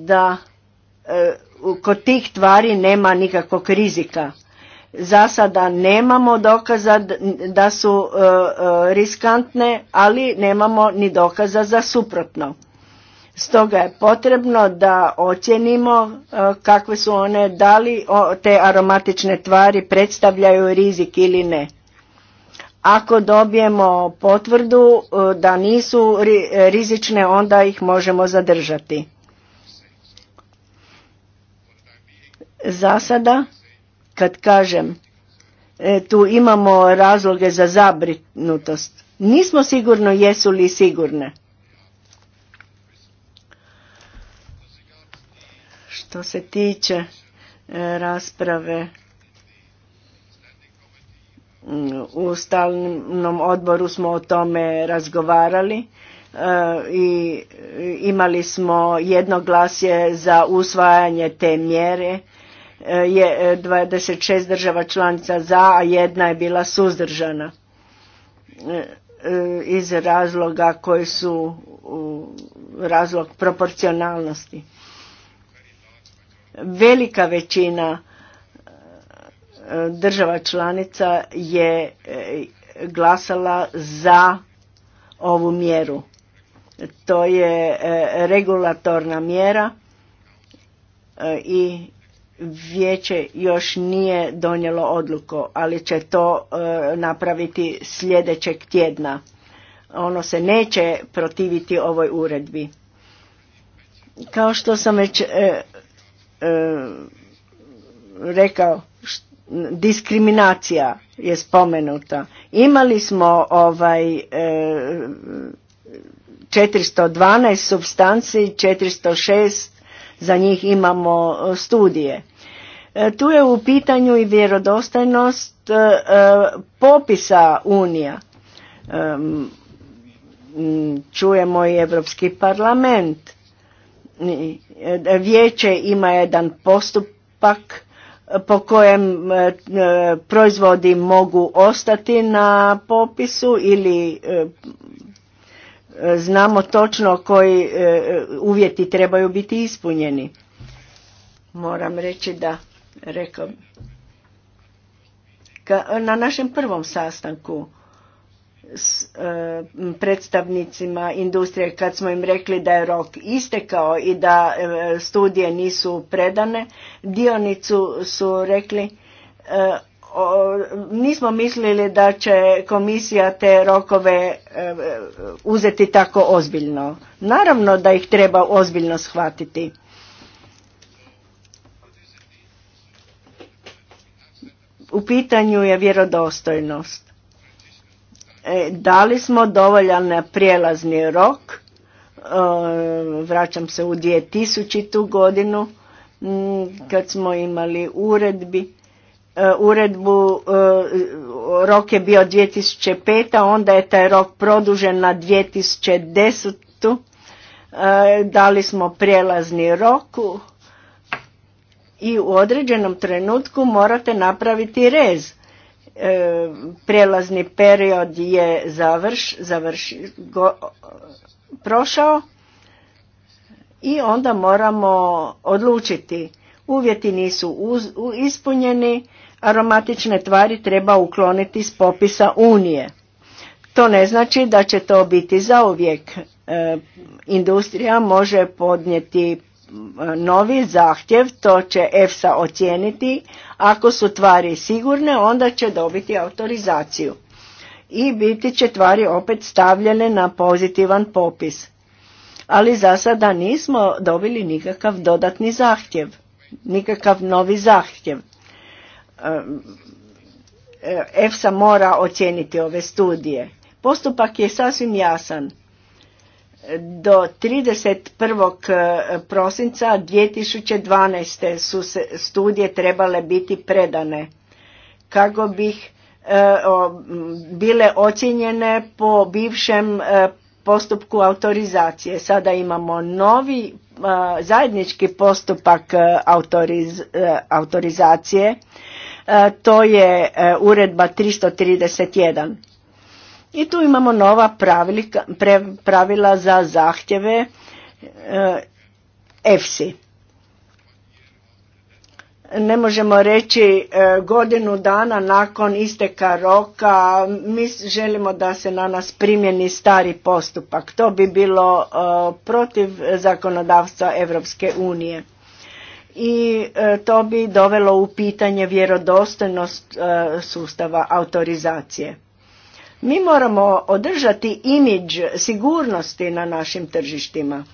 S4: da e, kod tih tvari nema nikakvog rizika. Za sada nemamo dokaza da su e, e, riskantne, ali nemamo ni dokaza za suprotno. Stoga je potrebno da ocijenimo e, kakve su one, da li te aromatične tvari predstavljaju rizik ili ne. Ako dobijemo potvrdu da nisu rizične, onda ih možemo zadržati. Zasada kad kažem, e, tu imamo razloge za zabrinutost. Nismo sigurno jesu li sigurne. Što se tiče e, rasprave mm, u stalnom odboru smo o tome razgovarali e, i imali smo jednoglasje za usvajanje te mjere E, je 26 e, država članica za, a jedna je bila suzdržana e, iz razloga koji su razlog proporcionalnosti. Velika većina država članica je glasala za ovu mjeru. To je regulatorna mjera i vijeće još nije donijelo odluku, ali će to e, napraviti sljedećeg tjedna. Ono se neće protiviti ovoj uredbi. Kao što sam već e, e rekao, diskriminacija je spomenuta. Imali smo ovaj e, 412 substanci, 406 za njih imamo e, studije. E, tu je u pitanju i vjerodostojnost e, popisa Unija. Čujemo i Europski parlament. Vijeće ima jedan postupak po kojem proizvodi mogu ostati na popisu ili znamo točno koji e, uvjeti trebaju biti ispunjeni. Moram reći da rekao na našem prvom sastanku s e, predstavnicima industrije kad smo im rekli da je rok istekao i da e, studije nisu predane, dionicu su rekli nismo mislili da će komisija te rokove e, uzeti tako ozbiljno. Naravno da ih treba ozbiljno shvatiti. U pitanju je vjerodostojnost. E, dali smo dovoljan prijelazni rok, e, vraćam se u 2000. godinu, kad smo imali uredbi E, uredbu, e, rok je bio 2005. onda je taj rok produžen na 2010. E, dali smo prijelazni rok i u određenom trenutku morate napraviti rez. Prijelazni period je završ, završ, prošao i onda moramo odlučiti. Uvjeti nisu ispunjeni, aromatične tvari treba ukloniti s popisa Unije. To ne znači da će to biti zauvijek. E, industrija može podnijeti e, novi zahtjev, to će EFSA ocijeniti. Ako su tvari sigurne, onda će dobiti autorizaciju. I biti će tvari opet stavljene na pozitivan popis. Ali za sada nismo dobili nikakav dodatni zahtjev, nikakav novi zahtjev. EFSA e, mora ocijeniti ove studije. Postupak je sasvim jasan. Do 31. E, prosinca 2012. su se studije trebale biti predane kako bih e, bile ocijenjene po bivšem postupku autorizacije. Sada imamo novi zajednički postupak autorizacije E, to je e, uredba 331. I tu imamo nova pravila za zahtjeve EFSI. Ne možemo reći e, godinu dana nakon isteka roka mi želimo da se na nas primjeni stari postupak. To bi bilo protiv zakonodavstva Europske unije i e, to bi dovelo u pitanje vjerodostojnost e, sustava autorizacije. Mi moramo održati imidž sigurnosti na našim tržištima.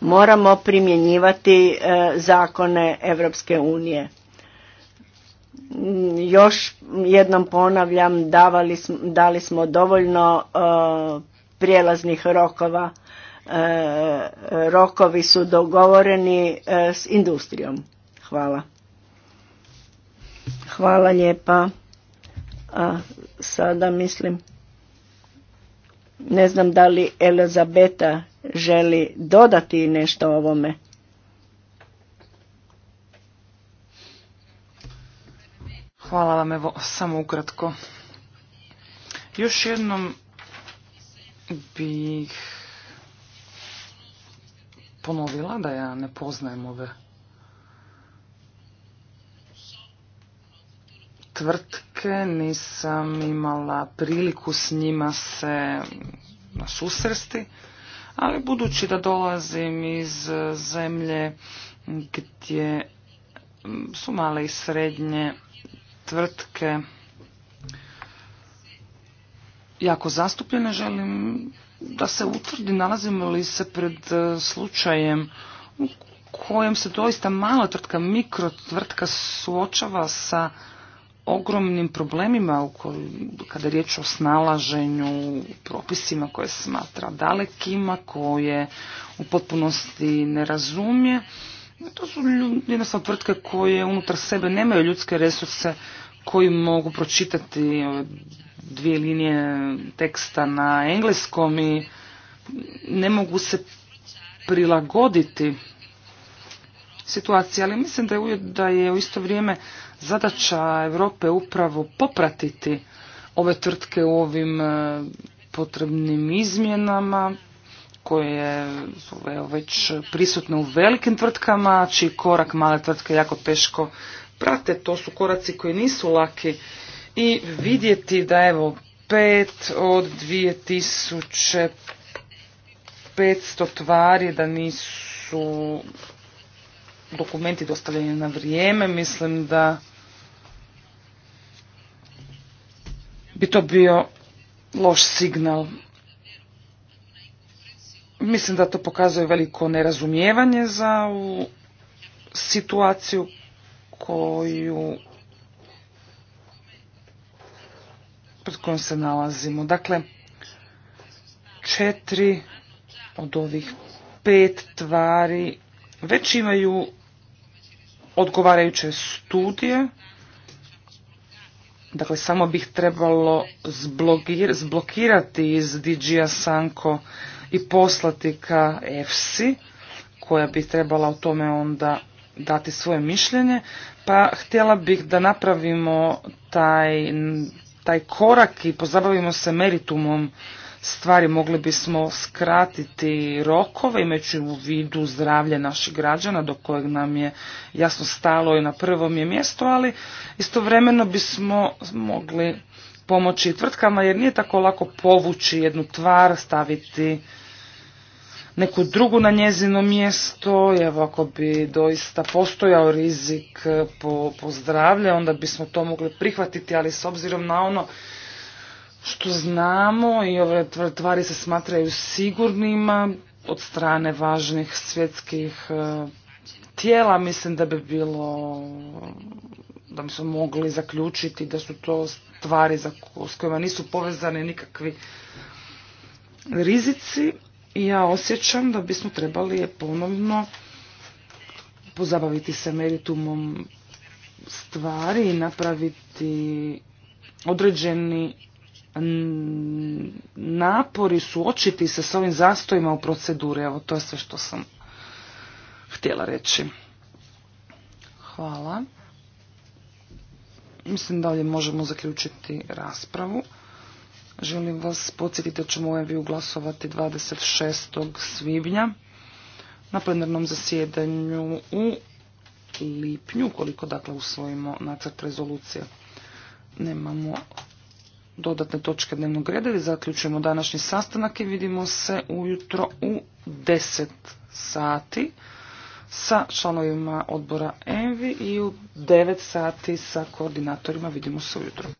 S4: Moramo primjenjivati e, zakone Europske unije. Mm, još jednom ponavljam, davali, dali smo dovoljno prijelaznih rokova E, rokovi su dogovoreni e, s industrijom. Hvala. Hvala lijepa. A sada mislim, ne znam da li Elizabeta želi dodati nešto ovome. Hvala vam, evo, samo ukratko.
S3: Još jednom bih ponovila da ja ne poznajem ove tvrtke, nisam imala priliku s njima se susresti, ali budući da dolazim iz zemlje gdje su male i srednje tvrtke jako zastupljene, želim da se utvrdi nalazimo li se pred e, slučajem u kojem se doista mala tvrtka, mikro tvrtka suočava sa ogromnim problemima kada je riječ o snalaženju propisima koje smatra dalekima, koje u potpunosti ne razumije. To su jednostavno tvrtke koje unutar sebe nemaju ljudske resurse koji mogu pročitati dvije linije teksta na engleskom i ne mogu se prilagoditi situaciji, ali mislim da je, da je u isto vrijeme zadaća Europe upravo popratiti ove tvrtke u ovim e, potrebnim izmjenama koje su već prisutne u velikim tvrtkama, čiji korak male tvrtke jako teško prate. To su koraci koji nisu laki i vidjeti da evo pet od 2500 tvari da nisu dokumenti dostavljeni na vrijeme. Mislim da bi to bio loš signal. Mislim da to pokazuje veliko nerazumijevanje za ovu situaciju koju pod kojom se nalazimo. Dakle, četiri od ovih pet tvari već imaju odgovarajuće studije. Dakle, samo bih trebalo zblokirati iz DG-a Sanko i poslati ka EFSI, koja bi trebala o tome onda dati svoje mišljenje, pa htjela bih da napravimo taj, taj korak i pozabavimo se meritumom stvari. Mogli bismo skratiti rokove imajući u vidu zdravlje naših građana do kojeg nam je jasno stalo i na prvom je mjestu, ali istovremeno bismo mogli pomoći tvrtkama jer nije tako lako povući jednu tvar, staviti neku drugu na njezino mjesto, evo ako bi doista postojao rizik eh, po, po zdravlje, onda bismo to mogli prihvatiti, ali s obzirom na ono što znamo i ove tvari se smatraju sigurnima od strane važnih svjetskih eh, tijela, mislim da bi bilo da bi smo mogli zaključiti da su to stvari za, s kojima nisu povezane nikakvi rizici, ja osjećam da bismo trebali je ponovno pozabaviti se meritumom stvari i napraviti određeni napori suočiti se s ovim zastojima u proceduri. Evo, to je sve što sam htjela reći. Hvala. Mislim da ovdje možemo zaključiti raspravu. Želim vas podsjetiti da ćemo u ovaj glasovati glasovati 26. svibnja na plenarnom zasjedanju u lipnju, koliko dakle usvojimo nacrt rezolucije. Nemamo dodatne točke dnevnog reda i zaključujemo današnji sastanak i vidimo se ujutro u 10 sati sa članovima odbora ENVI i u 9 sati sa koordinatorima vidimo se ujutro.